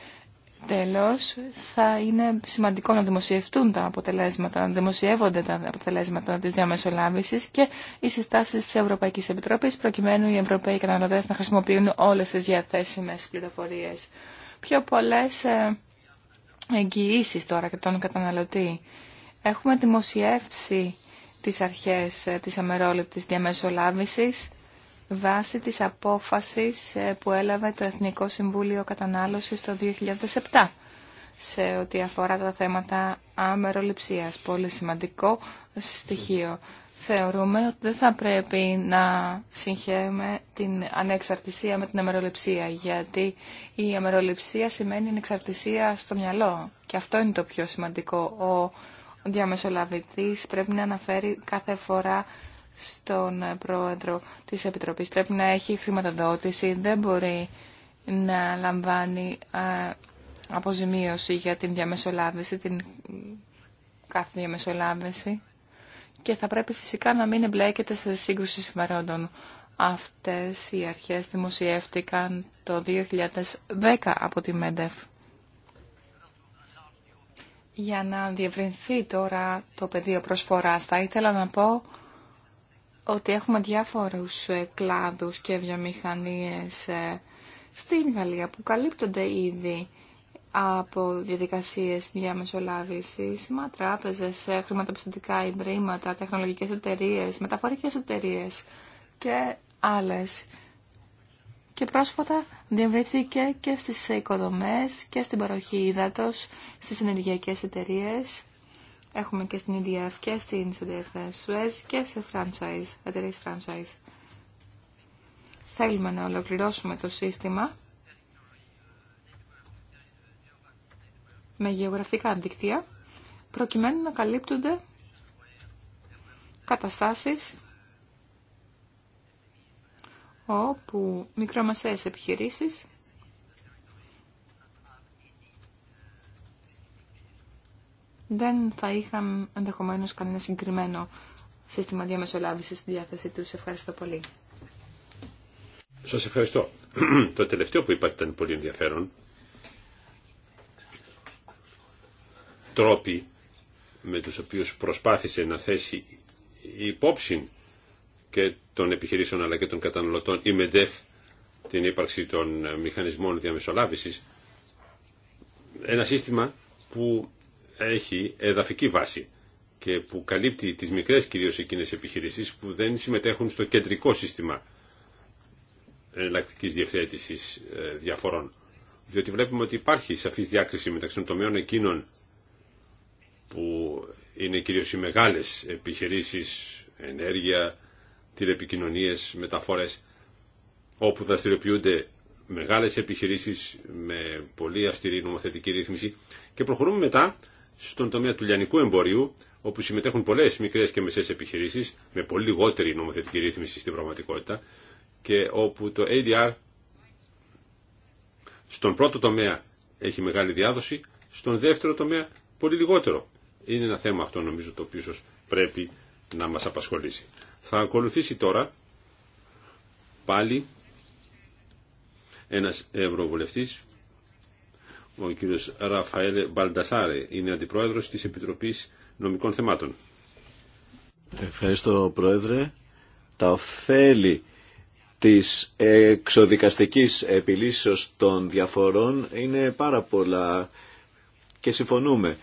Τέλος, θα είναι σημαντικό να δημοσιευτούν τα αποτελέσματα, να δημοσιεύονται τα αποτελέσματα της διαμεσολάβησης και οι συστάσεις της Ευρωπαϊκής Επιτροπής προκειμένου οι Ευρωπαίοι καταναλωτές να χρησιμοποιούν όλες τις διαθέσιμες πληροφορίες. Πιο πολλές ε, εγγυήσεις τώρα και τον καταναλωτή. Έχουμε δημοσιεύσει τις αρχές ε, της αμερόληπτης διαμεσολάβησης βάσει της απόφασης ε, που έλαβε το Εθνικό Συμβούλιο Κατανάλωσης το 2007 σε ό,τι αφορά τα θέματα αμεροληψίας. Πολύ σημαντικό στοιχείο. Θεωρούμε ότι δεν θα πρέπει να συγχαίουμε την ανεξαρτησία με την αμεροληψία, γιατί η αμεροληψία σημαίνει εξαρτησία στο μυαλό. Και αυτό είναι το πιο σημαντικό. Ο διαμεσολαβητής πρέπει να αναφέρει κάθε φορά στον πρόεδρο της Επιτροπής. Πρέπει να έχει χρηματοδότηση, δεν μπορεί να λαμβάνει αποζημίωση για την διαμεσολάβηση, την κάθε διαμεσολάβηση και θα πρέπει φυσικά να μην εμπλέκεται σε σύγκρουση συμφερόντων. Αυτές οι αρχές δημοσιεύτηκαν το 2010 από τη ΜΕΝΤΕΦ. Για να διευρυνθεί τώρα το πεδίο προσφοράς, θα ήθελα να πω ότι έχουμε διάφορους ε, κλάδους και βιομηχανίες ε, στην Γαλλία που καλύπτονται ήδη από διαδικασίες διαμεσολάβησης, μα τράπεζες, ε, χρηματοπιστωτικά ιδρύματα, τεχνολογικές εταιρείες, μεταφορικές εταιρείες και άλλες. Και πρόσφατα διευρύθηκε και στις οικοδομές και στην παροχή υδάτος, στις ενεργειακές εταιρείες Έχουμε και στην EDF και στην CDF Suez και σε franchise, εταιρείε franchise. Θέλουμε να ολοκληρώσουμε το σύστημα με γεωγραφικά δίκτυα προκειμένου να καλύπτονται καταστάσεις όπου μικρομεσαίες επιχειρήσεις δεν θα είχαν ενδεχομένω κανένα συγκεκριμένο σύστημα διαμεσολάβησης στη διάθεσή του. Ευχαριστώ πολύ. Σα ευχαριστώ. Το τελευταίο που είπατε ήταν πολύ ενδιαφέρον. Τρόποι με τους οποίους προσπάθησε να θέσει υπόψη και των επιχειρήσεων αλλά και των καταναλωτών η ΜΕΝΤΕΦ την ύπαρξη των μηχανισμών διαμεσολάβησης ένα σύστημα που έχει εδαφική βάση και που καλύπτει τις μικρές κυρίως εκείνες επιχειρήσεις που δεν συμμετέχουν στο κεντρικό σύστημα εναλλακτική διευθέτηση ε, διαφορών. Διότι βλέπουμε ότι υπάρχει σαφής διάκριση μεταξύ των τομέων εκείνων που είναι κυρίως οι μεγάλες επιχειρήσεις, ενέργεια, τηλεπικοινωνίες, μεταφορές, όπου δραστηριοποιούνται μεγάλες επιχειρήσεις με πολύ αυστηρή νομοθετική ρύθμιση και προχωρούμε μετά στον τομέα του λιανικού εμπορίου, όπου συμμετέχουν πολλέ μικρέ και μεσαίε επιχειρήσει, με πολύ λιγότερη νομοθετική ρύθμιση στην πραγματικότητα, και όπου το ADR στον πρώτο τομέα έχει μεγάλη διάδοση, στον δεύτερο τομέα πολύ λιγότερο. Είναι ένα θέμα αυτό νομίζω το οποίο πρέπει να μας απασχολήσει. Θα ακολουθήσει τώρα πάλι ένας ευρωβουλευτής ο κύριος Ραφαέλε Μπαλντασάρε είναι αντιπρόεδρος της Επιτροπής Νομικών Θεμάτων. Ευχαριστώ Πρόεδρε. Τα ωφέλη της εξοδικαστικής επιλύσεως των διαφορών είναι πάρα πολλά και συμφωνούμε.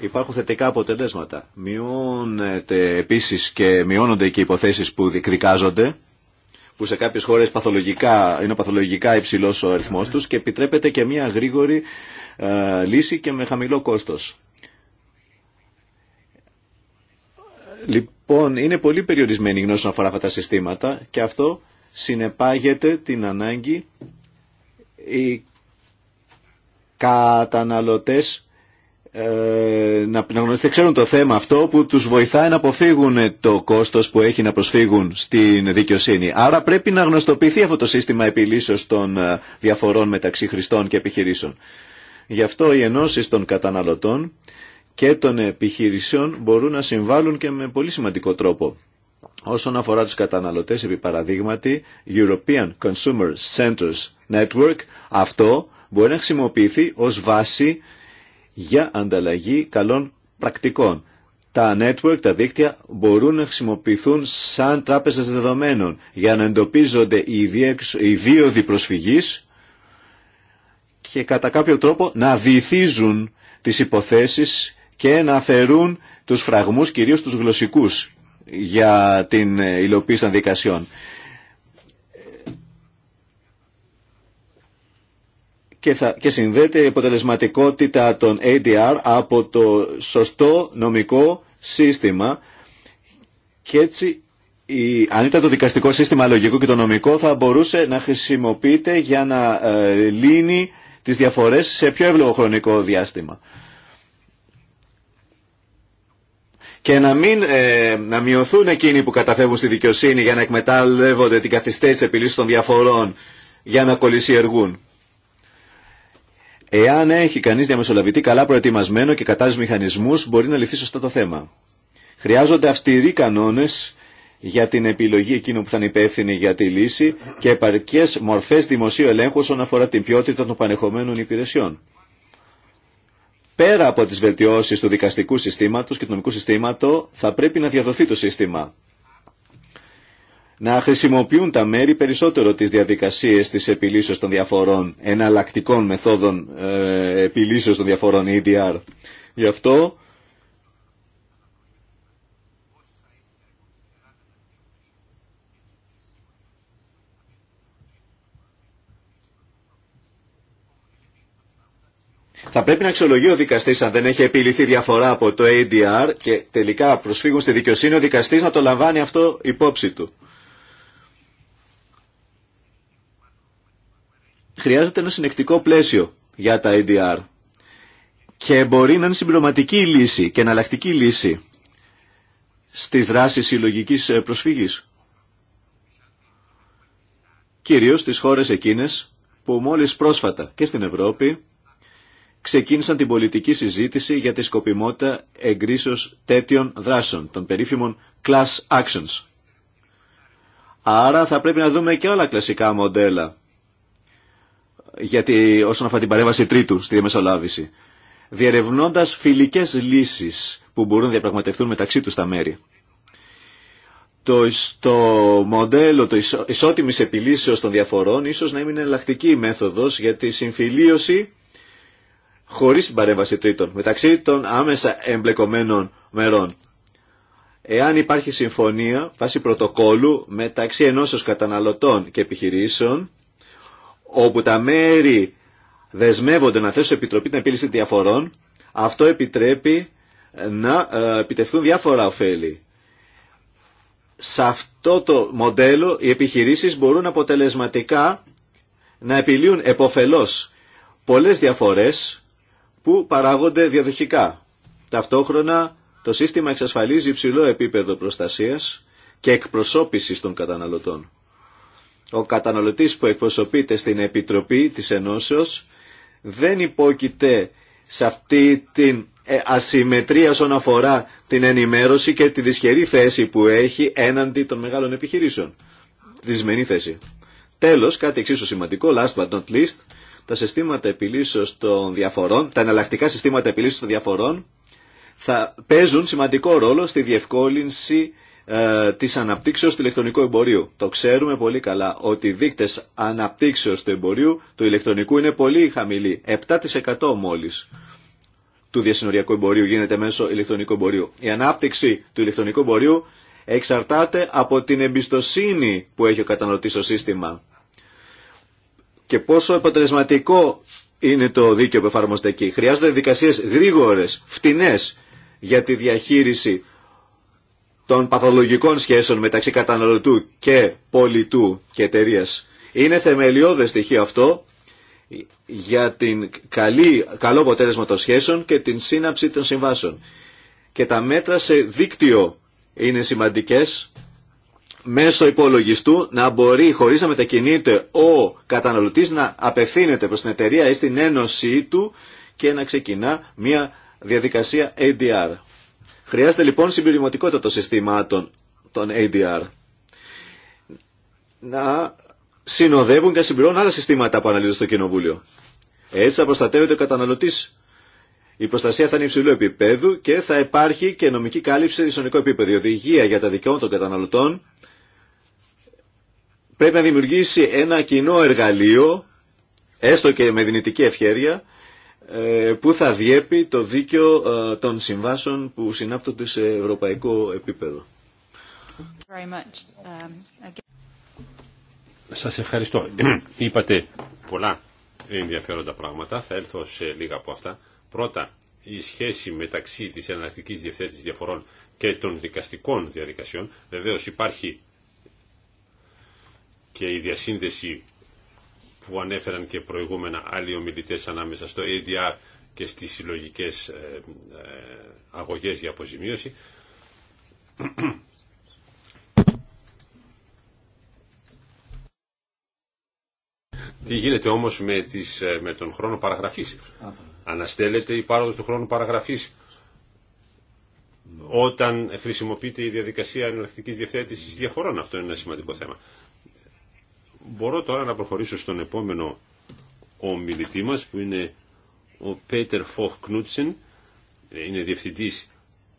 Υπάρχουν θετικά αποτελέσματα. Μειώνεται επίσης και μειώνονται και οι υποθέσεις που δικδικάζονται που σε κάποιες χώρες παθολογικά, είναι παθολογικά υψηλός ο αριθμός τους και επιτρέπεται και μια γρήγορη ε, λύση και με χαμηλό κόστος. Λοιπόν, είναι πολύ περιορισμένη η γνώση αφορά αυτά τα συστήματα και αυτό συνεπάγεται την ανάγκη οι καταναλωτές ε, να, να ξέρουν το θέμα αυτό που τους βοηθάει να αποφύγουν το κόστος που έχει να προσφύγουν στην δικαιοσύνη. Άρα πρέπει να γνωστοποιηθεί αυτό το σύστημα επιλύσεως των ε, διαφορών μεταξύ χρηστών και επιχειρήσεων. Γι' αυτό οι ενώσεις των καταναλωτών και των επιχειρήσεων μπορούν να συμβάλλουν και με πολύ σημαντικό τρόπο. Όσον αφορά τους καταναλωτές, επί παραδείγματι, European Consumer Centers Network, αυτό μπορεί να χρησιμοποιηθεί ως βάση για ανταλλαγή καλών πρακτικών. Τα network, τα δίκτυα μπορούν να χρησιμοποιηθούν σαν τράπεζες δεδομένων για να εντοπίζονται οι δύο προσφυγής και κατά κάποιο τρόπο να βυθίζουν τις υποθέσεις και να αφαιρούν τους φραγμούς, κυρίως τους γλωσσικούς, για την υλοποίηση των δικασιών. και, θα, και συνδέεται η αποτελεσματικότητα των ADR από το σωστό νομικό σύστημα και έτσι η, αν ήταν το δικαστικό σύστημα λογικό και το νομικό θα μπορούσε να χρησιμοποιείται για να ε, λύνει τις διαφορές σε πιο εύλογο χρονικό διάστημα. Και να, μην, ε, να μειωθούν εκείνοι που καταφεύγουν στη δικαιοσύνη για να εκμετάλλευονται την καθυστέρηση επιλύσης των διαφορών για να κολλησιεργούν. Εάν έχει κανεί διαμεσολαβητή καλά προετοιμασμένο και κατάλληλου μηχανισμού, μπορεί να λυθεί σωστά το θέμα. Χρειάζονται αυστηροί κανόνε για την επιλογή εκείνου που θα είναι υπεύθυνοι για τη λύση και επαρκέ μορφέ δημοσίου ελέγχου όσον αφορά την ποιότητα των πανεχομένων υπηρεσιών. Πέρα από τι βελτιώσει του δικαστικού συστήματο και του νομικού συστήματο, θα πρέπει να διαδοθεί το σύστημα να χρησιμοποιούν τα μέρη περισσότερο τις διαδικασίες της επιλύσεως των διαφορών, εναλλακτικών μεθόδων ε, επιλύσεως των διαφορών EDR. Γι' αυτό Θα πρέπει να αξιολογεί ο δικαστής αν δεν έχει επιληθεί διαφορά από το ADR e και τελικά προσφύγουν στη δικαιοσύνη ο δικαστής να το λαμβάνει αυτό υπόψη του. χρειάζεται ένα συνεκτικό πλαίσιο για τα EDR και μπορεί να είναι συμπληρωματική λύση και εναλλακτική λύση στις δράσεις συλλογική ε, προσφύγης. Κυρίως στις χώρες εκείνες που μόλις πρόσφατα και στην Ευρώπη ξεκίνησαν την πολιτική συζήτηση για τη σκοπιμότητα εγκρίσεως τέτοιων δράσεων, των περίφημων class actions. Άρα θα πρέπει να δούμε και όλα κλασικά μοντέλα γιατί όσον αφορά την παρέμβαση τρίτου στη διαμεσολάβηση. Διερευνώντας φιλικές λύσεις που μπορούν να διαπραγματευτούν μεταξύ τους τα μέρη. Το, το μοντέλο το ισο, ισότιμης επιλύσεως των διαφορών ίσως να είναι εναλλακτική μέθοδος για τη συμφιλίωση χωρίς την παρέμβαση τρίτων μεταξύ των άμεσα εμπλεκομένων μερών. Εάν υπάρχει συμφωνία βάσει πρωτοκόλου μεταξύ ενώσεως καταναλωτών και επιχειρήσεων όπου τα μέρη δεσμεύονται να θέσουν επιτροπή την επίλυση διαφορών, αυτό επιτρέπει να ε, επιτευχθούν διάφορα ωφέλη. Σε αυτό το μοντέλο οι επιχειρήσεις μπορούν αποτελεσματικά να επιλύουν επωφελώς πολλές διαφορές που παράγονται διαδοχικά. Ταυτόχρονα το σύστημα εξασφαλίζει υψηλό επίπεδο προστασίας και εκπροσώπησης των καταναλωτών ο καταναλωτής που εκπροσωπείται στην Επιτροπή της Ενώσεως δεν υπόκειται σε αυτή την ε, ασυμμετρία όσον αφορά την ενημέρωση και τη δυσχερή θέση που έχει έναντι των μεγάλων επιχειρήσεων. δυσμενή θέση. Τέλος, κάτι εξίσου σημαντικό, last but not least, τα συστήματα επιλύσεως των διαφορών, τα εναλλακτικά συστήματα επιλύσεως των διαφορών θα παίζουν σημαντικό ρόλο στη διευκόλυνση ε, της αναπτύξεως του ηλεκτρονικού εμπορίου. Το ξέρουμε πολύ καλά ότι οι δείκτες αναπτύξεως του εμπορίου του ηλεκτρονικού είναι πολύ χαμηλοί. 7% μόλις του διασυνοριακού εμπορίου γίνεται μέσω ηλεκτρονικού εμπορίου. Η ανάπτυξη του ηλεκτρονικού εμπορίου εξαρτάται από την εμπιστοσύνη που έχει ο καταναλωτής στο σύστημα και πόσο αποτελεσματικό είναι το δίκαιο που εφαρμοστεί εκεί. Χρειάζονται δικασίες γρήγορες, φτηνές για τη διαχείριση των παθολογικών σχέσεων μεταξύ καταναλωτού και πολιτού και εταιρεία. Είναι θεμελιώδες στοιχείο αυτό για την καλή, καλό αποτέλεσμα των σχέσεων και την σύναψη των συμβάσεων. Και τα μέτρα σε δίκτυο είναι σημαντικές μέσω υπολογιστού να μπορεί χωρίς να μετακινείται ο καταναλωτής να απευθύνεται προς την εταιρεία ή στην ένωσή του και να ξεκινά μια διαδικασία ADR. Χρειάζεται λοιπόν συμπληρωματικότητα των συστημάτων των ADR να συνοδεύουν και να συμπληρώνουν άλλα συστήματα που αναλύονται στο Κοινοβούλιο. Έτσι θα προστατεύεται ο καταναλωτή. Η προστασία θα είναι υψηλού επίπεδου και θα υπάρχει και νομική κάλυψη σε δυσονικό επίπεδο. Η οδηγία για τα δικαιώματα των καταναλωτών πρέπει να δημιουργήσει ένα κοινό εργαλείο, έστω και με δυνητική ευχέρεια, ε, που θα διέπει το δίκαιο ε, των συμβάσεων που συνάπτονται σε ευρωπαϊκό επίπεδο. Um, Σας ευχαριστώ. Είπατε πολλά ενδιαφέροντα πράγματα. Θα έλθω σε λίγα από αυτά. Πρώτα, η σχέση μεταξύ της εναλλακτικής διευθέτησης διαφορών και των δικαστικών διαδικασιών. Βεβαίως υπάρχει και η διασύνδεση που ανέφεραν και προηγούμενα άλλοι ομιλητές ανάμεσα στο ADR και στις συλλογικές ε, ε, αγωγές για αποζημίωση. Τι γίνεται όμως με, τις, ε, με τον χρόνο παραγραφής. Αναστέλλεται η πάροδος του χρόνου παραγραφής όταν χρησιμοποιείται η διαδικασία εναλλακτικής διευθέτησης διαφορών. Αυτό είναι ένα σημαντικό θέμα. Μπορώ τώρα να προχωρήσω στον επόμενο ομιλητή μας που είναι ο Πέτερ Φοχ Κνούτσεν, ε, είναι διευθυντής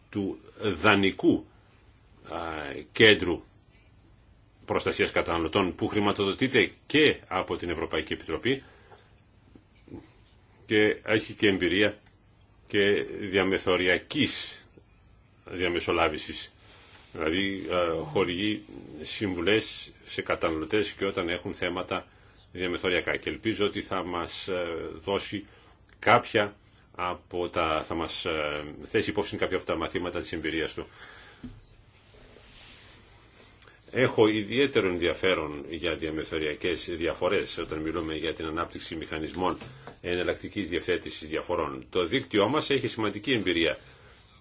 του Δανικού Κέντρου Προστασίας Καταναλωτών που χρηματοδοτείται και από την Ευρωπαϊκή Επιτροπή και έχει και εμπειρία και διαμεθοριακής διαμεσολάβησης δηλαδή ε, χορηγεί συμβουλές σε καταναλωτές και όταν έχουν θέματα διαμεθοριακά και ελπίζω ότι θα μας ε, δώσει κάποια από τα, θα μας ε, θέσει υπόψη κάποια από τα μαθήματα της εμπειρίας του. Έχω ιδιαίτερο ενδιαφέρον για διαμεθοριακές διαφορές όταν μιλούμε για την ανάπτυξη μηχανισμών εναλλακτική διευθέτηση διαφορών. Το δίκτυό μας έχει σημαντική εμπειρία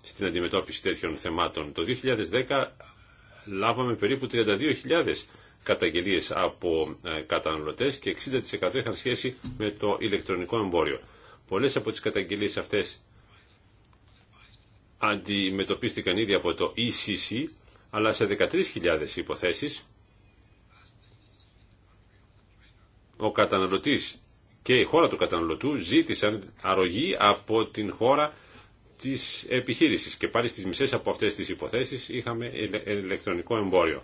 στην αντιμετώπιση τέτοιων θεμάτων. Το 2010 λάβαμε περίπου 32.000 καταγγελίες από ε, καταναλωτές και 60% είχαν σχέση με το ηλεκτρονικό εμπόριο. Πολλές από τις καταγγελίες αυτές αντιμετωπίστηκαν ήδη από το ECC, αλλά σε 13.000 υποθέσεις ο καταναλωτής και η χώρα του καταναλωτού ζήτησαν αρρωγή από την χώρα Τη επιχείρησης και πάλι στι μισέ από αυτές τις υποθέσεις είχαμε ηλεκτρονικό εμπόριο.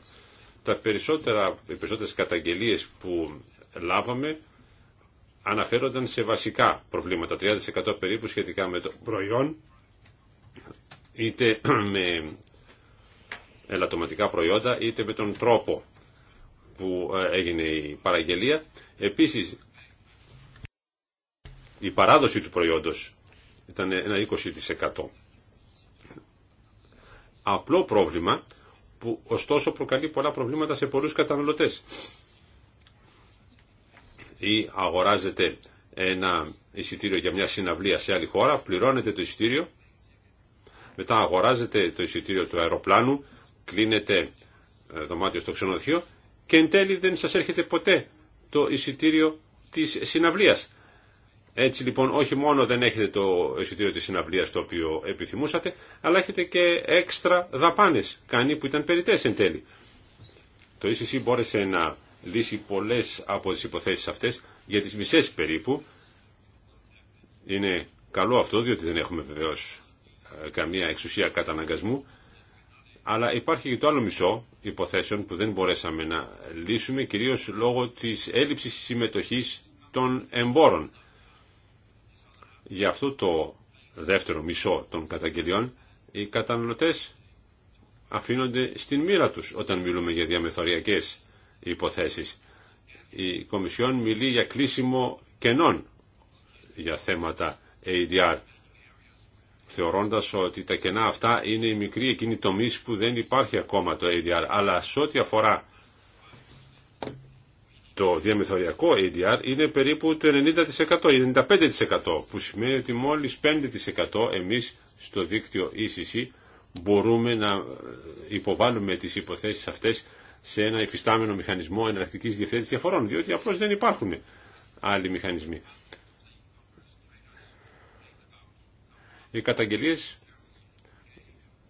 Τα περισσότερα, οι περισσότερες καταγγελίες που λάβαμε αναφέρονταν σε βασικά προβλήματα, 30% περίπου σχετικά με το προϊόν, είτε με ελαττωματικά προϊόντα, είτε με τον τρόπο που ε, έγινε η παραγγελία. Επίσης, η παράδοση του προϊόντος ήταν ένα 20%. Απλό πρόβλημα που ωστόσο προκαλεί πολλά προβλήματα σε πολλούς καταναλωτές. Ή αγοράζετε ένα εισιτήριο για μια συναυλία σε άλλη χώρα, πληρώνετε το εισιτήριο, μετά αγοράζετε το εισιτήριο του αεροπλάνου, κλείνετε δωμάτιο στο ξενοδοχείο και εν τέλει δεν σας έρχεται ποτέ το εισιτήριο της συναυλίας. Έτσι λοιπόν όχι μόνο δεν έχετε το εισιτήριο της συναυλίας το οποίο επιθυμούσατε, αλλά έχετε και έξτρα δαπάνες, κάνει που ήταν περιτές εν τέλει. Το ECC μπόρεσε να λύσει πολλές από τις υποθέσεις αυτές, για τις μισές περίπου. Είναι καλό αυτό, διότι δεν έχουμε βεβαίως ε, καμία εξουσία καταναγκασμού, αλλά υπάρχει και το άλλο μισό υποθέσεων που δεν μπορέσαμε να λύσουμε, κυρίως λόγω της έλλειψης συμμετοχής των εμπόρων για αυτό το δεύτερο μισό των καταγγελιών οι καταναλωτές αφήνονται στην μοίρα τους όταν μιλούμε για διαμεθοριακές υποθέσεις. Η Κομισιόν μιλεί για κλείσιμο κενών για θέματα ADR θεωρώντας ότι τα κενά αυτά είναι η μικρή εκείνη τομή που δεν υπάρχει ακόμα το ADR αλλά σε ό,τι αφορά το διαμεθοριακό ADR είναι περίπου το 90% 95% που σημαίνει ότι μόλις 5% εμείς στο δίκτυο ECC μπορούμε να ε, υποβάλουμε τις υποθέσεις αυτές σε ένα υφιστάμενο μηχανισμό εναλλακτικής διευθέτησης διαφορών, διότι απλώς δεν υπάρχουν άλλοι μηχανισμοί. Οι καταγγελίες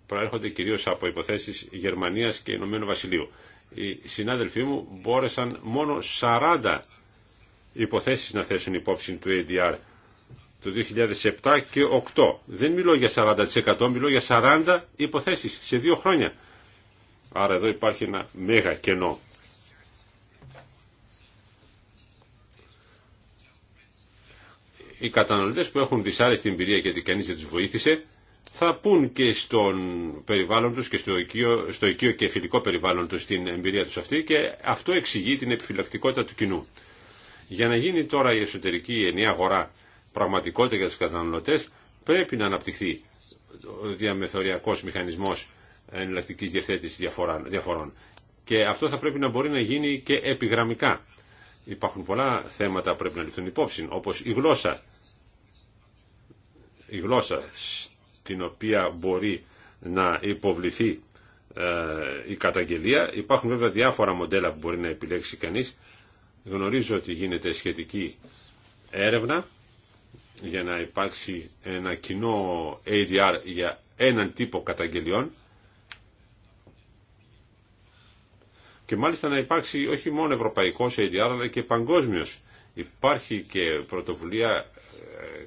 προέρχονται κυρίως από υποθέσεις Γερμανίας και Ηνωμένου Βασιλείου οι συνάδελφοί μου μπόρεσαν μόνο 40 υποθέσεις να θέσουν υπόψη του ADR το 2007 και 8. Δεν μιλώ για 40%, μιλώ για 40 υποθέσεις σε δύο χρόνια. Άρα εδώ υπάρχει ένα μέγα κενό. Οι καταναλωτές που έχουν δυσάρεστη εμπειρία γιατί κανείς δεν τους βοήθησε θα πούν και στον περιβάλλον τους και στο οικείο, στο οικείο και φιλικό περιβάλλον τους την εμπειρία τους αυτή και αυτό εξηγεί την επιφυλακτικότητα του κοινού. Για να γίνει τώρα η εσωτερική ενιαία αγορά πραγματικότητα για τους καταναλωτές πρέπει να αναπτυχθεί ο διαμεθοριακός μηχανισμός εναλλακτική διευθέτησης διαφορών. Και αυτό θα πρέπει να μπορεί να γίνει και επιγραμμικά. Υπάρχουν πολλά θέματα που πρέπει να ληφθούν υπόψη, όπως η γλώσσα. Η γλώσσα την οποία μπορεί να υποβληθεί ε, η καταγγελία. Υπάρχουν βέβαια διάφορα μοντέλα που μπορεί να επιλέξει κανείς. Γνωρίζω ότι γίνεται σχετική έρευνα για να υπάρξει ένα κοινό ADR για έναν τύπο καταγγελιών και μάλιστα να υπάρξει όχι μόνο ευρωπαϊκός ADR αλλά και παγκόσμιος. Υπάρχει και πρωτοβουλία ε,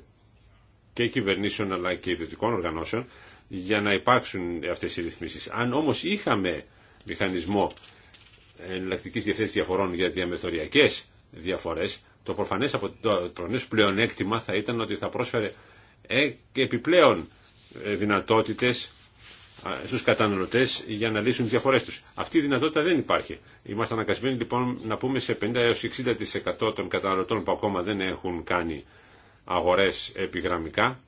και κυβερνήσεων αλλά και ιδιωτικών οργανώσεων για να υπάρξουν αυτές οι ρυθμίσεις. Αν όμως είχαμε μηχανισμό εναλλακτική διευθέτηση διαφορών για διαμεθοριακές διαφορές, το προφανές, απο... το πλεονέκτημα θα ήταν ότι θα πρόσφερε ε, επιπλέον ε, δυνατότητες στους καταναλωτές για να λύσουν τις διαφορές τους. Αυτή η δυνατότητα δεν υπάρχει. Είμαστε αναγκασμένοι λοιπόν να πούμε σε 50 έω 60% των καταναλωτών που ακόμα δεν έχουν κάνει αγορές επιγραμμικά,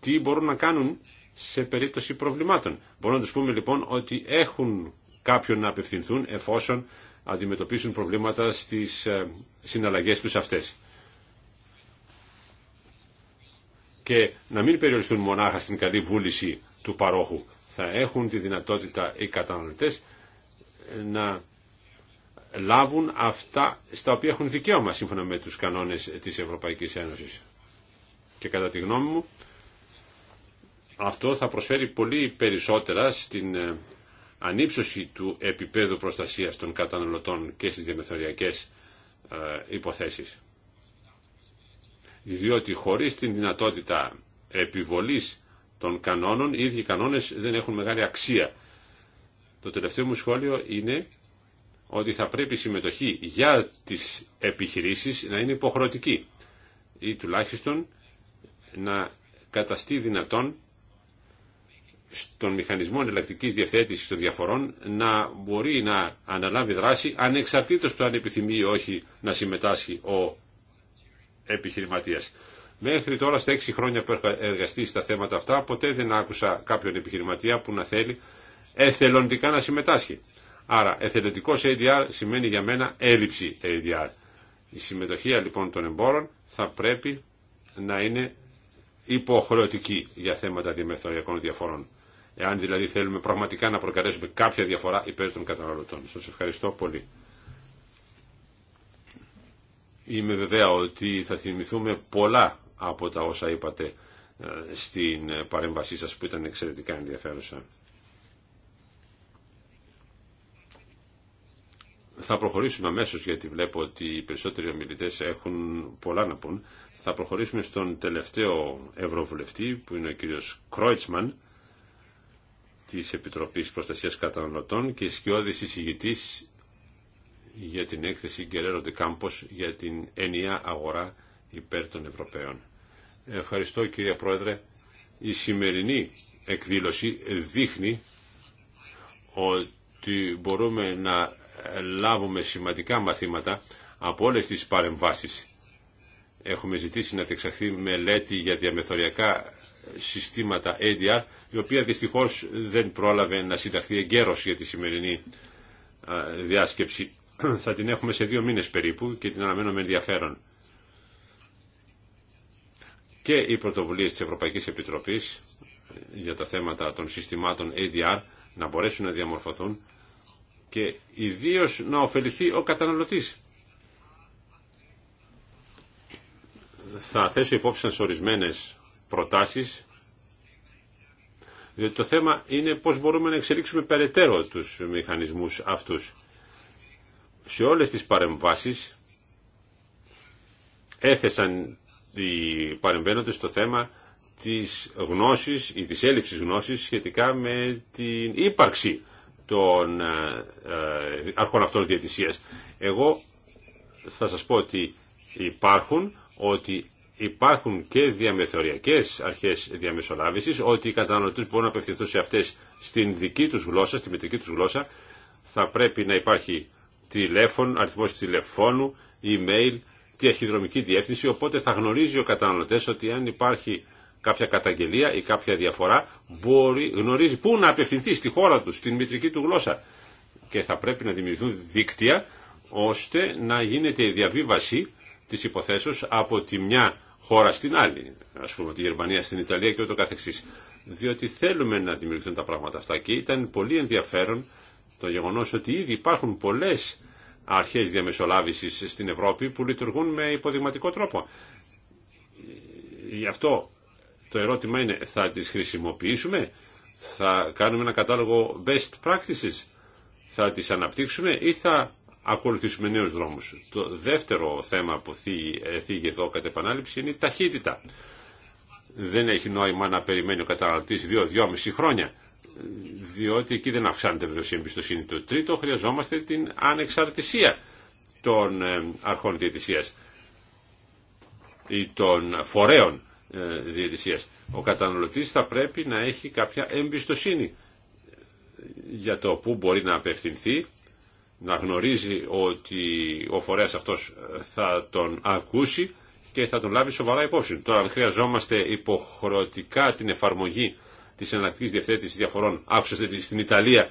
τι μπορούν να κάνουν σε περίπτωση προβλημάτων. Μπορούμε να τους πούμε λοιπόν ότι έχουν κάποιον να απευθυνθούν εφόσον αντιμετωπίσουν προβλήματα στις ε, συναλλαγές τους αυτές. Και να μην περιοριστούν μονάχα στην καλή βούληση του παρόχου. Θα έχουν τη δυνατότητα οι καταναλωτές ε, να λάβουν αυτά στα οποία έχουν δικαίωμα σύμφωνα με τους κανόνες της Ευρωπαϊκής Ένωσης. Και κατά τη γνώμη μου αυτό θα προσφέρει πολύ περισσότερα στην ε, ανύψωση του επίπεδου προστασίας των καταναλωτών και στις διαμεθοριακές ε, υποθέσεις. Διότι χωρίς την δυνατότητα επιβολής των κανόνων, οι ίδιοι κανόνες δεν έχουν μεγάλη αξία. Το τελευταίο μου σχόλιο είναι ότι θα πρέπει η συμμετοχή για τις επιχειρήσεις να είναι υποχρεωτική ή τουλάχιστον να καταστεί δυνατόν στον μηχανισμό εναλλακτική διευθέτηση των διαφορών να μπορεί να αναλάβει δράση ανεξαρτήτως του αν επιθυμεί ή όχι να συμμετάσχει ο επιχειρηματίας. Μέχρι τώρα στα έξι χρόνια που έχω εργαστεί στα θέματα αυτά ποτέ δεν άκουσα κάποιον επιχειρηματία που να θέλει εθελοντικά να συμμετάσχει. Άρα εθελοντικός ADR σημαίνει για μένα έλλειψη ADR. Η συμμετοχή λοιπόν των εμπόρων θα πρέπει να είναι υποχρεωτική για θέματα διαμεθοριακών διαφορών. Εάν δηλαδή θέλουμε πραγματικά να προκαλέσουμε κάποια διαφορά υπέρ των καταναλωτών. Σας ευχαριστώ πολύ. Είμαι βεβαία ότι θα θυμηθούμε πολλά από τα όσα είπατε ε, στην παρέμβασή σας που ήταν εξαιρετικά ενδιαφέρουσα. Θα προχωρήσουμε αμέσως γιατί βλέπω ότι οι περισσότεροι ομιλητές έχουν πολλά να πούν θα προχωρήσουμε στον τελευταίο ευρωβουλευτή που είναι ο κύριος Κρόιτσμαν της Επιτροπής Προστασίας Καταναλωτών και σκιώδης εισηγητής για την έκθεση Γκερέρο Κάμπος για την ενιαία αγορά υπέρ των Ευρωπαίων. Ευχαριστώ κύριε Πρόεδρε. Η σημερινή εκδήλωση δείχνει ότι μπορούμε να λάβουμε σημαντικά μαθήματα από όλες τις παρεμβάσεις Έχουμε ζητήσει να τεξαχθεί μελέτη για διαμεθοριακά συστήματα ADR, η οποία δυστυχώς δεν πρόλαβε να συνταχθεί εγκαίρως για τη σημερινή διάσκεψη. Θα την έχουμε σε δύο μήνες περίπου και την αναμένω με ενδιαφέρον. Και οι πρωτοβουλίες της Ευρωπαϊκής Επιτροπής ε, για τα θέματα των συστημάτων ADR να μπορέσουν να διαμορφωθούν και ιδίως να ωφεληθεί ο καταναλωτής θα θέσω υπόψη σας ορισμένες προτάσεις, διότι το θέμα είναι πώς μπορούμε να εξελίξουμε περαιτέρω τους μηχανισμούς αυτούς. Σε όλες τις παρεμβάσεις έθεσαν οι παρεμβαίνοντες το θέμα της γνώσης ή της έλλειψης γνώσης σχετικά με την ύπαρξη των ε, ε, αρχών αυτών διατησίας. Εγώ θα σας πω ότι υπάρχουν ότι υπάρχουν και διαμεθοριακές αρχές διαμεσολάβησης, ότι οι καταναλωτές μπορούν να απευθυνθούν σε αυτές στην δική τους γλώσσα, στη μητρική τους γλώσσα. Θα πρέπει να υπάρχει τηλέφωνο, αριθμός τηλεφώνου, email, διαχειδρομική διεύθυνση, οπότε θα γνωρίζει ο καταναλωτές ότι αν υπάρχει κάποια καταγγελία ή κάποια διαφορά, μπορεί, γνωρίζει πού να απευθυνθεί στη χώρα του, στην μητρική του γλώσσα. Και θα πρέπει να δημιουργηθούν δίκτυα ώστε να γίνεται η διαβίβαση τις υποθέσεις από τη μια χώρα στην άλλη, ας πούμε τη Γερμανία στην Ιταλία και ούτω καθεξής. Διότι θέλουμε να δημιουργηθούν τα πράγματα αυτά και ήταν πολύ ενδιαφέρον το γεγονό ότι ήδη υπάρχουν πολλές αρχές διαμεσολάβησης στην Ευρώπη που λειτουργούν με υποδειγματικό τρόπο. Γι' αυτό το ερώτημα είναι θα τις χρησιμοποιήσουμε, θα κάνουμε ένα κατάλογο best practices, θα τις αναπτύξουμε ή θα ακολουθήσουμε νέους δρόμους. Το δεύτερο θέμα που θίγει εδώ κατά επανάληψη είναι η ταχύτητα. Δεν έχει νόημα να περιμένει ο καταναλωτη δυο 2-2,5 χρόνια, διότι εκεί δεν αυξάνεται βεβαίω η εμπιστοσύνη. Το τρίτο, χρειαζόμαστε την ανεξαρτησία των ε, αρχών διαιτησία ή των φορέων ε, διαιτησία. Ο καταναλωτής θα πρέπει να έχει κάποια εμπιστοσύνη για το που μπορεί να απευθυνθεί να γνωρίζει ότι ο φορέας αυτός θα τον ακούσει και θα τον λάβει σοβαρά υπόψη. Τώρα, αν χρειαζόμαστε υποχρεωτικά την εφαρμογή της εναλλακτικής διευθέτησης διαφορών, άκουσα ότι στην Ιταλία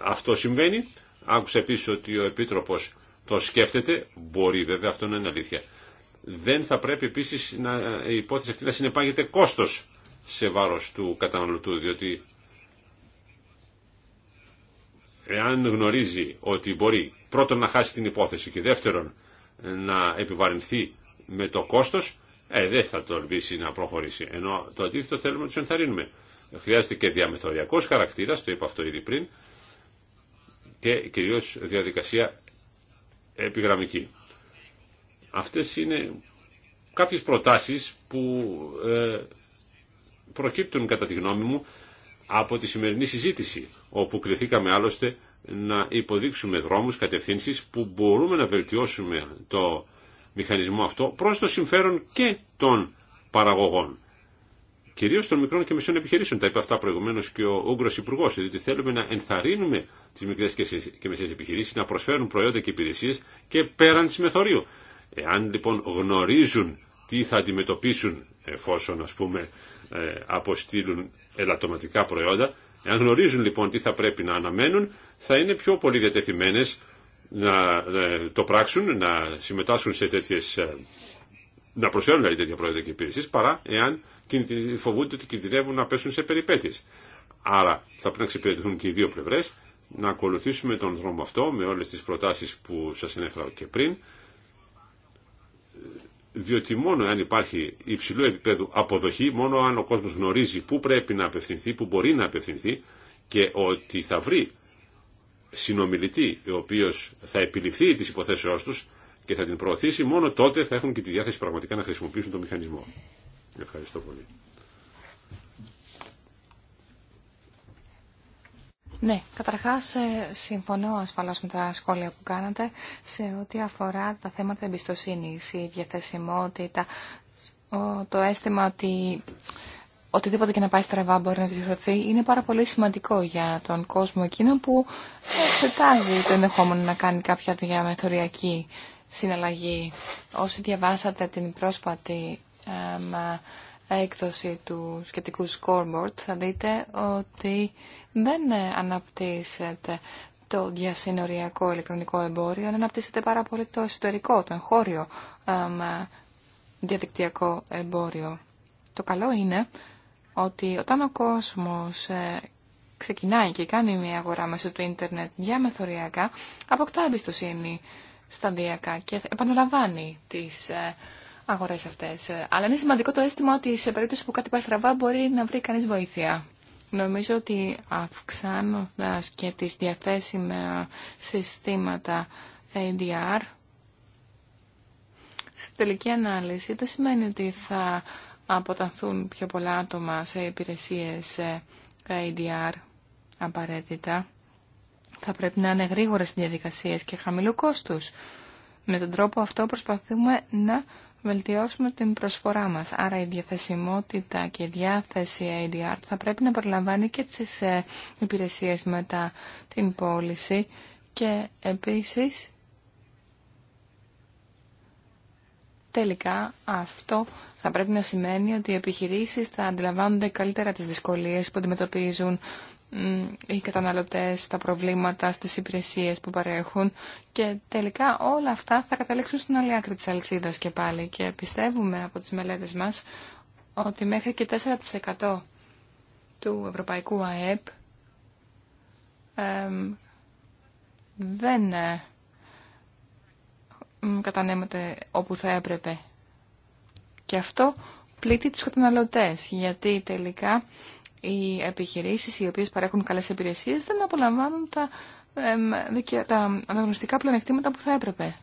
αυτό συμβαίνει, άκουσα επίσης ότι ο Επίτροπος το σκέφτεται, μπορεί βέβαια, αυτό να είναι αλήθεια. Δεν θα πρέπει επίσης να, η υπόθεση αυτή να συνεπάγεται κόστος σε βάρος του καταναλωτού, διότι εάν γνωρίζει ότι μπορεί πρώτον να χάσει την υπόθεση και δεύτερον να επιβαρυνθεί με το κόστος, ε, δεν θα τολμήσει να προχωρήσει. Ενώ το αντίθετο θέλουμε να του ενθαρρύνουμε. Χρειάζεται και διαμεθοριακός χαρακτήρας, το είπα αυτό ήδη πριν, και κυρίως διαδικασία επιγραμμική. Αυτές είναι κάποιες προτάσεις που ε, προκύπτουν κατά τη γνώμη μου από τη σημερινή συζήτηση όπου κληθήκαμε άλλωστε να υποδείξουμε δρόμους, κατευθύνσεις που μπορούμε να βελτιώσουμε το μηχανισμό αυτό προς το συμφέρον και των παραγωγών. Κυρίω των μικρών και μεσών επιχειρήσεων. Τα είπε αυτά προηγουμένω και ο Ούγγρο Υπουργό, διότι θέλουμε να ενθαρρύνουμε τι μικρέ και μεσαίε επιχειρήσει να προσφέρουν προϊόντα και υπηρεσίε και πέραν τη μεθορίου. Εάν λοιπόν γνωρίζουν τι θα αντιμετωπίσουν εφόσον ας πούμε ε, αποστείλουν ελαττωματικά προϊόντα, Εάν γνωρίζουν λοιπόν τι θα πρέπει να αναμένουν, θα είναι πιο πολύ διατεθειμένες να ε, το πράξουν, να συμμετάσχουν σε τέτοιες, ε, να προσφέρουν δηλαδή τέτοια προϊόντα και υπηρεσίες, παρά εάν φοβούνται ότι κινδυνεύουν να πέσουν σε περιπέτειες. Άρα θα πρέπει να εξυπηρετούν και οι δύο πλευρές, να ακολουθήσουμε τον δρόμο αυτό με όλες τις προτάσεις που σας ενέφερα και πριν διότι μόνο αν υπάρχει υψηλού επίπεδου αποδοχή, μόνο αν ο κόσμος γνωρίζει πού πρέπει να απευθυνθεί, πού μπορεί να απευθυνθεί και ότι θα βρει συνομιλητή ο οποίος θα επιληφθεί τις υποθέσεις τους και θα την προωθήσει, μόνο τότε θα έχουν και τη διάθεση πραγματικά να χρησιμοποιήσουν το μηχανισμό. Ευχαριστώ πολύ. Ναι, καταρχάς ε, συμφωνώ ασφαλώς με τα σχόλια που κάνατε σε ό,τι αφορά τα θέματα εμπιστοσύνης, η διαθεσιμότητα, το αίσθημα ότι οτιδήποτε και να πάει στραβά μπορεί να διορθωθεί είναι πάρα πολύ σημαντικό για τον κόσμο εκείνο που εξετάζει το ενδεχόμενο να κάνει κάποια διαμεθοριακή συναλλαγή. Όσοι διαβάσατε την πρόσφατη έκδοση του σχετικού scoreboard θα δείτε ότι δεν αναπτύσσεται το διασυνοριακό ηλεκτρονικό εμπόριο, αναπτύσσεται πάρα πολύ το εσωτερικό, το εγχώριο διαδικτυακό εμπόριο. Το καλό είναι ότι όταν ο κόσμος ε, ξεκινάει και κάνει μια αγορά μέσω του ίντερνετ διαμεθοριακά, αποκτά εμπιστοσύνη σταδιακά και επαναλαμβάνει τις ε, αγορές αυτές. Αλλά είναι σημαντικό το αίσθημα ότι σε περίπτωση που κάτι πάει στραβά μπορεί να βρει κανείς βοήθεια. Νομίζω ότι αυξάνοντας και τις διαθέσιμα συστήματα ADR, σε τελική ανάλυση δεν σημαίνει ότι θα αποτανθούν πιο πολλά άτομα σε υπηρεσίες ADR απαραίτητα. Θα πρέπει να είναι γρήγορες διαδικασίες και χαμηλού κόστους. Με τον τρόπο αυτό προσπαθούμε να βελτιώσουμε την προσφορά μας. Άρα η διαθεσιμότητα και η διάθεση ADR θα πρέπει να περιλαμβάνει και τις ε, υπηρεσίες μετά την πώληση και επίσης τελικά αυτό θα πρέπει να σημαίνει ότι οι επιχειρήσεις θα αντιλαμβάνονται καλύτερα τις δυσκολίες που αντιμετωπίζουν οι καταναλωτές, τα προβλήματα στις υπηρεσίες που παρέχουν και τελικά όλα αυτά θα καταλήξουν στην άλλη άκρη της και πάλι και πιστεύουμε από τις μελέτες μας ότι μέχρι και 4% του Ευρωπαϊκού ΑΕΠ δεν ε, κατανέμονται όπου θα έπρεπε. Και αυτό πλήττει τους καταναλωτές, γιατί τελικά οι επιχειρήσεις οι οποίες παρέχουν καλές υπηρεσίες δεν απολαμβάνουν τα, ε, τα αναγνωστικά πλεονεκτήματα που θα έπρεπε.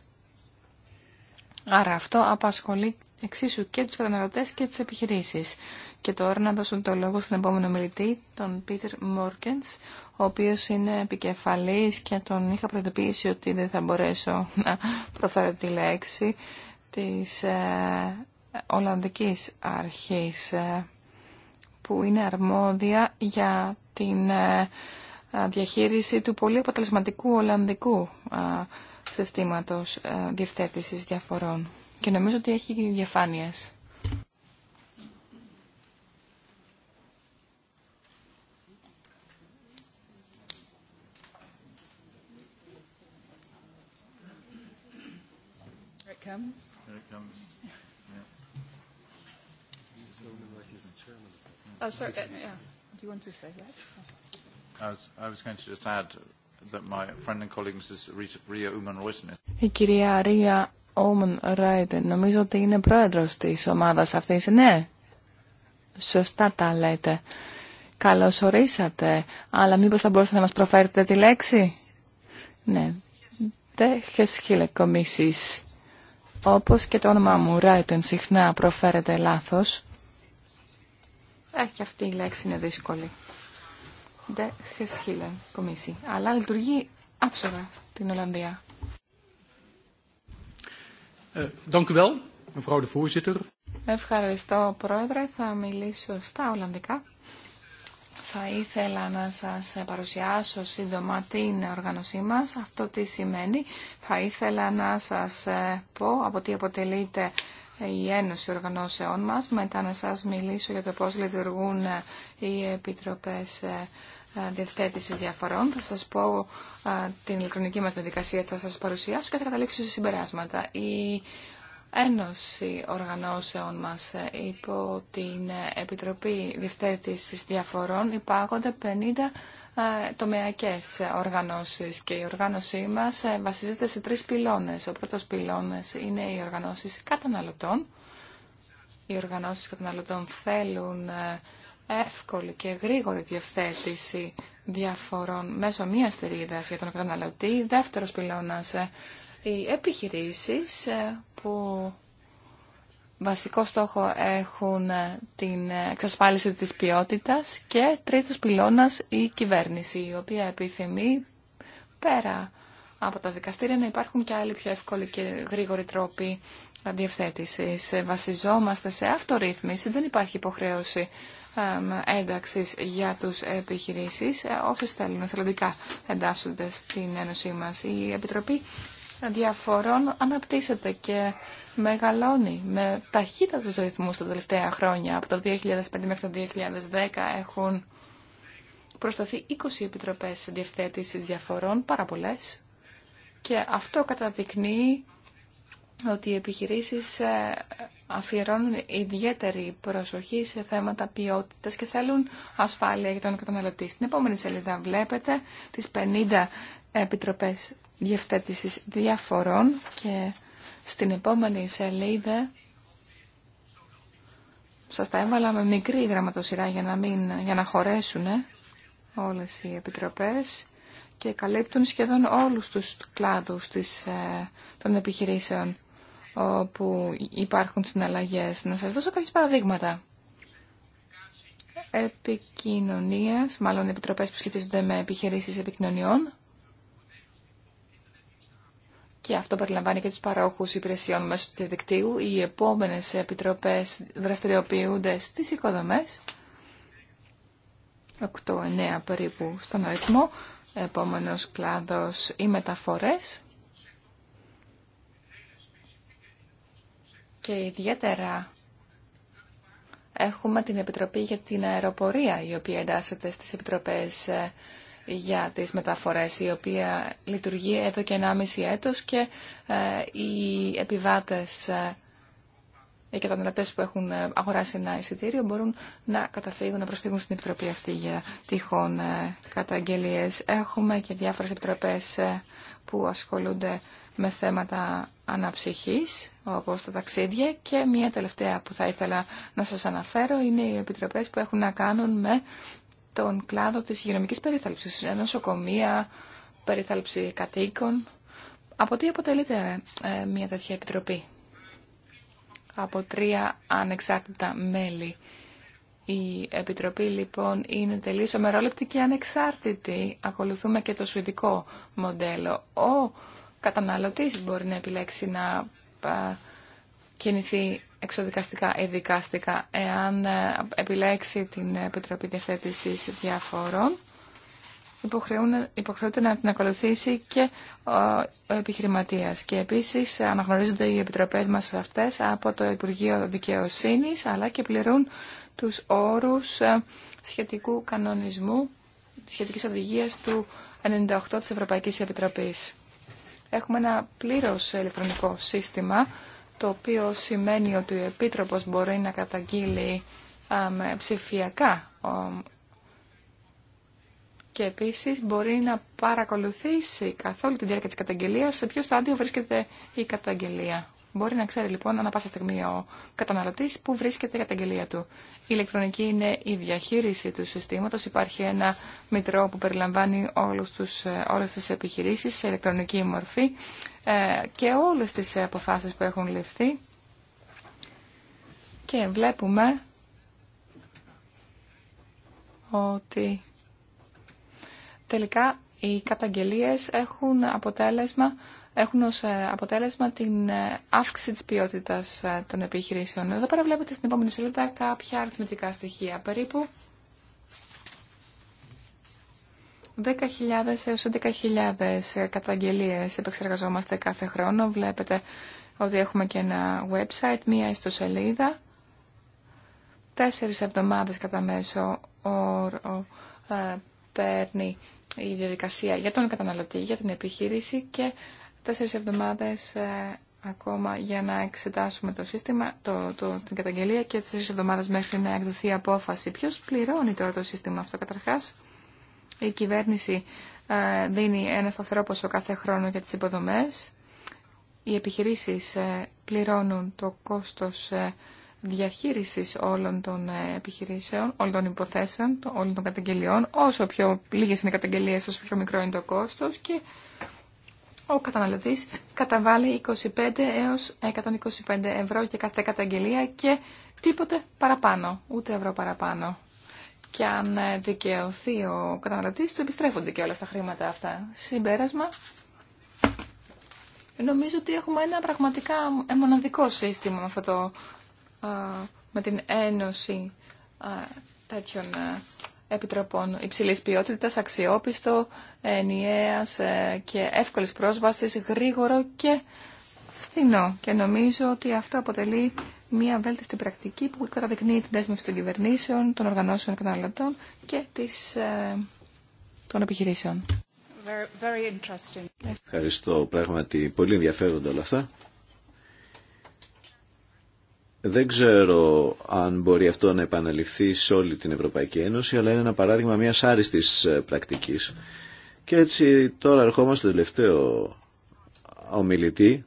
Άρα αυτό απασχολεί εξίσου και τους καταναλωτές και τις επιχειρήσεις. Και τώρα να δώσω το λόγο στον επόμενο μιλητή, τον Πίτερ Μόρκενς, ο οποίος είναι επικεφαλής και τον είχα προειδοποιήσει ότι δεν θα μπορέσω να προφέρω τη λέξη της ε, Ολλανδικής Αρχής ε, που είναι αρμόδια για την ε, ε, διαχείριση του πολύ αποτελεσματικού Ολλανδικού ε, συστήματος διευθέτησης διαφορών. Και νομίζω ότι έχει διαφάνειες. Η κυρία Ρία Όμον Ράιτεν, νομίζω ότι είναι πρόεδρος της ομάδας αυτής, ναι. Σωστά τα λέτε. Καλώ ορίσατε, αλλά μήπως θα μπορούσατε να μας προφέρετε τη λέξη. Ναι. Τέχεσχύλε κομίσεις. Όπως και το όνομά μου, Ράιτεν, συχνά προφέρεται λάθος. Ε, και αυτή η λέξη είναι δύσκολη. De Geschillen Commissie. Αλλά λειτουργεί άψογα στην Ολλανδία. Ε, Ευχαριστώ, Πρόεδρε. Θα μιλήσω στα Ολλανδικά. Θα ήθελα να σας παρουσιάσω σύντομα την οργάνωσή μας. Αυτό τι σημαίνει. Θα ήθελα να σας ε, πω από τι αποτελείται η Ένωση Οργανώσεών μας. Μετά να σας μιλήσω για το πώς λειτουργούν οι Επιτροπές ε, ε, Διευθέτησης Διαφορών. Θα σας πω ε, την ηλεκτρονική μας διαδικασία, θα σας παρουσιάσω και θα καταλήξω σε συμπεράσματα. Η Ένωση Οργανώσεων μας υπό την Επιτροπή Διευθέτησης Διαφορών υπάρχονται 50 ε, τομεακές οργανώσεις και η οργάνωσή μας ε, βασίζεται σε τρεις πυλώνες. Ο πρώτος πυλώνες είναι οι οργανώσεις καταναλωτών. Οι οργανώσεις καταναλωτών θέλουν ε, εύκολη και γρήγορη διευθέτηση διαφορών μέσω μια θηρίδα για τον καταναλωτή. Δεύτερος πυλώνας οι επιχειρήσεις που βασικό στόχο έχουν ε, την ε, εξασφάλιση της ποιότητας και τρίτος πυλώνας η κυβέρνηση, η οποία επιθυμεί πέρα από τα δικαστήρια να υπάρχουν και άλλοι πιο εύκολοι και γρήγοροι τρόποι αντιευθέτησης. Ε, βασιζόμαστε σε αυτορύθμιση, δεν υπάρχει υποχρέωση ένταξης για τους επιχειρήσεις. Όσες θέλουν εθελοντικά εντάσσονται στην Ένωσή μας. Η Επιτροπή διαφορών αναπτύσσεται και μεγαλώνει με ταχύτατους ρυθμούς τα τελευταία χρόνια. Από το 2005 μέχρι το 2010 έχουν προσταθεί 20 επιτροπές διευθέτησης διαφορών, πάρα πολλέ. Και αυτό καταδεικνύει ότι οι επιχειρήσεις ε, αφιερώνουν ιδιαίτερη προσοχή σε θέματα ποιότητας και θέλουν ασφάλεια για τον καταναλωτή. Στην επόμενη σελίδα βλέπετε τις 50 επιτροπές διευθέτησης διαφορών και στην επόμενη σελίδα σας τα έβαλα με μικρή γραμματοσυρά για να, μην, για να χωρέσουν όλες οι επιτροπές και καλύπτουν σχεδόν όλους τους κλάδους της, ε, των επιχειρήσεων όπου υπάρχουν συναλλαγές. Να σας δώσω κάποιες παραδείγματα. Επικοινωνίας, μάλλον επιτροπές που σχετίζονται με επιχειρήσεις επικοινωνιών και αυτό περιλαμβάνει και τους παρόχους υπηρεσιών μέσω του διαδικτύου. Οι επόμενες επιτροπές δραστηριοποιούνται στις οικοδομές, 8-9 περίπου στον αριθμό. Επόμενος κλάδος οι μεταφορές και ιδιαίτερα έχουμε την Επιτροπή για την Αεροπορία η οποία εντάσσεται στις Επιτροπές ε, για τις μεταφορές, η οποία λειτουργεί εδώ και 1,5 έτος και ε, οι επιβάτες, ε, οι καταναλωτέ που έχουν ε, αγοράσει ένα εισιτήριο μπορούν να καταφύγουν, να προσφύγουν στην Επιτροπή αυτή για τυχόν καταγγελίες. Έχουμε και διάφορες επιτροπές που ασχολούνται με θέματα αναψυχής, όπω τα ταξίδια και μία τελευταία που θα ήθελα να σα αναφέρω είναι οι επιτροπέ που έχουν να κάνουν με τον κλάδο της υγειονομικής περίθαλψης, νοσοκομεία, περίθαλψη κατοίκων. Από τι αποτελείται ε, μια τέτοια επιτροπή. Από τρία ανεξάρτητα μέλη. Η Επιτροπή λοιπόν είναι τελείως ομερόληπτη και ανεξάρτητη. Ακολουθούμε και το σουηδικό μοντέλο. Ο καταναλωτής μπορεί να επιλέξει να κινηθεί εξοδικαστικά ή δικαστικά εάν ε, επιλέξει την Επιτροπή Διαθέτησης Διαφορών υποχρεούνται να την ακολουθήσει και ο επιχειρηματίας. Και επίσης αναγνωρίζονται οι επιτροπές μας αυτές από το Υπουργείο Δικαιοσύνης αλλά και πληρούν τους όρους ε, σχετικού κανονισμού σχετικής οδηγίας του 98 της Ευρωπαϊκής Επιτροπής. Έχουμε ένα πλήρως ηλεκτρονικό σύστημα το οποίο σημαίνει ότι ο Επίτροπος μπορεί να καταγγείλει ψηφιακά και επίσης μπορεί να παρακολουθήσει καθ' όλη τη διάρκεια της καταγγελίας σε ποιο στάδιο βρίσκεται η καταγγελία. Μπορεί να ξέρει λοιπόν ανά πάσα στιγμή ο καταναλωτής που βρίσκεται η καταγγελία του. Η ηλεκτρονική είναι η διαχείριση του συστήματος. Υπάρχει ένα μητρό που περιλαμβάνει όλους τους, ε, όλες τις επιχειρήσεις σε ηλεκτρονική μορφή ε, και όλες τις αποφάσεις που έχουν ληφθεί και βλέπουμε ότι τελικά οι καταγγελίες έχουν αποτέλεσμα έχουν ως ε, αποτέλεσμα την ε, αύξηση της ποιότητας των επιχειρήσεων. Εδώ πέρα βλέπετε στην επόμενη σελίδα κάποια αριθμητικά στοιχεία. Περίπου 10.000 έως 11.000 καταγγελίες επεξεργαζόμαστε κάθε χρόνο. Βλέπετε ότι έχουμε και ένα website, μία ιστοσελίδα. Τέσσερις εβδομάδες κατά μέσο όρο ε, παίρνει η διαδικασία για τον καταναλωτή, για την επιχείρηση και τέσσερις εβδομάδες ε, ακόμα για να εξετάσουμε το σύστημα, το, το, την καταγγελία και τέσσερις εβδομάδες μέχρι να εκδοθεί η απόφαση. Ποιος πληρώνει τώρα το σύστημα αυτό καταρχάς η κυβέρνηση ε, δίνει ένα σταθερό ποσό κάθε χρόνο για τις υποδομές. Οι επιχειρήσεις ε, πληρώνουν το κόστος ε, διαχείρισης όλων των επιχειρήσεων, όλων των υποθέσεων, όλων των καταγγελιών. Όσο πιο λίγες είναι οι καταγγελίες, όσο πιο μικρό είναι το κόστος και ο καταναλωτής καταβάλει 25 έως 125 ευρώ για κάθε καταγγελία και τίποτε παραπάνω, ούτε ευρώ παραπάνω και αν ε, δικαιωθεί ο καταναλωτής του επιστρέφονται και όλα τα χρήματα αυτά. Συμπέρασμα, νομίζω ότι έχουμε ένα πραγματικά μοναδικό σύστημα με, αυτό ε, με την ένωση ε, τέτοιων επιτροπών υψηλής ποιότητας, αξιόπιστο, ενιαίας και εύκολης πρόσβασης, γρήγορο και φθηνό. Και νομίζω ότι αυτό αποτελεί μια βέλτιστη πρακτική που καταδεικνύει την δέσμευση των κυβερνήσεων, των οργανώσεων καταναλωτών και της, ε, των επιχειρήσεων. Very, Ευχαριστώ πράγματι. Πολύ ενδιαφέροντα όλα αυτά. Δεν ξέρω αν μπορεί αυτό να επαναληφθεί σε όλη την Ευρωπαϊκή Ένωση, αλλά είναι ένα παράδειγμα μιας άριστης ε, πρακτικής. Και έτσι τώρα ερχόμαστε τελευταίο ομιλητή,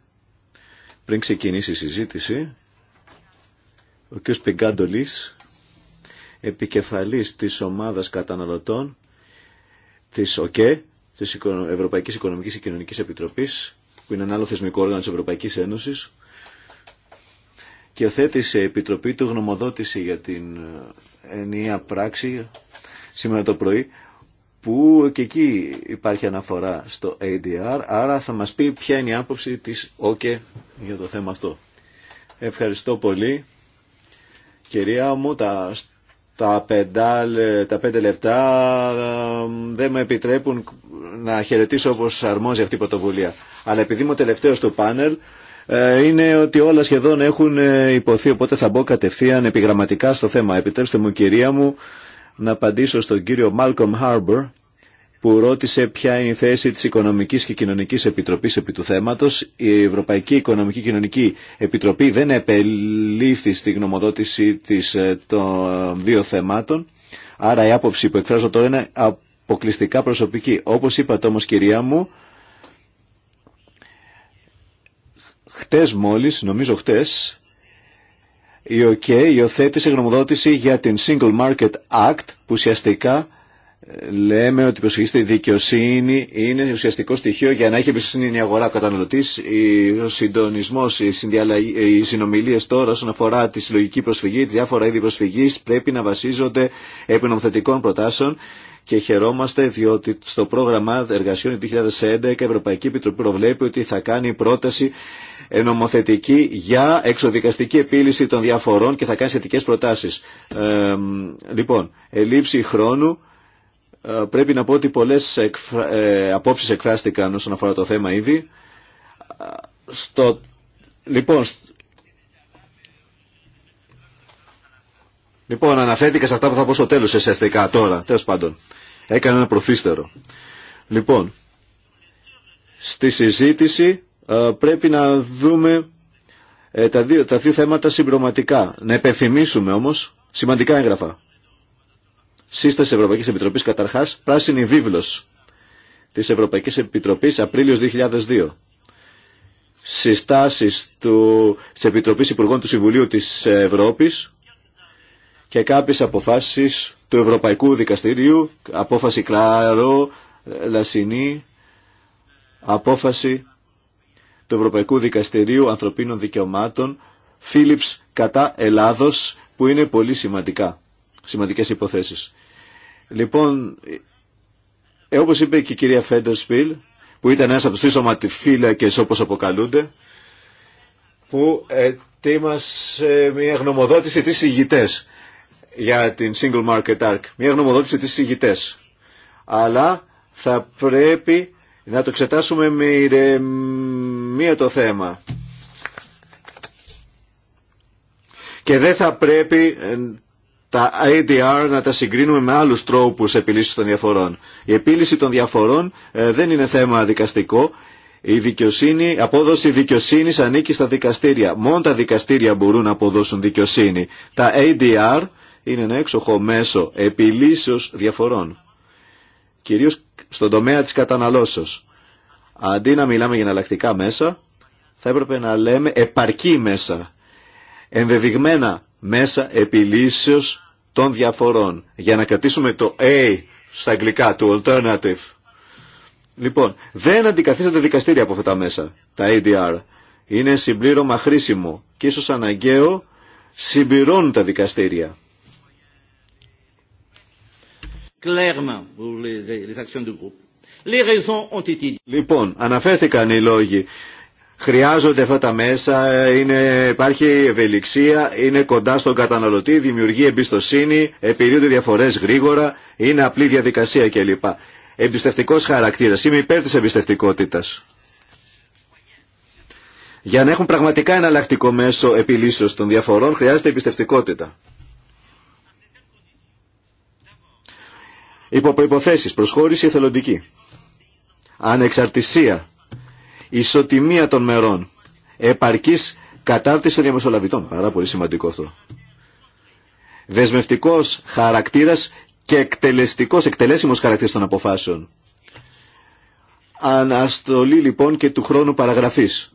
πριν ξεκινήσει η συζήτηση, ο κ. Πιγκάντολης, επικεφαλής της ομάδας καταναλωτών της ΟΚΕ, της Ευρωπαϊκής Οικονομικής και Κοινωνικής Επιτροπής, που είναι ένα άλλο θεσμικό όργανο της Ευρωπαϊκής Ένωσης, και οθέτησε Επιτροπή του γνωμοδότηση για την ε, ενιαία πράξη σήμερα το πρωί, που και εκεί υπάρχει αναφορά στο ADR, άρα θα μας πει ποια είναι η άποψη της ΟΚΕ για το θέμα αυτό. Ευχαριστώ πολύ. Κυρία μου, τα, τα, πέντε λεπτά ε, δεν με επιτρέπουν να χαιρετήσω όπως αρμόζει αυτή η πρωτοβουλία. Αλλά επειδή είμαι ο τελευταίος του πάνελ, ε, είναι ότι όλα σχεδόν έχουν ε, υποθεί, οπότε θα μπω κατευθείαν επιγραμματικά στο θέμα. Επιτρέψτε μου, κυρία μου, να απαντήσω στον κύριο Malcolm Harbour, που ρώτησε ποια είναι η θέση της Οικονομικής και Κοινωνικής Επιτροπής επί του θέματος. Η Ευρωπαϊκή Οικονομική και Κοινωνική Επιτροπή δεν επελήφθη στη γνωμοδότησή της ε, των δύο θεμάτων. Άρα η άποψη που εκφράζω τώρα είναι αποκλειστικά προσωπική. Όπως είπατε όμως κυρία μου, χτες μόλις, νομίζω χτες, η ΟΚΕ υιοθέτησε γνωμοδότηση για την Single Market Act που ουσιαστικά λέμε ότι η προσφυγή δικαιοσύνη είναι ουσιαστικό στοιχείο για να έχει εμπιστοσύνη η αγορά. Ο καταναλωτή, ο συντονισμό, οι, συνομιλίε τώρα όσον αφορά τη συλλογική προσφυγή, τι διάφορα είδη προσφυγή πρέπει να βασίζονται επί νομοθετικών προτάσεων και χαιρόμαστε διότι στο πρόγραμμα εργασιών 2011 η Ευρωπαϊκή Επιτροπή προβλέπει ότι θα κάνει πρόταση ε, νομοθετική για εξοδικαστική επίλυση των διαφορών και θα κάνει σχετικέ προτάσει. Ε, λοιπόν, ελλείψη χρόνου. Ε, πρέπει να πω ότι πολλές εκφρα... Ε, απόψεις εκφράστηκαν όσον αφορά το θέμα ήδη. Ε, στο... Λοιπόν, Λοιπόν, αναφέρθηκα σε αυτά που θα πω στο τέλος εσαιρετικά τώρα, τέλος πάντων. Έκανα ένα προθύστερο. Λοιπόν, στη συζήτηση πρέπει να δούμε τα δύο, τα δύο θέματα συμπροματικά. Να επιθυμίσουμε όμως σημαντικά έγγραφα Σύσταση Ευρωπαϊκής Επιτροπής καταρχάς, πράσινη βίβλος της Ευρωπαϊκής Επιτροπής Απρίλιο 2002. Συστάσεις του, Επιτροπή Επιτροπής Υπουργών του Συμβουλίου της Ευρώπης και κάποιε αποφάσεις του Ευρωπαϊκού Δικαστηρίου, απόφαση Κλάρο, Λασινή, απόφαση του Ευρωπαϊκού Δικαστηρίου Ανθρωπίνων Δικαιωμάτων, Φίλιπς κατά Ελλάδος, που είναι πολύ σημαντικά σημαντικές υποθέσεις. Λοιπόν, ε, όπως είπε και η κυρία Φέντερσπιλ, που ήταν ένας από τους τρεις σωματιφύλακες όπως αποκαλούνται, που ετοίμασε μια γνωμοδότηση της ηγητές για την Single Market Arc. Μια γνωμοδότηση της ηγητές. Αλλά θα πρέπει να το εξετάσουμε με ηρεμία το θέμα. Και δεν θα πρέπει τα ADR να τα συγκρίνουμε με άλλους τρόπους επιλύσεως των διαφορών. Η επίλυση των διαφορών ε, δεν είναι θέμα δικαστικό. Η δικαιοσύνη, απόδοση δικαιοσύνης ανήκει στα δικαστήρια. Μόνο τα δικαστήρια μπορούν να αποδώσουν δικαιοσύνη. Τα ADR είναι ένα έξοχο μέσο επιλύσεως διαφορών. Κυρίως στον τομέα της καταναλώσεως. Αντί να μιλάμε για εναλλακτικά μέσα, θα έπρεπε να λέμε επαρκή μέσα, ενδεδειγμένα μέσα επιλύσεως των διαφορών. Για να κρατήσουμε το A στα αγγλικά το alternative. Λοιπόν, δεν αντικαθίσταται δικαστήρια από αυτά τα μέσα, τα ADR. Είναι συμπλήρωμα χρήσιμο και ίσως αναγκαίο συμπληρώνουν τα δικαστήρια. Λοιπόν, αναφέρθηκαν οι λόγοι χρειάζονται αυτά τα μέσα, είναι, υπάρχει ευελιξία, είναι κοντά στον καταναλωτή, δημιουργεί εμπιστοσύνη, επιλύονται διαφορές γρήγορα, είναι απλή διαδικασία κλπ. Εμπιστευτικός χαρακτήρας, είμαι υπέρ της εμπιστευτικότητας. Για να έχουν πραγματικά εναλλακτικό μέσο επιλύσεως των διαφορών χρειάζεται εμπιστευτικότητα. Υπό προϋποθέσεις, προσχώρηση εθελοντική, ανεξαρτησία Ισοτιμία των μερών. Επαρκής κατάρτιση των διαμεσολαβητών. Πάρα πολύ σημαντικό αυτό. Δεσμευτικός χαρακτήρας και εκτελεστικός, εκτελέσιμος χαρακτήρας των αποφάσεων. Αναστολή λοιπόν και του χρόνου παραγραφής.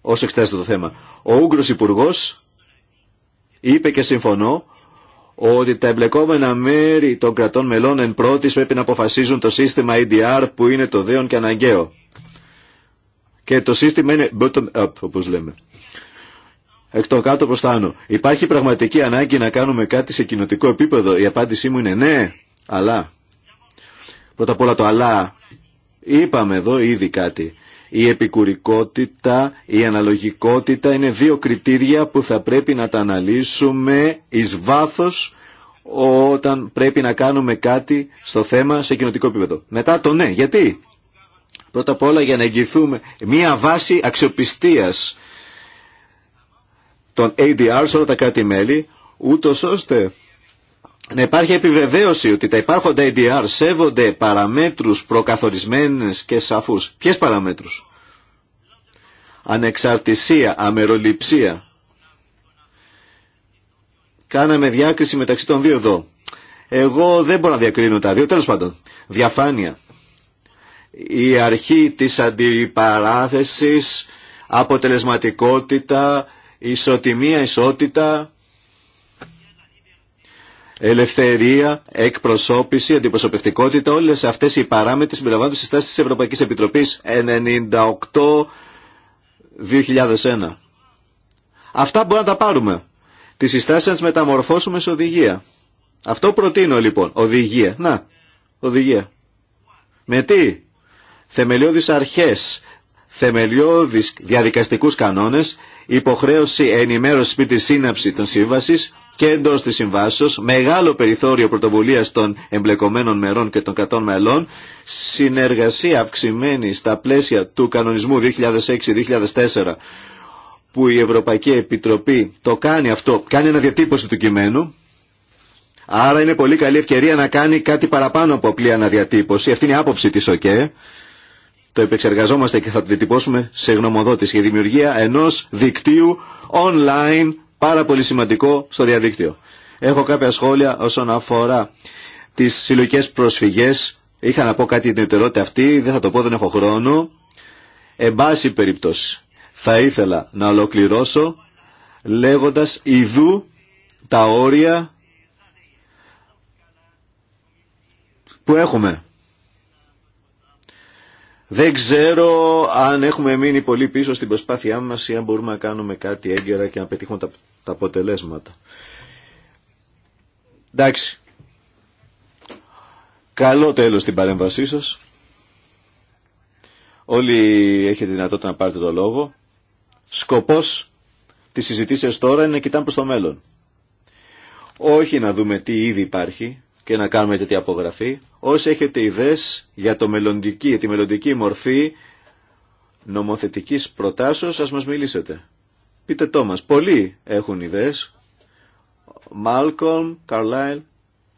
Όσο εξετάζεται το θέμα. Ο Ούγγρος υπουργό είπε και συμφωνώ ότι τα εμπλεκόμενα μέρη των κρατών μελών εν πρώτης πρέπει να αποφασίζουν το σύστημα EDR που είναι το δέον και αναγκαίο. Και το σύστημα είναι bottom-up όπως λέμε. Εκ το κάτω προς τα άνω. Υπάρχει πραγματική ανάγκη να κάνουμε κάτι σε κοινοτικό επίπεδο. Η απάντησή μου είναι ναι, αλλά. Πρώτα απ' όλα το αλλά. Είπαμε εδώ ήδη κάτι. Η επικουρικότητα, η αναλογικότητα είναι δύο κριτήρια που θα πρέπει να τα αναλύσουμε εις βάθος όταν πρέπει να κάνουμε κάτι στο θέμα σε κοινοτικό επίπεδο. Μετά το ναι. Γιατί? Πρώτα απ' όλα για να εγγυηθούμε μία βάση αξιοπιστίας των ADR σε όλα τα κράτη-μέλη, ούτως ώστε να υπάρχει επιβεβαίωση ότι τα υπάρχοντα ADR σέβονται παραμέτρους προκαθορισμένες και σαφούς. Ποιες παραμέτρους? ανεξαρτησία, αμεροληψία. Κάναμε διάκριση μεταξύ των δύο εδώ. Εγώ δεν μπορώ να διακρίνω τα δύο, τέλος πάντων. Διαφάνεια. Η αρχή της αντιπαράθεσης, αποτελεσματικότητα, ισοτιμία, ισότητα, ελευθερία, εκπροσώπηση, αντιπροσωπευτικότητα, όλες αυτές οι παράμετροι συμπεριλαμβάνονται στις τάσεις της Ευρωπαϊκής Επιτροπής 98 2001. Αυτά μπορούμε να τα πάρουμε. Τις συστάσεις να τις μεταμορφώσουμε σε οδηγία. Αυτό προτείνω λοιπόν. Οδηγία. Να. Οδηγία. Με τι. Θεμελιώδεις αρχές. Θεμελιώδεις διαδικαστικούς κανόνες. Υποχρέωση ενημέρωση με τη σύναψη των σύμβασης και εντό τη συμβάσεω, μεγάλο περιθώριο πρωτοβουλία των εμπλεκομένων μερών και των κατών μελών, συνεργασία αυξημένη στα πλαίσια του κανονισμού 2006-2004 που η Ευρωπαϊκή Επιτροπή το κάνει αυτό, κάνει ένα διατύπωση του κειμένου, άρα είναι πολύ καλή ευκαιρία να κάνει κάτι παραπάνω από απλή αναδιατύπωση. Αυτή είναι η άποψη της ΟΚΕ. Το επεξεργαζόμαστε και θα το διατυπώσουμε σε γνωμοδότηση για δημιουργία ενός δικτύου online πάρα πολύ σημαντικό στο διαδίκτυο. Έχω κάποια σχόλια όσον αφορά τις συλλογικέ προσφυγές. Είχα να πω κάτι την ιδιαιτερότητα αυτή, δεν θα το πω, δεν έχω χρόνο. Εν πάση περιπτώσει, θα ήθελα να ολοκληρώσω λέγοντας ιδού τα όρια που έχουμε δεν ξέρω αν έχουμε μείνει πολύ πίσω στην προσπάθειά μας ή αν μπορούμε να κάνουμε κάτι έγκαιρα και να πετύχουμε τα, τα αποτελέσματα. Εντάξει. Καλό τέλος στην παρέμβασή σας. Όλοι έχετε δυνατότητα να πάρετε το λόγο. Σκοπός της συζητήσεως τώρα είναι να κοιτάμε προς το μέλλον. Όχι να δούμε τι ήδη υπάρχει, και να κάνουμε τέτοια απογραφή. Όσοι έχετε ιδέες για το μελλοντική, τη μελλοντική μορφή νομοθετικής προτάσεως, ας μας μιλήσετε. Πείτε το μας. Πολλοί έχουν ιδέες. Μάλκομ, Καρλάιλ,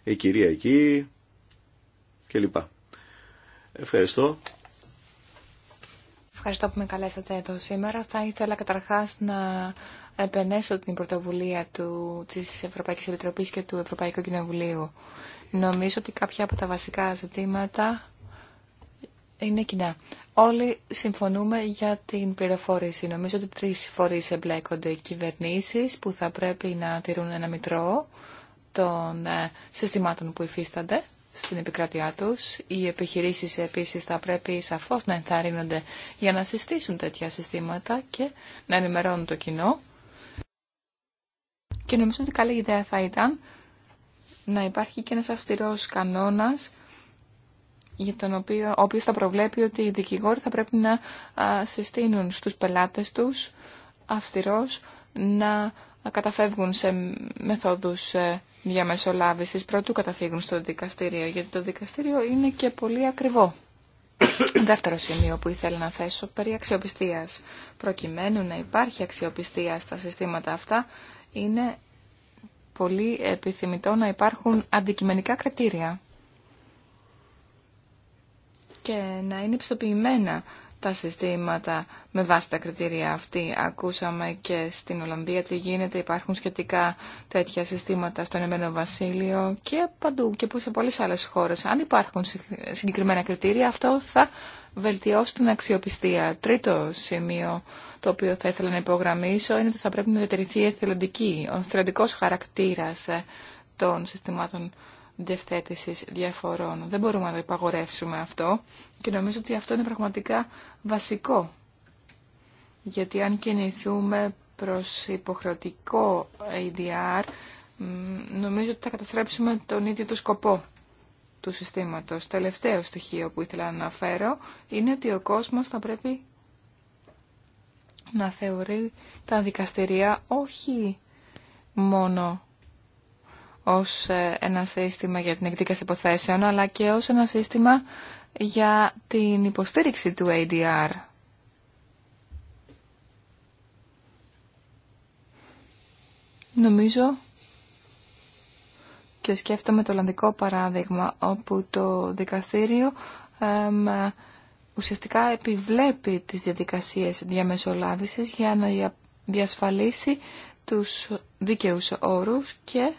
η κυρία εκεί κλπ. Ευχαριστώ. Ευχαριστώ που με καλέσατε εδώ σήμερα. Θα ήθελα καταρχάς να επενέσω την πρωτοβουλία του, της Ευρωπαϊκής Επιτροπής και του Ευρωπαϊκού Κοινοβουλίου Νομίζω ότι κάποια από τα βασικά ζητήματα είναι κοινά. Όλοι συμφωνούμε για την πληροφόρηση. Νομίζω ότι τρεις φορείς εμπλέκονται οι κυβερνήσεις που θα πρέπει να τηρούν ένα μητρό των ε, συστημάτων που υφίστανται στην επικράτειά τους. Οι επιχειρήσεις επίσης θα πρέπει σαφώς να ενθαρρύνονται για να συστήσουν τέτοια συστήματα και να ενημερώνουν το κοινό. Και νομίζω ότι καλή ιδέα θα ήταν να υπάρχει και ένας αυστηρός κανόνας για τον οποίο, ο οποίος θα προβλέπει ότι οι δικηγόροι θα πρέπει να συστήνουν στους πελάτες τους αυστηρός να καταφεύγουν σε μεθόδους ε, διαμεσολάβησης πρωτού καταφύγουν στο δικαστήριο, γιατί το δικαστήριο είναι και πολύ ακριβό. Δεύτερο σημείο που ήθελα να θέσω περί αξιοπιστίας. Προκειμένου να υπάρχει αξιοπιστία στα συστήματα αυτά, είναι πολύ επιθυμητό να υπάρχουν αντικειμενικά κριτήρια και να είναι πιστοποιημένα τα συστήματα με βάση τα κριτήρια αυτή. Ακούσαμε και στην Ολλανδία τι γίνεται, υπάρχουν σχετικά τέτοια συστήματα στον Εμένο Βασίλειο και παντού και σε πολλές άλλες χώρες. Αν υπάρχουν συγκεκριμένα κριτήρια, αυτό θα βελτιώσει την αξιοπιστία. Τρίτο σημείο το οποίο θα ήθελα να υπογραμμίσω είναι ότι θα πρέπει να διατηρηθεί η εθελοντική, ο εθελοντικό χαρακτήρα ε, των συστημάτων διευθέτηση διαφορών. Δεν μπορούμε να το υπαγορεύσουμε αυτό και νομίζω ότι αυτό είναι πραγματικά βασικό. Γιατί αν κινηθούμε προς υποχρεωτικό ADR, νομίζω ότι θα καταστρέψουμε τον ίδιο το σκοπό του συστήματος. Τελευταίο στοιχείο που ήθελα να αναφέρω είναι ότι ο κόσμος θα πρέπει να θεωρεί τα δικαστηρία όχι μόνο ως ε, ένα σύστημα για την εκδίκαση υποθέσεων, αλλά και ως ένα σύστημα για την υποστήριξη του ADR. Νομίζω και σκέφτομαι το Ολλανδικό παράδειγμα όπου το δικαστήριο ουσιαστικά επιβλέπει τις διαδικασίες διαμεσολάβησης για να διασφαλίσει τους δίκαιους όρους και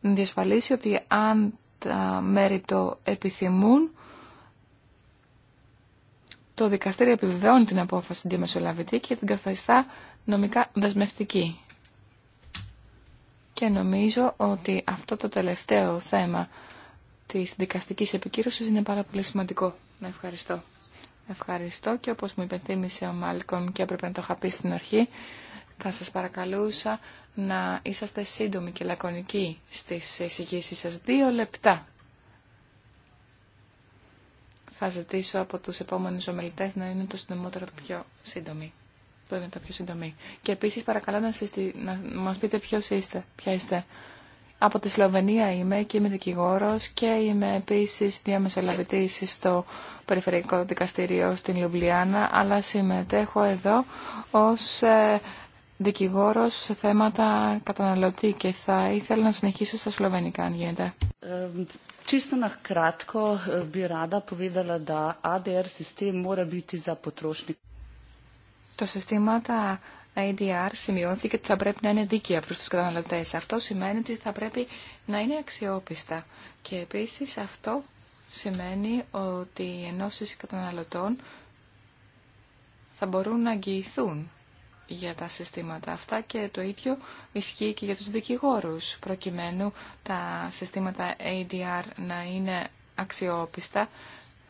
να διασφαλίσει ότι αν τα μέρη το επιθυμούν το δικαστήριο επιβεβαιώνει την απόφαση διαμεσολαβητή και την καθαριστά νομικά δεσμευτική και νομίζω ότι αυτό το τελευταίο θέμα της δικαστικής επικύρωσης είναι πάρα πολύ σημαντικό. Να ευχαριστώ. Ευχαριστώ και όπως μου υπενθύμησε ο Μάλκομ και έπρεπε να το είχα πει στην αρχή, θα σας παρακαλούσα να είσαστε σύντομοι και λακωνικοί στις εισηγήσεις σας. Δύο λεπτά. Θα ζητήσω από τους επόμενους ομιλητές να είναι το συντομότερο το πιο σύντομοι πιο Και επίση παρακαλώ να, συστη... μας πείτε ποιο είστε, ποια είστε. Από τη Σλοβενία είμαι και είμαι δικηγόρος και είμαι επίση διαμεσολαβητή στο Περιφερειακό Δικαστήριο στην Λουμπλιάνα, αλλά συμμετέχω εδώ ως ε, δικηγόρο σε θέματα καταναλωτή και θα ήθελα να συνεχίσω στα Σλοβενικά, αν γίνεται. Ε, το συστήματα ADR σημειώθηκε ότι θα πρέπει να είναι δίκαια προς τους καταναλωτές. Αυτό σημαίνει ότι θα πρέπει να είναι αξιόπιστα. Και επίσης αυτό σημαίνει ότι οι ενώσεις καταναλωτών θα μπορούν να αγγιηθούν για τα συστήματα αυτά και το ίδιο ισχύει και για τους δικηγόρους προκειμένου τα συστήματα ADR να είναι αξιόπιστα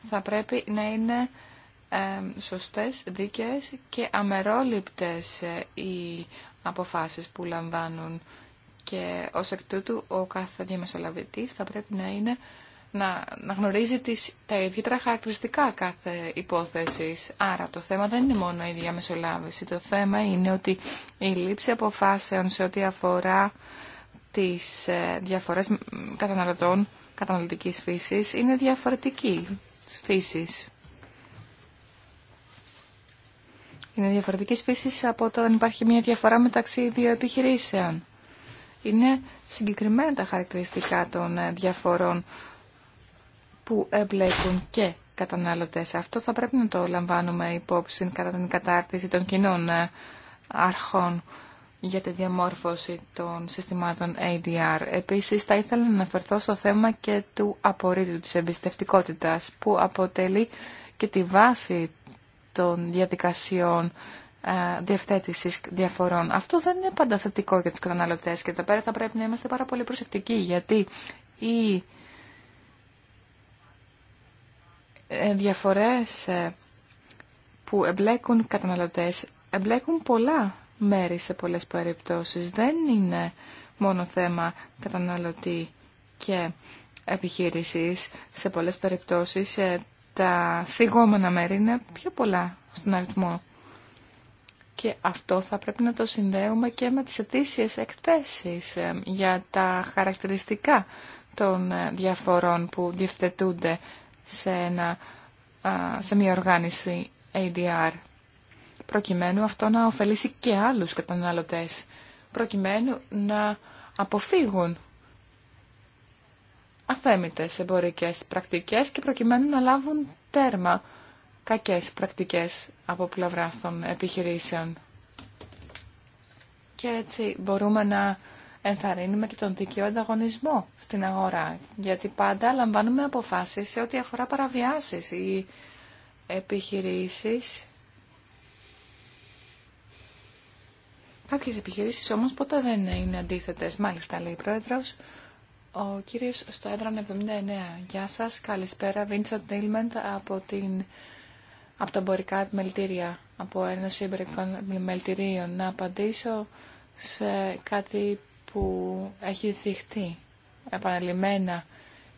θα πρέπει να είναι σωστές, δίκαιες και αμερόληπτες ε, οι αποφάσεις που λαμβάνουν και ως εκ τούτου ο κάθε διαμεσολαβητής θα πρέπει να είναι να, γνωρίζει τις, τα ιδιαίτερα χαρακτηριστικά κάθε υπόθεσης. Άρα το θέμα δεν είναι μόνο η διαμεσολάβηση. Το θέμα είναι ότι η λήψη αποφάσεων σε ό,τι αφορά τις ε, διαφορές καταναλωτών καταναλωτικής φύσης είναι διαφορετική φύσης. Είναι διαφορετική φύση από όταν υπάρχει μια διαφορά μεταξύ δύο επιχειρήσεων. Είναι συγκεκριμένα τα χαρακτηριστικά των ε, διαφορών που εμπλέκουν και καταναλωτές. Αυτό θα πρέπει να το λαμβάνουμε υπόψη κατά την κατάρτιση των κοινών ε, αρχών για τη διαμόρφωση των συστημάτων ADR. Επίσης, θα ήθελα να αναφερθώ στο θέμα και του απορρίτου της εμπιστευτικότητας, που αποτελεί και τη βάση των διαδικασιών ε, διευθέτησης διαφορών. Αυτό δεν είναι πάντα θετικό για του καταναλωτέ και εδώ πέρα θα πρέπει να είμαστε πάρα πολύ προσεκτικοί γιατί οι ε, διαφορές ε, που εμπλέκουν καταναλωτέ εμπλέκουν πολλά μέρη σε πολλές περιπτώσεις. Δεν είναι μόνο θέμα καταναλωτή και επιχείρησης. Σε πολλές περιπτώσεις τα θυγόμενα μέρη είναι πιο πολλά στον αριθμό. Και αυτό θα πρέπει να το συνδέουμε και με τις αιτήσει εκθέσεις ε, για τα χαρακτηριστικά των ε, διαφορών που διευθετούνται σε, ένα, σε μια οργάνωση ADR προκειμένου αυτό να ωφελήσει και άλλους καταναλωτές, προκειμένου να αποφύγουν αθέμητες εμπορικές πρακτικές και προκειμένου να λάβουν τέρμα κακές πρακτικές από πλευρά των επιχειρήσεων. Και έτσι μπορούμε να ενθαρρύνουμε και τον δικαιό ανταγωνισμό στην αγορά, γιατί πάντα λαμβάνουμε αποφάσεις σε ό,τι αφορά παραβιάσεις. Οι επιχειρήσεις... Κάποιες επιχειρήσεις όμως ποτέ δεν είναι αντίθετες, μάλιστα λέει η Πρόεδρος. Ο κύριος στο έδραν 79. Γεια σας, καλησπέρα. Βίντσαντ Νίλμεντ από, την... από τα εμπορικά επιμελητήρια, από Ένωση Εμπορικών Επιμελητηρίων. Να απαντήσω σε κάτι που έχει θυχτεί επαναλημμένα.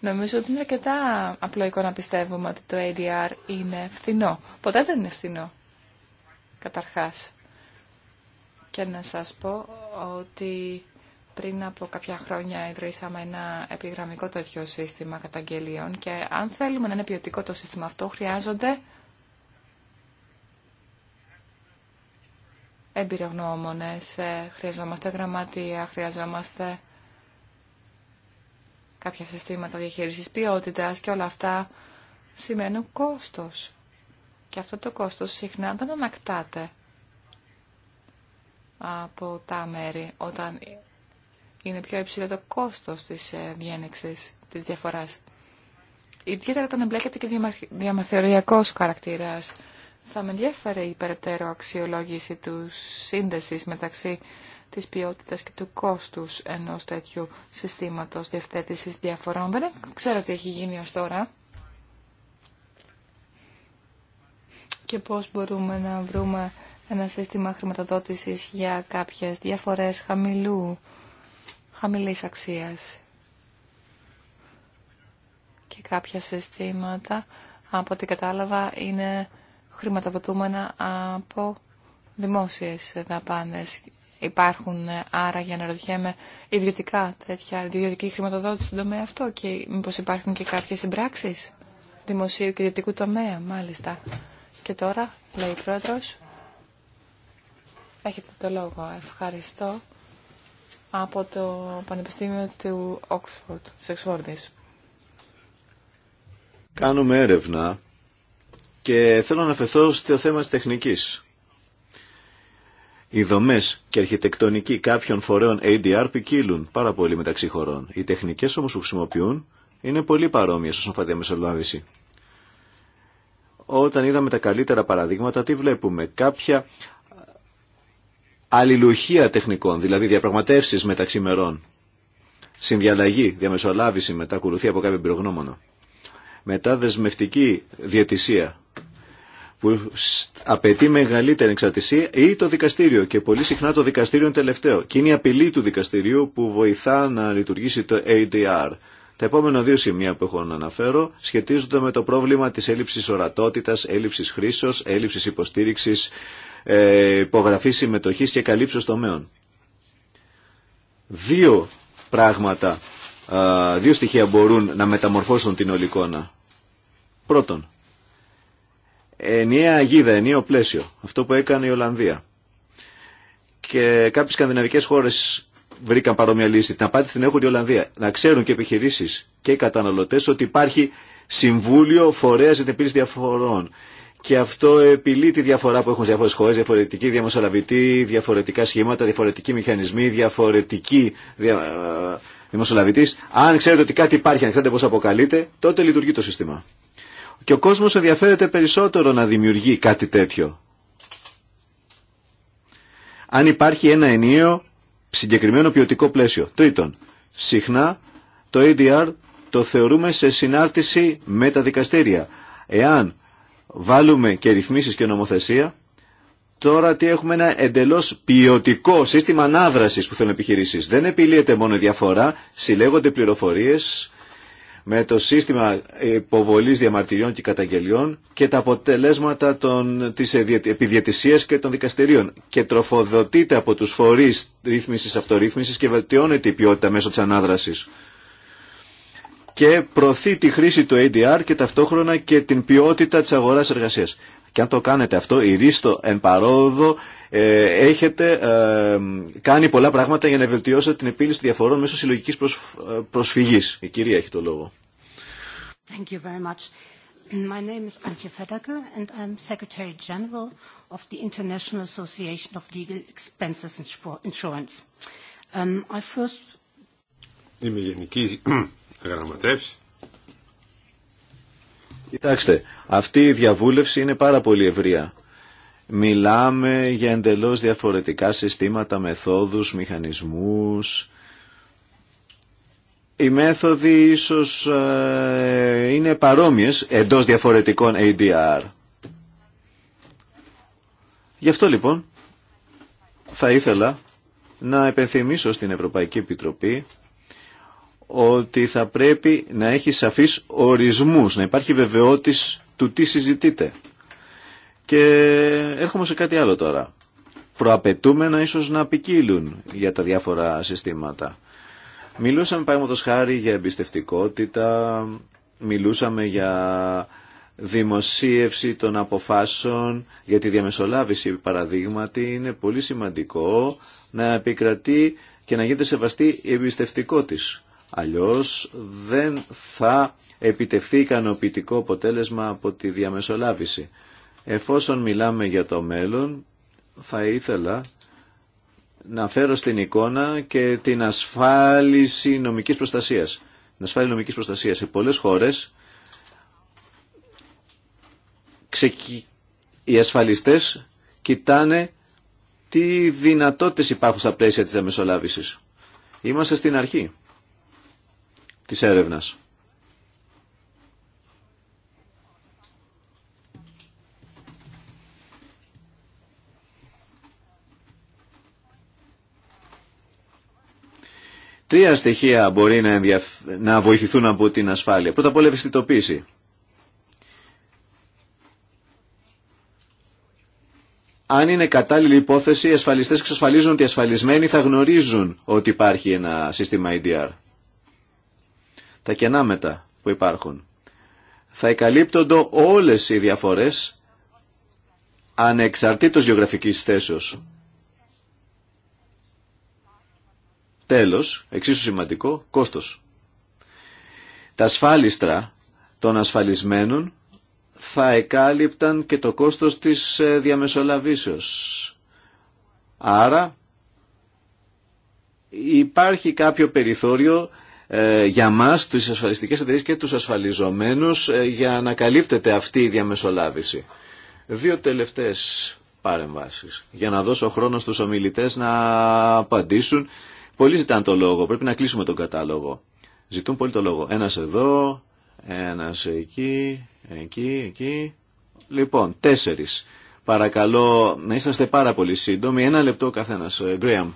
Νομίζω ότι είναι αρκετά απλοϊκό να πιστεύουμε ότι το ADR είναι φθηνό. Ποτέ δεν είναι φθηνό, καταρχάς. Και να σας πω ότι πριν από κάποια χρόνια ιδρύσαμε ένα επιγραμμικό τέτοιο σύστημα καταγγελίων και αν θέλουμε να είναι ποιοτικό το σύστημα αυτό χρειάζονται εμπειρογνώμονες, ε, χρειαζόμαστε γραμματεία, χρειαζόμαστε κάποια συστήματα διαχείρισης ποιότητας και όλα αυτά σημαίνουν κόστος. Και αυτό το κόστος συχνά δεν ανακτάται από τα μέρη όταν είναι πιο υψηλό το κόστος της ε, διένεξης, της διαφοράς. Ιδιαίτερα όταν εμπλέκεται και διαμαθεωριακό χαρακτήρας. Θα με ενδιαφέρει η περαιτέρω αξιολόγηση του σύνδεσης μεταξύ της ποιότητα και του κόστους ενός τέτοιου συστήματο διευθέτησης διαφορών. Δεν ξέρω τι έχει γίνει ω τώρα. Και πώς μπορούμε να βρούμε ένα σύστημα χρηματοδότησης για κάποιες διαφορές χαμηλού χαμηλής αξίας και κάποια συστήματα από ό,τι κατάλαβα είναι χρηματοδοτούμενα από δημόσιες δαπάνες. Υπάρχουν άρα για να ρωτιέμαι ιδιωτικά τέτοια ιδιωτική χρηματοδότηση στον τομέα αυτό και μήπως υπάρχουν και κάποιες συμπράξεις δημοσίου και ιδιωτικού τομέα μάλιστα. Και τώρα λέει η πρόεδρος. Έχετε το λόγο. Ευχαριστώ από το Πανεπιστήμιο του Oxford, της Εξφόρδης. Κάνουμε έρευνα και θέλω να αναφερθώ στο θέμα της τεχνικής. Οι δομές και αρχιτεκτονική κάποιων φορέων ADR ποικίλουν πάρα πολύ μεταξύ χωρών. Οι τεχνικές όμω που χρησιμοποιούν είναι πολύ παρόμοιε όσον αφορά τη μεσολάβηση. Όταν είδαμε τα καλύτερα παραδείγματα, τι βλέπουμε. Κάποια αλληλουχία τεχνικών, δηλαδή διαπραγματεύσει μεταξύ μερών, συνδιαλλαγή, διαμεσολάβηση μετά ακολουθεί από κάποιο εμπειρογνώμονο, Μετά δεσμευτική διαιτησία που απαιτεί μεγαλύτερη εξαρτησία ή το δικαστήριο και πολύ συχνά το δικαστήριο είναι τελευταίο και είναι η απειλή του δικαστηρίου που βοηθά να λειτουργήσει το ADR. Τα επόμενα δύο σημεία που έχω να αναφέρω σχετίζονται με το πρόβλημα της έλλειψης ορατότητας, έλλειψης χρήσεως, έλλειψης υποστήριξης ε, υπογραφή συμμετοχής και καλύψεως τομέων. Δύο πράγματα, δύο στοιχεία μπορούν να μεταμορφώσουν την ολικόνα εικόνα. Πρώτον, ενιαία αγίδα, ενιαίο πλαίσιο, αυτό που έκανε η Ολλανδία. Και κάποιες σκανδιναβικές χώρες βρήκαν παρόμοια λύση. Την απάντηση την έχουν η Ολλανδία. Να ξέρουν και επιχειρήσεις και οι καταναλωτές ότι υπάρχει Συμβούλιο Φορέας για την Διαφορών και αυτό επιλύει τη διαφορά που έχουν διάφορε χώρε, διαφορετική διαμοσολαβητή, διαφορετικά σχήματα, διαφορετικοί μηχανισμοί, διαφορετική δια... Αν ξέρετε ότι κάτι υπάρχει, αν ξέρετε πώ αποκαλείται, τότε λειτουργεί το σύστημα. Και ο κόσμο ενδιαφέρεται περισσότερο να δημιουργεί κάτι τέτοιο. Αν υπάρχει ένα ενίο συγκεκριμένο ποιοτικό πλαίσιο. Τρίτον, συχνά το ADR το θεωρούμε σε συνάρτηση με τα δικαστήρια. Εάν βάλουμε και ρυθμίσεις και νομοθεσία, τώρα τι έχουμε ένα εντελώς ποιοτικό σύστημα ανάδρασης που θέλουν επιχειρήσεις. Δεν επιλύεται μόνο η διαφορά, συλλέγονται πληροφορίες με το σύστημα υποβολής διαμαρτυριών και καταγγελιών και τα αποτελέσματα των, της επιδιατησίας και των δικαστηρίων και τροφοδοτείται από τους φορείς ρύθμισης αυτορύθμισης και βελτιώνεται η ποιότητα μέσω της ανάδρασης και προωθεί τη χρήση του ADR και ταυτόχρονα και την ποιότητα της αγοράς εργασίας. Και αν το κάνετε αυτό, η Ρίστο εν παρόδο ε, έχετε ε, κάνει πολλά πράγματα για να βελτιώσετε την επίλυση διαφορών μέσω συλλογικής ε, προσφυγής. Η κυρία έχει το λόγο. Thank you very much. My name is Antje Federke and I'm Secretary General of the International Association of Legal Expenses Insurance. Um, I first... Είμαι γενική γραμματεύσει. Κοιτάξτε, αυτή η διαβούλευση είναι πάρα πολύ ευρεία. Μιλάμε για εντελώς διαφορετικά συστήματα, μεθόδους, μηχανισμούς. Οι μέθοδοι ίσως ε, είναι παρόμοιες εντός διαφορετικών ADR. Γι' αυτό λοιπόν θα ήθελα να επενθυμίσω στην Ευρωπαϊκή Επιτροπή ότι θα πρέπει να έχει σαφείς ορισμούς, να υπάρχει βεβαιότης του τι συζητείτε. Και έρχομαι σε κάτι άλλο τώρα. Προαπαιτούμενα ίσως να ποικίλουν για τα διάφορα συστήματα. Μιλούσαμε το χάρη για εμπιστευτικότητα, μιλούσαμε για δημοσίευση των αποφάσεων για τη διαμεσολάβηση παραδείγματι είναι πολύ σημαντικό να επικρατεί και να γίνεται σεβαστή η εμπιστευτικό Αλλιώς δεν θα επιτευχθεί ικανοποιητικό αποτέλεσμα από τη διαμεσολάβηση. Εφόσον μιλάμε για το μέλλον, θα ήθελα να φέρω στην εικόνα και την ασφάλιση νομικής προστασίας. Την ασφάλιση νομικής προστασίας σε πολλές χώρες οι ασφαλιστές κοιτάνε τι δυνατότητες υπάρχουν στα πλαίσια της διαμεσολάβησης. Είμαστε στην αρχή της Τρία στοιχεία μπορεί να, να βοηθηθούν από την ασφάλεια. Πρώτα απ' όλα ευαισθητοποίηση. Αν είναι κατάλληλη υπόθεση, οι ασφαλιστές εξασφαλίζουν ότι οι ασφαλισμένοι θα γνωρίζουν ότι υπάρχει ένα σύστημα IDR τα κενά μετά που υπάρχουν. Θα εκαλύπτονται όλες οι διαφορές ανεξαρτήτως γεωγραφικής θέσεως. Τέλος, εξίσου σημαντικό, κόστος. Τα ασφάλιστρα των ασφαλισμένων θα εκάλυπταν και το κόστος της ε, διαμεσολαβήσεως. Άρα υπάρχει κάποιο περιθώριο ε, για μας, τις ασφαλιστικές εταιρείες και τους ασφαλιζομένους ε, για να καλύπτεται αυτή η διαμεσολάβηση. Δύο τελευταίες παρεμβάσεις για να δώσω χρόνο στους ομιλητές να απαντήσουν. Πολλοί ζητάνε το λόγο, πρέπει να κλείσουμε τον κατάλογο. Ζητούν πολύ το λόγο. Ένας εδώ, ένας εκεί, εκεί, εκεί. Λοιπόν, τέσσερις. Παρακαλώ να είσαστε πάρα πολύ σύντομοι. Ένα λεπτό ο καθένας. Γκρέαμ.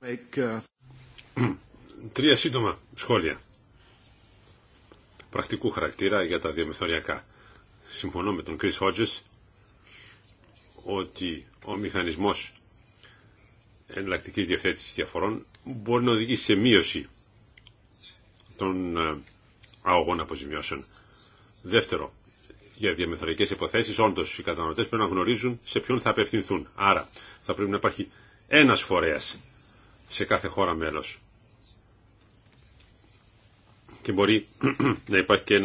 Ε, Τρία σύντομα σχόλια πρακτικού χαρακτήρα για τα διαμεθοριακά. Συμφωνώ με τον Chris Hodges ότι ο μηχανισμός εναλλακτικής διευθέτησης διαφορών μπορεί να οδηγήσει σε μείωση των ε, αγωγών αποζημιώσεων. Δεύτερο, για διαμεθοριακές υποθέσεις, όντως οι καταναλωτέ πρέπει να γνωρίζουν σε ποιον θα απευθυνθούν. Άρα θα πρέπει να υπάρχει ένας φορέας σε κάθε χώρα μέλος και μπορεί να υπάρχει και,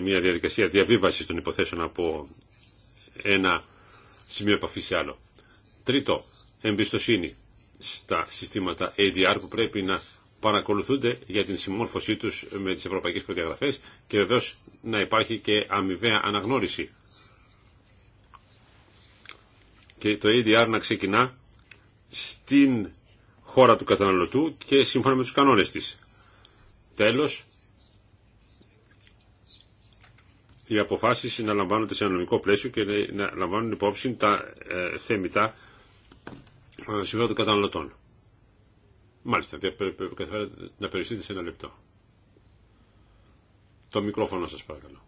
μια διαδικασία διαβίβαση των υποθέσεων από ένα σημείο επαφή σε άλλο. Τρίτο, εμπιστοσύνη στα συστήματα ADR που πρέπει να παρακολουθούνται για την συμμόρφωσή τους με τις ευρωπαϊκές προδιαγραφές και βεβαίω να υπάρχει και αμοιβαία αναγνώριση. Και το ADR να ξεκινά στην χώρα του καταναλωτού και σύμφωνα με τους κανόνες της. Τέλος, οι αποφάσεις να λαμβάνονται σε ένα νομικό πλαίσιο και να λαμβάνουν υπόψη τα ε, θέμητα ε, των καταναλωτών. Μάλιστα, να περιστείτε σε ένα λεπτό. Το μικρόφωνο σας παρακαλώ.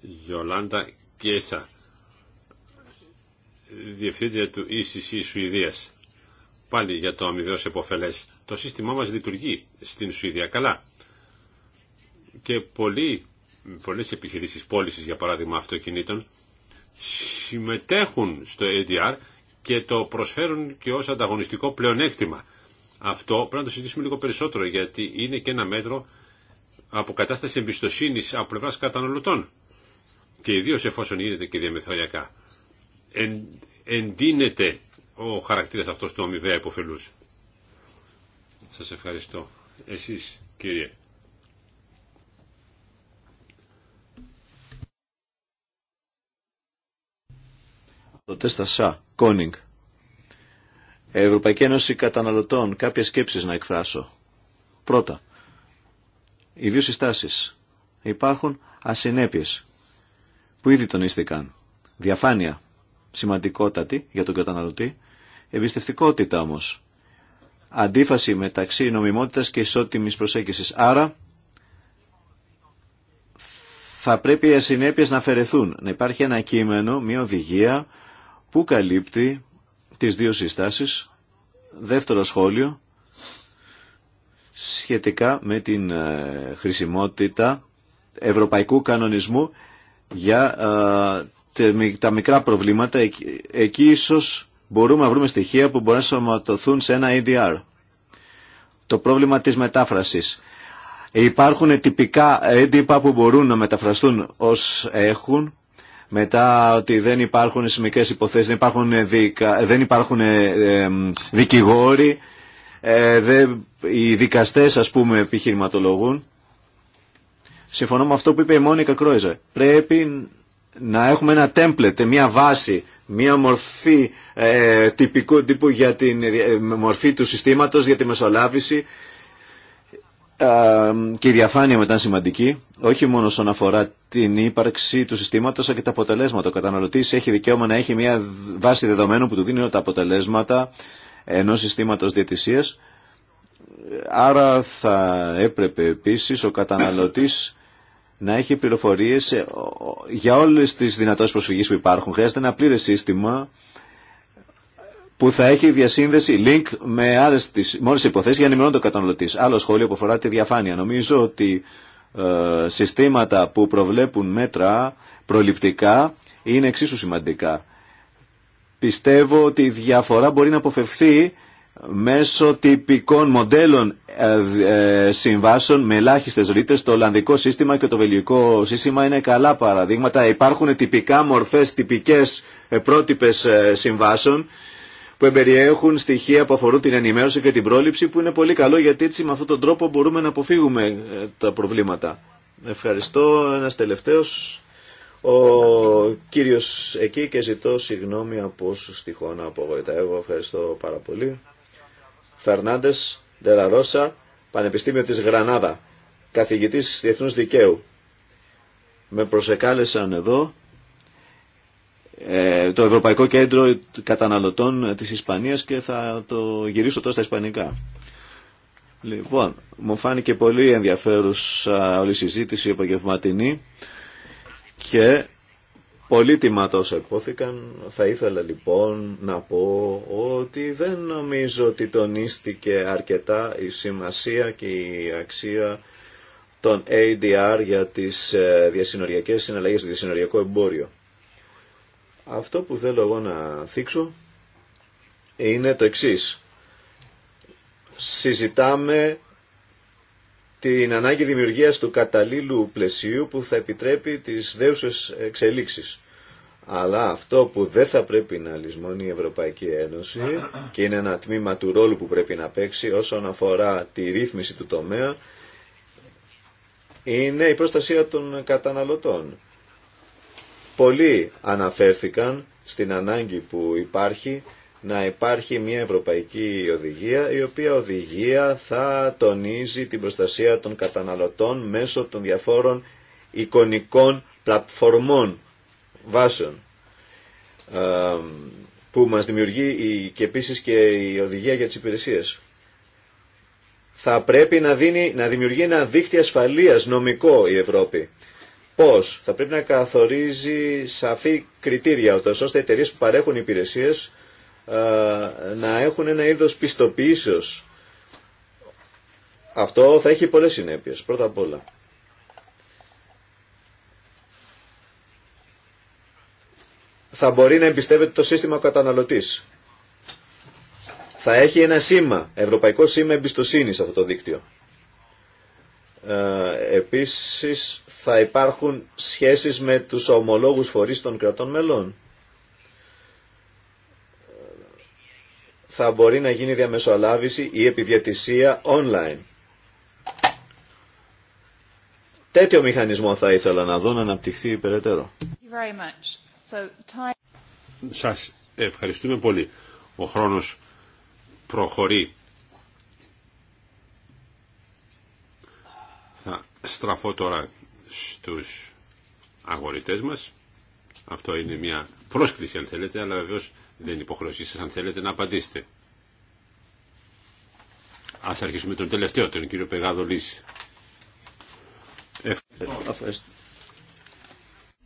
Γιολάντα Κέσα διευθύντρια του ECC Σουηδίας. Πάλι για το αμοιβαίως επωφελέ. Το σύστημά μα λειτουργεί στην Σουηδία καλά. Και πολλέ πολλές επιχειρήσεις πώληση για παράδειγμα αυτοκινήτων συμμετέχουν στο ADR και το προσφέρουν και ως ανταγωνιστικό πλεονέκτημα. Αυτό πρέπει να το συζητήσουμε λίγο περισσότερο γιατί είναι και ένα μέτρο αποκατάσταση εμπιστοσύνης από πλευράς καταναλωτών και ιδίως εφόσον γίνεται και διαμεθοριακά εν, εντείνεται ο χαρακτήρας αυτός του αμοιβαία υποφελούς. Σας ευχαριστώ. Εσείς κύριε. Το τέστα ΣΑ, Κόνιγκ. Ευρωπαϊκή Ένωση Καταναλωτών, κάποιες σκέψεις να εκφράσω. Πρώτα, οι δύο συστάσεις. Υπάρχουν ασυνέπειες που ήδη τονίστηκαν. Διαφάνεια σημαντικότατη για τον καταναλωτή. Εμπιστευτικότητα όμω. Αντίφαση μεταξύ νομιμότητα και ισότιμη προσέγγισης. Άρα θα πρέπει οι ασυνέπειες να αφαιρεθούν. Να υπάρχει ένα κείμενο, μια οδηγία που καλύπτει τις δύο συστάσεις. Δεύτερο σχόλιο σχετικά με την ε, χρησιμότητα ευρωπαϊκού κανονισμού για ε, τα μικρά προβλήματα, εκεί ίσως μπορούμε να βρούμε στοιχεία που μπορούν να σωματωθούν σε ένα EDR. Το πρόβλημα της μετάφρασης. Υπάρχουν τυπικά έντυπα που μπορούν να μεταφραστούν ως έχουν, μετά ότι δεν υπάρχουν σημικές υποθέσεις, δεν υπάρχουν, ε, δικα, δεν ε, δικηγόροι, ε, δεν, οι δικαστές ας πούμε επιχειρηματολογούν. Συμφωνώ με αυτό που είπε η Μόνικα Κρόιζα. Πρέπει να έχουμε ένα template, μια βάση, μια μορφή ε, τυπικού τύπου για την ε, μορφή του συστήματος για τη μεσολάβηση ε, και η διαφάνεια μετά σημαντική, όχι μόνο όσον αφορά την ύπαρξη του συστήματος αλλά και τα αποτελέσματα. Ο καταναλωτής έχει δικαίωμα να έχει μια βάση δεδομένων που του δίνει όλα τα αποτελέσματα ενός συστήματος διατησίας Άρα θα έπρεπε επίσης ο καταναλωτής να έχει πληροφορίες ε, για όλες τις δυνατότητε προσφυγή που υπάρχουν. Χρειάζεται ένα πλήρε σύστημα που θα έχει διασύνδεση link με άλλες τις μόνε υποθέσεις για να ενημερώνει το καταναλωτή. Άλλο σχόλιο που αφορά τη διαφάνεια. Νομίζω ότι ε, συστήματα που προβλέπουν μέτρα προληπτικά είναι εξίσου σημαντικά. Πιστεύω ότι η διαφορά μπορεί να αποφευθεί μέσω τυπικών μοντέλων ε, ε, συμβάσεων με ελάχιστε ρήτε, Το Ολλανδικό σύστημα και το Βελγικό σύστημα είναι καλά παραδείγματα. Υπάρχουν τυπικά μορφέ, τυπικέ ε, πρότυπε συμβάσεων που εμπεριέχουν στοιχεία που αφορούν την ενημέρωση και την πρόληψη που είναι πολύ καλό γιατί έτσι με αυτόν τον τρόπο μπορούμε να αποφύγουμε τα προβλήματα. Ευχαριστώ. Ένας τελευταίος ο κύριος εκεί και ζητώ συγγνώμη από όσους τυχόν απογοητεύω. Ευχαριστώ πάρα πολύ. Φερνάντε Ντελαρόσα, Πανεπιστήμιο τη Γρανάδα, καθηγητή διεθνού δικαίου. Με προσεκάλεσαν εδώ ε, το Ευρωπαϊκό Κέντρο Καταναλωτών της Ισπανίας και θα το γυρίσω τώρα στα Ισπανικά. Λοιπόν, μου φάνηκε πολύ ενδιαφέρουσα όλη η συζήτηση απογευματινή και Πολύ τόσο υπόθηκαν. Θα ήθελα λοιπόν να πω ότι δεν νομίζω ότι τονίστηκε αρκετά η σημασία και η αξία των ADR για τις ε, διασυνοριακές συναλλαγές, στο διασυνοριακό εμπόριο. Αυτό που θέλω εγώ να θίξω είναι το εξής. Συζητάμε την ανάγκη δημιουργίας του καταλήλου πλαισίου που θα επιτρέπει τις δέουσες εξελίξεις. Αλλά αυτό που δεν θα πρέπει να λησμονεί η Ευρωπαϊκή Ένωση και είναι ένα τμήμα του ρόλου που πρέπει να παίξει όσον αφορά τη ρύθμιση του τομέα είναι η προστασία των καταναλωτών. Πολλοί αναφέρθηκαν στην ανάγκη που υπάρχει να υπάρχει μια ευρωπαϊκή οδηγία η οποία οδηγία θα τονίζει την προστασία των καταναλωτών μέσω των διαφόρων εικονικών πλατφορμών βάσεων που μας δημιουργεί και επίσης και η οδηγία για τις υπηρεσίες. Θα πρέπει να, δίνει, να δημιουργεί ένα δίκτυο ασφαλείας νομικό η Ευρώπη. Πώς θα πρέπει να καθορίζει σαφή κριτήρια ώστε οι εταιρείε που παρέχουν υπηρεσίες ε, να έχουν ένα είδος πιστοποίησεως. Αυτό θα έχει πολλές συνέπειες, πρώτα απ' όλα. Θα μπορεί να εμπιστεύεται το σύστημα καταναλωτής. Θα έχει ένα σήμα, ευρωπαϊκό σήμα εμπιστοσύνης αυτό το δίκτυο. Ε, επίσης θα υπάρχουν σχέσεις με τους ομολόγους φορείς των κρατών μελών. θα μπορεί να γίνει διαμεσολάβηση ή επιδιατησία online. Τέτοιο μηχανισμό θα ήθελα να δω να αναπτυχθεί περαιτέρω. Σας ευχαριστούμε πολύ. Ο χρόνος προχωρεί. Θα στραφώ τώρα στους αγορητές μας. Αυτό είναι μια πρόσκληση αν θέλετε, αλλά βεβαίως δεν είναι υποχρέωσή σα, αν θέλετε να απαντήσετε. Ας αρχίσουμε τον τελευταίο, τον κύριο Πεγάδο Λύση. Ευχαριστώ.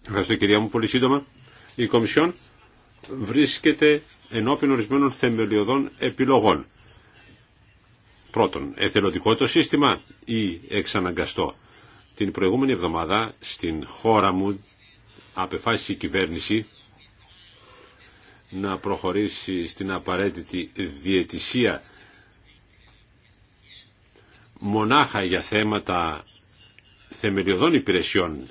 Ευχαριστώ κυρία μου πολύ σύντομα. Η Κομισιόν βρίσκεται ενώπιν ορισμένων θεμελιωδών επιλογών. Πρώτον, εθελοντικό το σύστημα ή εξαναγκαστό. Την προηγούμενη εβδομάδα στην χώρα μου απεφάσισε η κυβέρνηση να προχωρήσει στην απαραίτητη διαιτησία μονάχα για θέματα θεμελιωδών υπηρεσιών,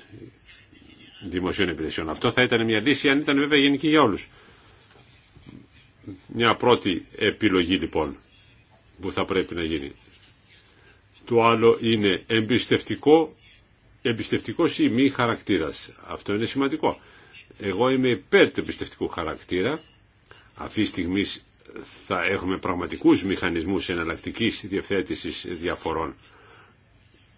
δημοσίων υπηρεσιών. Αυτό θα ήταν μια λύση αν ήταν βέβαια γενική για όλους. Μια πρώτη επιλογή λοιπόν που θα πρέπει να γίνει. Το άλλο είναι εμπιστευτικό, εμπιστευτικός ή μη χαρακτήρας. Αυτό είναι σημαντικό. Εγώ είμαι υπέρ του εμπιστευτικού χαρακτήρα. Αυτή τη στιγμή θα έχουμε πραγματικούς μηχανισμούς εναλλακτικής διευθέτησης διαφορών.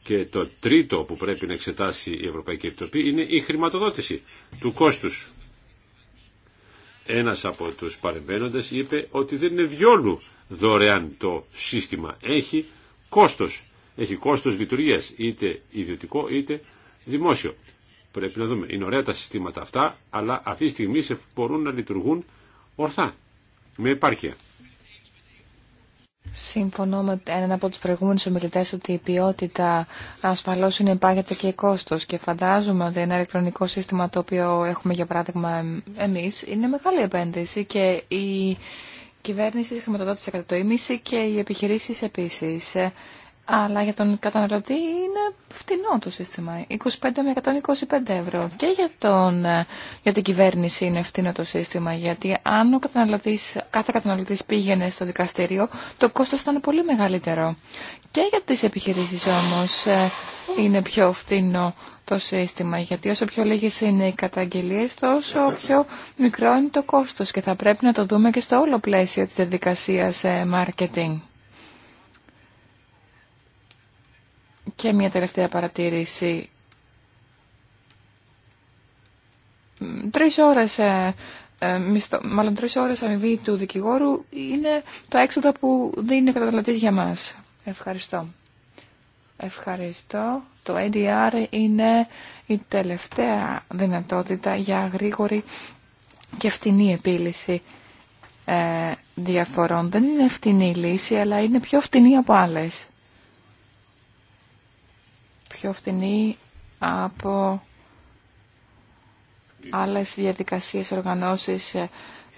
Και το τρίτο που πρέπει να εξετάσει η Ευρωπαϊκή Επιτροπή είναι η χρηματοδότηση του κόστους. Ένας από τους παρεμβαίνοντες είπε ότι δεν είναι διόλου δωρεάν το σύστημα. Έχει κόστος. Έχει κόστος λειτουργίας, είτε ιδιωτικό είτε δημόσιο. Πρέπει να δούμε. Είναι ωραία τα συστήματα αυτά, αλλά αυτή τη στιγμή μπορούν να λειτουργούν ορθά, με επάρκεια. Συμφωνώ με έναν από τους προηγούμενους ομιλητές ότι η ποιότητα ασφαλώς είναι πάγεται και κόστος και φαντάζομαι ότι ένα ηλεκτρονικό σύστημα το οποίο έχουμε για παράδειγμα εμείς είναι μεγάλη επένδυση και η κυβέρνηση χρηματοδότησε κατά το ίμιση και οι επιχειρήσεις επίσης αλλά για τον καταναλωτή είναι φτηνό το σύστημα, 25 με 125 ευρώ. Και για, τον, ε, για την κυβέρνηση είναι φτηνό το σύστημα, γιατί αν ο καταναλωτής, κάθε καταναλωτή πήγαινε στο δικαστήριο, το κόστος ήταν πολύ μεγαλύτερο. Και για τι επιχειρήσει όμω ε, είναι πιο φτηνό το σύστημα, γιατί όσο πιο λίγε είναι οι καταγγελίε, τόσο πιο μικρό είναι το κόστο. και θα πρέπει να το δούμε και στο όλο πλαίσιο τη διαδικασία ε, marketing. Και μια τελευταία παρατήρηση. Τρεις ώρες, ε, ε, μάλλον τρεις ώρες αμοιβή του δικηγόρου είναι το έξοδο που δίνει ο για μας. Ευχαριστώ. Ευχαριστώ. Το ADR είναι η τελευταία δυνατότητα για γρήγορη και φτηνή επίλυση ε, διαφορών. Δεν είναι φτηνή λύση, αλλά είναι πιο φτηνή από άλλες πιο φθηνή από άλλες διαδικασίες οργανώσεις ε,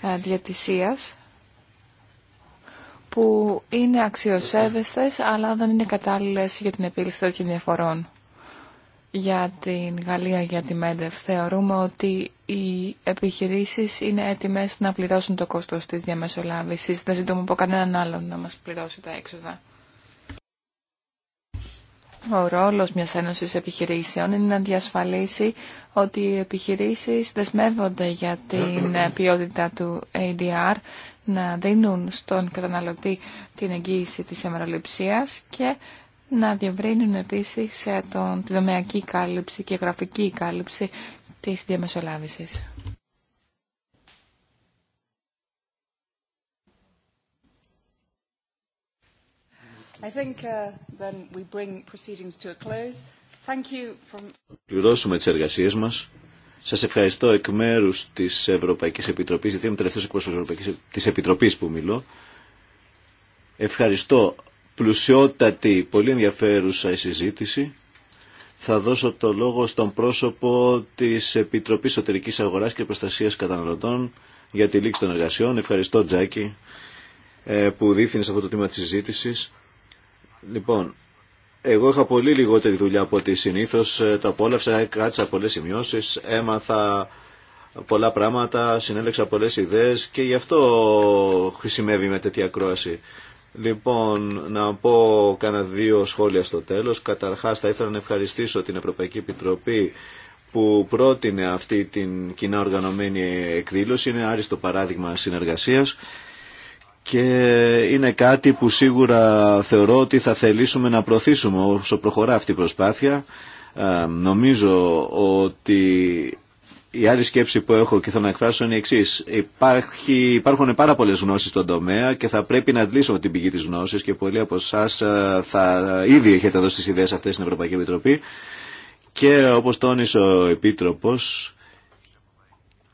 ε, διατησίας που είναι αξιοσέβεστες αλλά δεν είναι κατάλληλες για την επίλυση τέτοιων διαφορών. Για την Γαλλία, για τη Μέντεφ, θεωρούμε ότι οι επιχειρήσεις είναι έτοιμες να πληρώσουν το κόστος της διαμεσολάβησης. Δεν ζητούμε από κανέναν άλλον να μας πληρώσει τα έξοδα. Ο ρόλος μιας ένωσης επιχειρήσεων είναι να διασφαλίσει ότι οι επιχειρήσεις δεσμεύονται για την ποιότητα του ADR, να δίνουν στον καταναλωτή την εγγύηση της αιμεροληψίας και να διευρύνουν επίσης τον, την τομεακή κάλυψη και γραφική κάλυψη της διαμεσολάβησης. I Πληρώσουμε uh, τις εργασίες μας. Σας ευχαριστώ εκ μέρους της Ευρωπαϊκής Επιτροπής, γιατί είμαι τελευταίος εκπρόσωπος της Ευρωπαϊκής της Επιτροπής που μιλώ. Ευχαριστώ πλουσιότατη, πολύ ενδιαφέρουσα η συζήτηση. Θα δώσω το λόγο στον πρόσωπο της Επιτροπής Εσωτερικής Αγοράς και Προστασίας Καταναλωτών για τη λήξη των εργασιών. Ευχαριστώ Τζάκη ε, που δίθυνε σε αυτό το τμήμα της συζήτησης. Λοιπόν, εγώ είχα πολύ λιγότερη δουλειά από ό,τι συνήθω. Ε, το απόλαυσα, κράτησα πολλές σημειώσει. έμαθα πολλά πράγματα, συνέλεξα πολλές ιδέες και γι' αυτό χρησιμεύει με τέτοια ακρόαση. Λοιπόν, να πω κάνα δύο σχόλια στο τέλος. Καταρχάς θα ήθελα να ευχαριστήσω την Ευρωπαϊκή Επιτροπή που πρότεινε αυτή την κοινά οργανωμένη εκδήλωση. Είναι άριστο παράδειγμα συνεργασίας και είναι κάτι που σίγουρα θεωρώ ότι θα θελήσουμε να προωθήσουμε όσο προχωρά αυτή η προσπάθεια. νομίζω ότι η άλλη σκέψη που έχω και θέλω να εκφράσω είναι η εξή. Υπάρχουν πάρα πολλέ γνώσει στον τομέα και θα πρέπει να αντλήσουμε την πηγή τη γνώση και πολλοί από εσά θα ήδη έχετε δώσει τι ιδέε αυτέ στην Ευρωπαϊκή Επιτροπή. Και όπω τόνισε ο Επίτροπο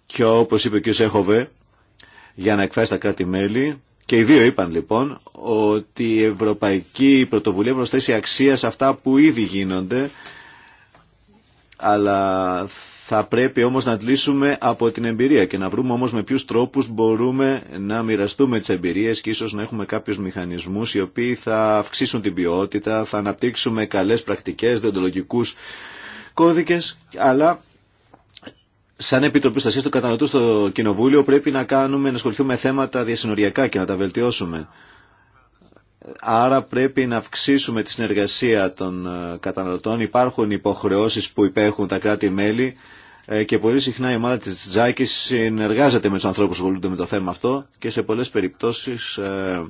και όπω είπε ο κ. Σέχοβε, για να εκφράσει τα κράτη-μέλη, και οι δύο είπαν λοιπόν ότι η Ευρωπαϊκή Πρωτοβουλία προσθέσει αξία σε αυτά που ήδη γίνονται, αλλά θα πρέπει όμως να τλήσουμε από την εμπειρία και να βρούμε όμως με ποιους τρόπους μπορούμε να μοιραστούμε τις εμπειρίες και ίσως να έχουμε κάποιους μηχανισμούς οι οποίοι θα αυξήσουν την ποιότητα, θα αναπτύξουμε καλές πρακτικές, δεντολογικούς κώδικες, αλλά σαν Επιτροπή Στασίας του Καταναλωτού στο Κοινοβούλιο πρέπει να κάνουμε, να ασχοληθούμε θέματα διασυνοριακά και να τα βελτιώσουμε. Άρα πρέπει να αυξήσουμε τη συνεργασία των ε, καταναλωτών. Υπάρχουν υποχρεώσεις που υπέχουν τα κράτη-μέλη ε, και πολύ συχνά η ομάδα της Τζάκης συνεργάζεται με τους ανθρώπους που ασχολούνται με το θέμα αυτό και σε πολλές περιπτώσεις ε,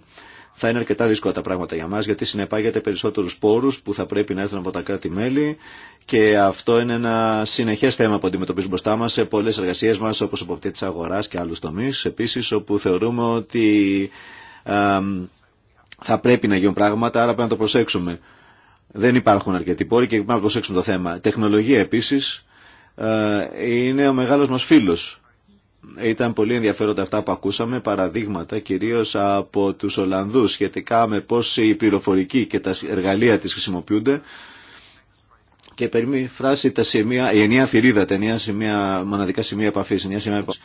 θα είναι αρκετά δύσκολα τα πράγματα για μας γιατί συνεπάγεται περισσότερους πόρους που θα πρέπει να έρθουν από τα κράτη-μέλη και αυτό είναι ένα συνεχές θέμα που αντιμετωπίζουμε μπροστά μας σε πολλές εργασίες μας όπως υποπτή της αγοράς και άλλους τομείς επίσης όπου θεωρούμε ότι α, θα πρέπει να γίνουν πράγματα άρα πρέπει να το προσέξουμε. Δεν υπάρχουν αρκετοί πόροι και πρέπει να προσέξουμε το θέμα. Τεχνολογία επίσης ε, είναι ο μεγάλος μας φίλος ήταν πολύ ενδιαφέροντα αυτά που ακούσαμε, παραδείγματα κυρίως από τους Ολλανδούς σχετικά με πώς η πληροφορική και τα εργαλεία της χρησιμοποιούνται και περιμένει φράση τα σημεία, η ενιαία θηρίδα, τα ενιαία σημεία, μοναδικά σημεία επαφής, ενιαία σημεία επαφής.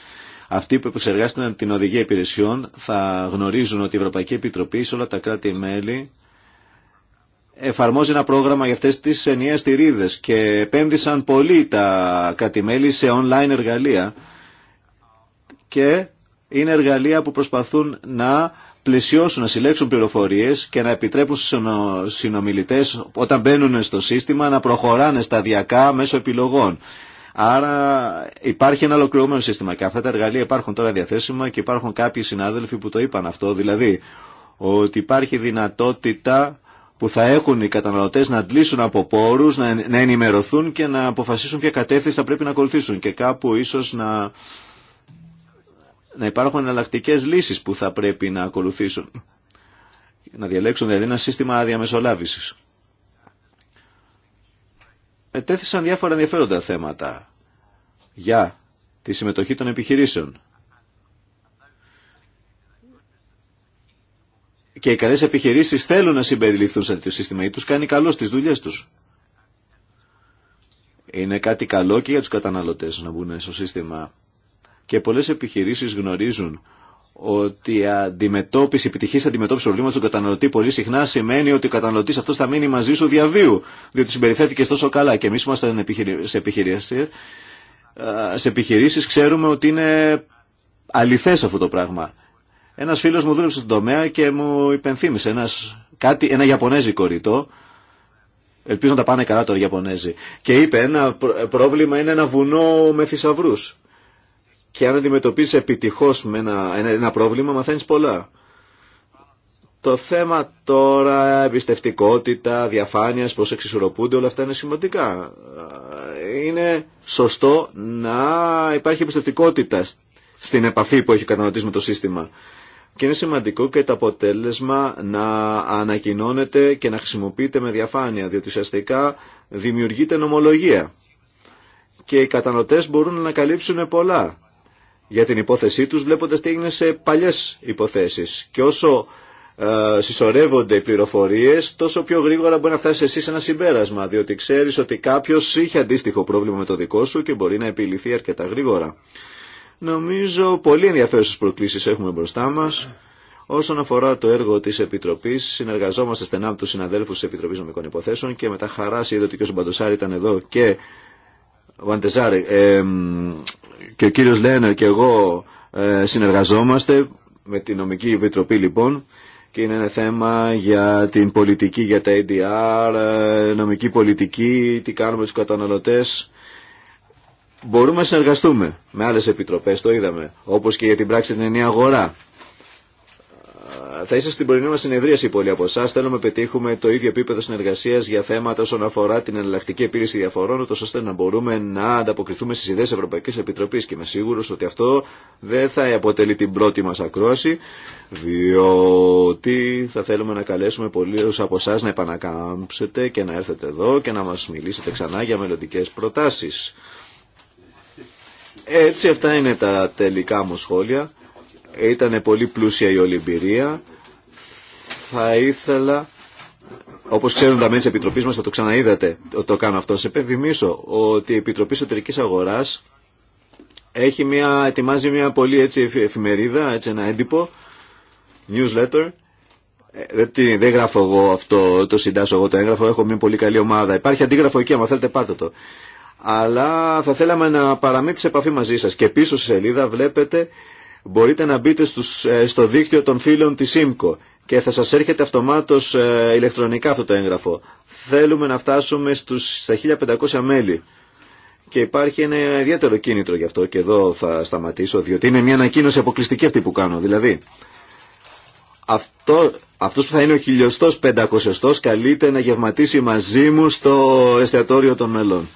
Αυτοί που επεξεργάστηκαν την οδηγία υπηρεσιών θα γνωρίζουν ότι η Ευρωπαϊκή Επιτροπή σε όλα τα κράτη-μέλη εφαρμόζει ένα πρόγραμμα για αυτές τις ενιαίες θηρίδες και επένδυσαν πολύ τα κράτη-μέλη σε online εργαλεία και είναι εργαλεία που προσπαθούν να πλαισιώσουν, να συλλέξουν πληροφορίες και να επιτρέπουν στους συνομιλητές όταν μπαίνουν στο σύστημα να προχωράνε σταδιακά μέσω επιλογών. Άρα υπάρχει ένα ολοκληρωμένο σύστημα και αυτά τα εργαλεία υπάρχουν τώρα διαθέσιμα και υπάρχουν κάποιοι συνάδελφοι που το είπαν αυτό, δηλαδή ότι υπάρχει δυνατότητα που θα έχουν οι καταναλωτέ να αντλήσουν από πόρου, να ενημερωθούν και να αποφασίσουν ποια κατεύθυνση θα πρέπει να ακολουθήσουν. Και κάπου ίσω να να υπάρχουν εναλλακτικέ λύσεις που θα πρέπει να ακολουθήσουν. Να διαλέξουν δηλαδή ένα σύστημα διαμεσολάβησης. Ετέθησαν διάφορα ενδιαφέροντα θέματα για τη συμμετοχή των επιχειρήσεων. Και οι καλές επιχειρήσεις θέλουν να συμπεριληφθούν σε τέτοιο σύστημα ή τους κάνει καλό στις δουλειές τους. Είναι κάτι καλό και για τους καταναλωτές να μπουν στο σύστημα και πολλές επιχειρήσεις γνωρίζουν ότι η αντιμετώπιση, η αντιμετώπιση προβλήματος του καταναλωτή πολύ συχνά σημαίνει ότι ο καταναλωτή αυτό θα μείνει μαζί σου διαβίου, διότι συμπεριφέρθηκε τόσο καλά και εμείς ήμασταν σε επιχειρήσει. Ε, σε επιχειρήσει ξέρουμε ότι είναι αληθές αυτό το πράγμα. Ένα φίλο μου δούλεψε στον τομέα και μου υπενθύμησε ένας, κάτι, ένα Ιαπωνέζικο ρητό, ελπίζω να τα πάνε καλά τώρα οι Ιαπωνέζοι, και είπε ένα πρόβλημα είναι ένα βουνό με θησαυρού και αν αντιμετωπίσει επιτυχώ με ένα, ένα, ένα πρόβλημα μαθαίνει πολλά. Το θέμα τώρα, εμπιστευτικότητα, διαφάνεια, πώς εξισορροπούνται, όλα αυτά είναι σημαντικά. Είναι σωστό να υπάρχει εμπιστευτικότητα στην επαφή που έχει κατανοτήσει με το σύστημα. Και είναι σημαντικό και το αποτέλεσμα να ανακοινώνεται και να χρησιμοποιείται με διαφάνεια, διότι ουσιαστικά δημιουργείται νομολογία. Και οι κατανοτές μπορούν να ανακαλύψουν πολλά για την υπόθεσή τους βλέποντας τι έγινε σε παλιές υποθέσεις. Και όσο ε, συσσωρεύονται οι πληροφορίες, τόσο πιο γρήγορα μπορεί να φτάσει εσύ σε ένα συμπέρασμα, διότι ξέρεις ότι κάποιος είχε αντίστοιχο πρόβλημα με το δικό σου και μπορεί να επιληθεί αρκετά γρήγορα. Νομίζω πολύ ενδιαφέρουσες προκλήσεις έχουμε μπροστά μας. Όσον αφορά το έργο τη Επιτροπή, συνεργαζόμαστε στενά με του συναδέλφου τη Επιτροπή Νομικών Υποθέσεων και μετά χαρά είδε ότι ο κ. ήταν εδώ και Βαντεζάρη, ε, και ο κύριος Λένερ και εγώ ε, συνεργαζόμαστε με την νομική επιτροπή λοιπόν και είναι ένα θέμα για την πολιτική, για τα ADR, ε, νομική πολιτική, τι κάνουμε τους καταναλωτές. Μπορούμε να συνεργαστούμε με άλλες επιτροπές, το είδαμε, όπως και για την πράξη την ενιαία αγορά θα είστε στην πρωινή μα συνεδρίαση πολλοί από εσά. Θέλουμε να πετύχουμε το ίδιο επίπεδο συνεργασία για θέματα όσον αφορά την εναλλακτική επίλυση διαφορών, ώστε να μπορούμε να ανταποκριθούμε στι ιδέε Ευρωπαϊκή Επιτροπή. Και είμαι σίγουρο ότι αυτό δεν θα αποτελεί την πρώτη μα ακρόαση, διότι θα θέλουμε να καλέσουμε πολλού από εσά να επανακάμψετε και να έρθετε εδώ και να μα μιλήσετε ξανά για μελλοντικέ προτάσει. Έτσι, αυτά είναι τα τελικά μου σχόλια. Ήταν πολύ πλούσια η όλη εμπειρία. Θα ήθελα, όπω ξέρουν τα μέλη τη Επιτροπής μας, θα το ξαναείδατε, το κάνω αυτό. Σε επενδυμίσω ότι η Επιτροπή Εσωτερικής αγορά έχει μια, ετοιμάζει μια πολύ έτσι εφημερίδα, έτσι ένα έντυπο, newsletter. Ε, δεν, δεν γράφω εγώ αυτό, το συντάσω εγώ το έγγραφο, έχω μια πολύ καλή ομάδα. Υπάρχει αντίγραφο εκεί, άμα θέλετε πάρτε το. Αλλά θα θέλαμε να παραμείνετε σε επαφή μαζί σα. Και πίσω στη σελίδα βλέπετε, μπορείτε να μπείτε στους, ε, στο δίκτυο των φίλων τη ΣΥΜΚΟ και θα σας έρχεται αυτομάτως ε, ηλεκτρονικά αυτό το έγγραφο. Θέλουμε να φτάσουμε στους, στα 1500 μέλη. Και υπάρχει ένα ιδιαίτερο κίνητρο γι' αυτό και εδώ θα σταματήσω, διότι είναι μια ανακοίνωση αποκλειστική αυτή που κάνω. Δηλαδή, αυτό, αυτός που θα είναι ο χιλιοστός καλείται να γευματίσει μαζί μου στο εστιατόριο των μελών.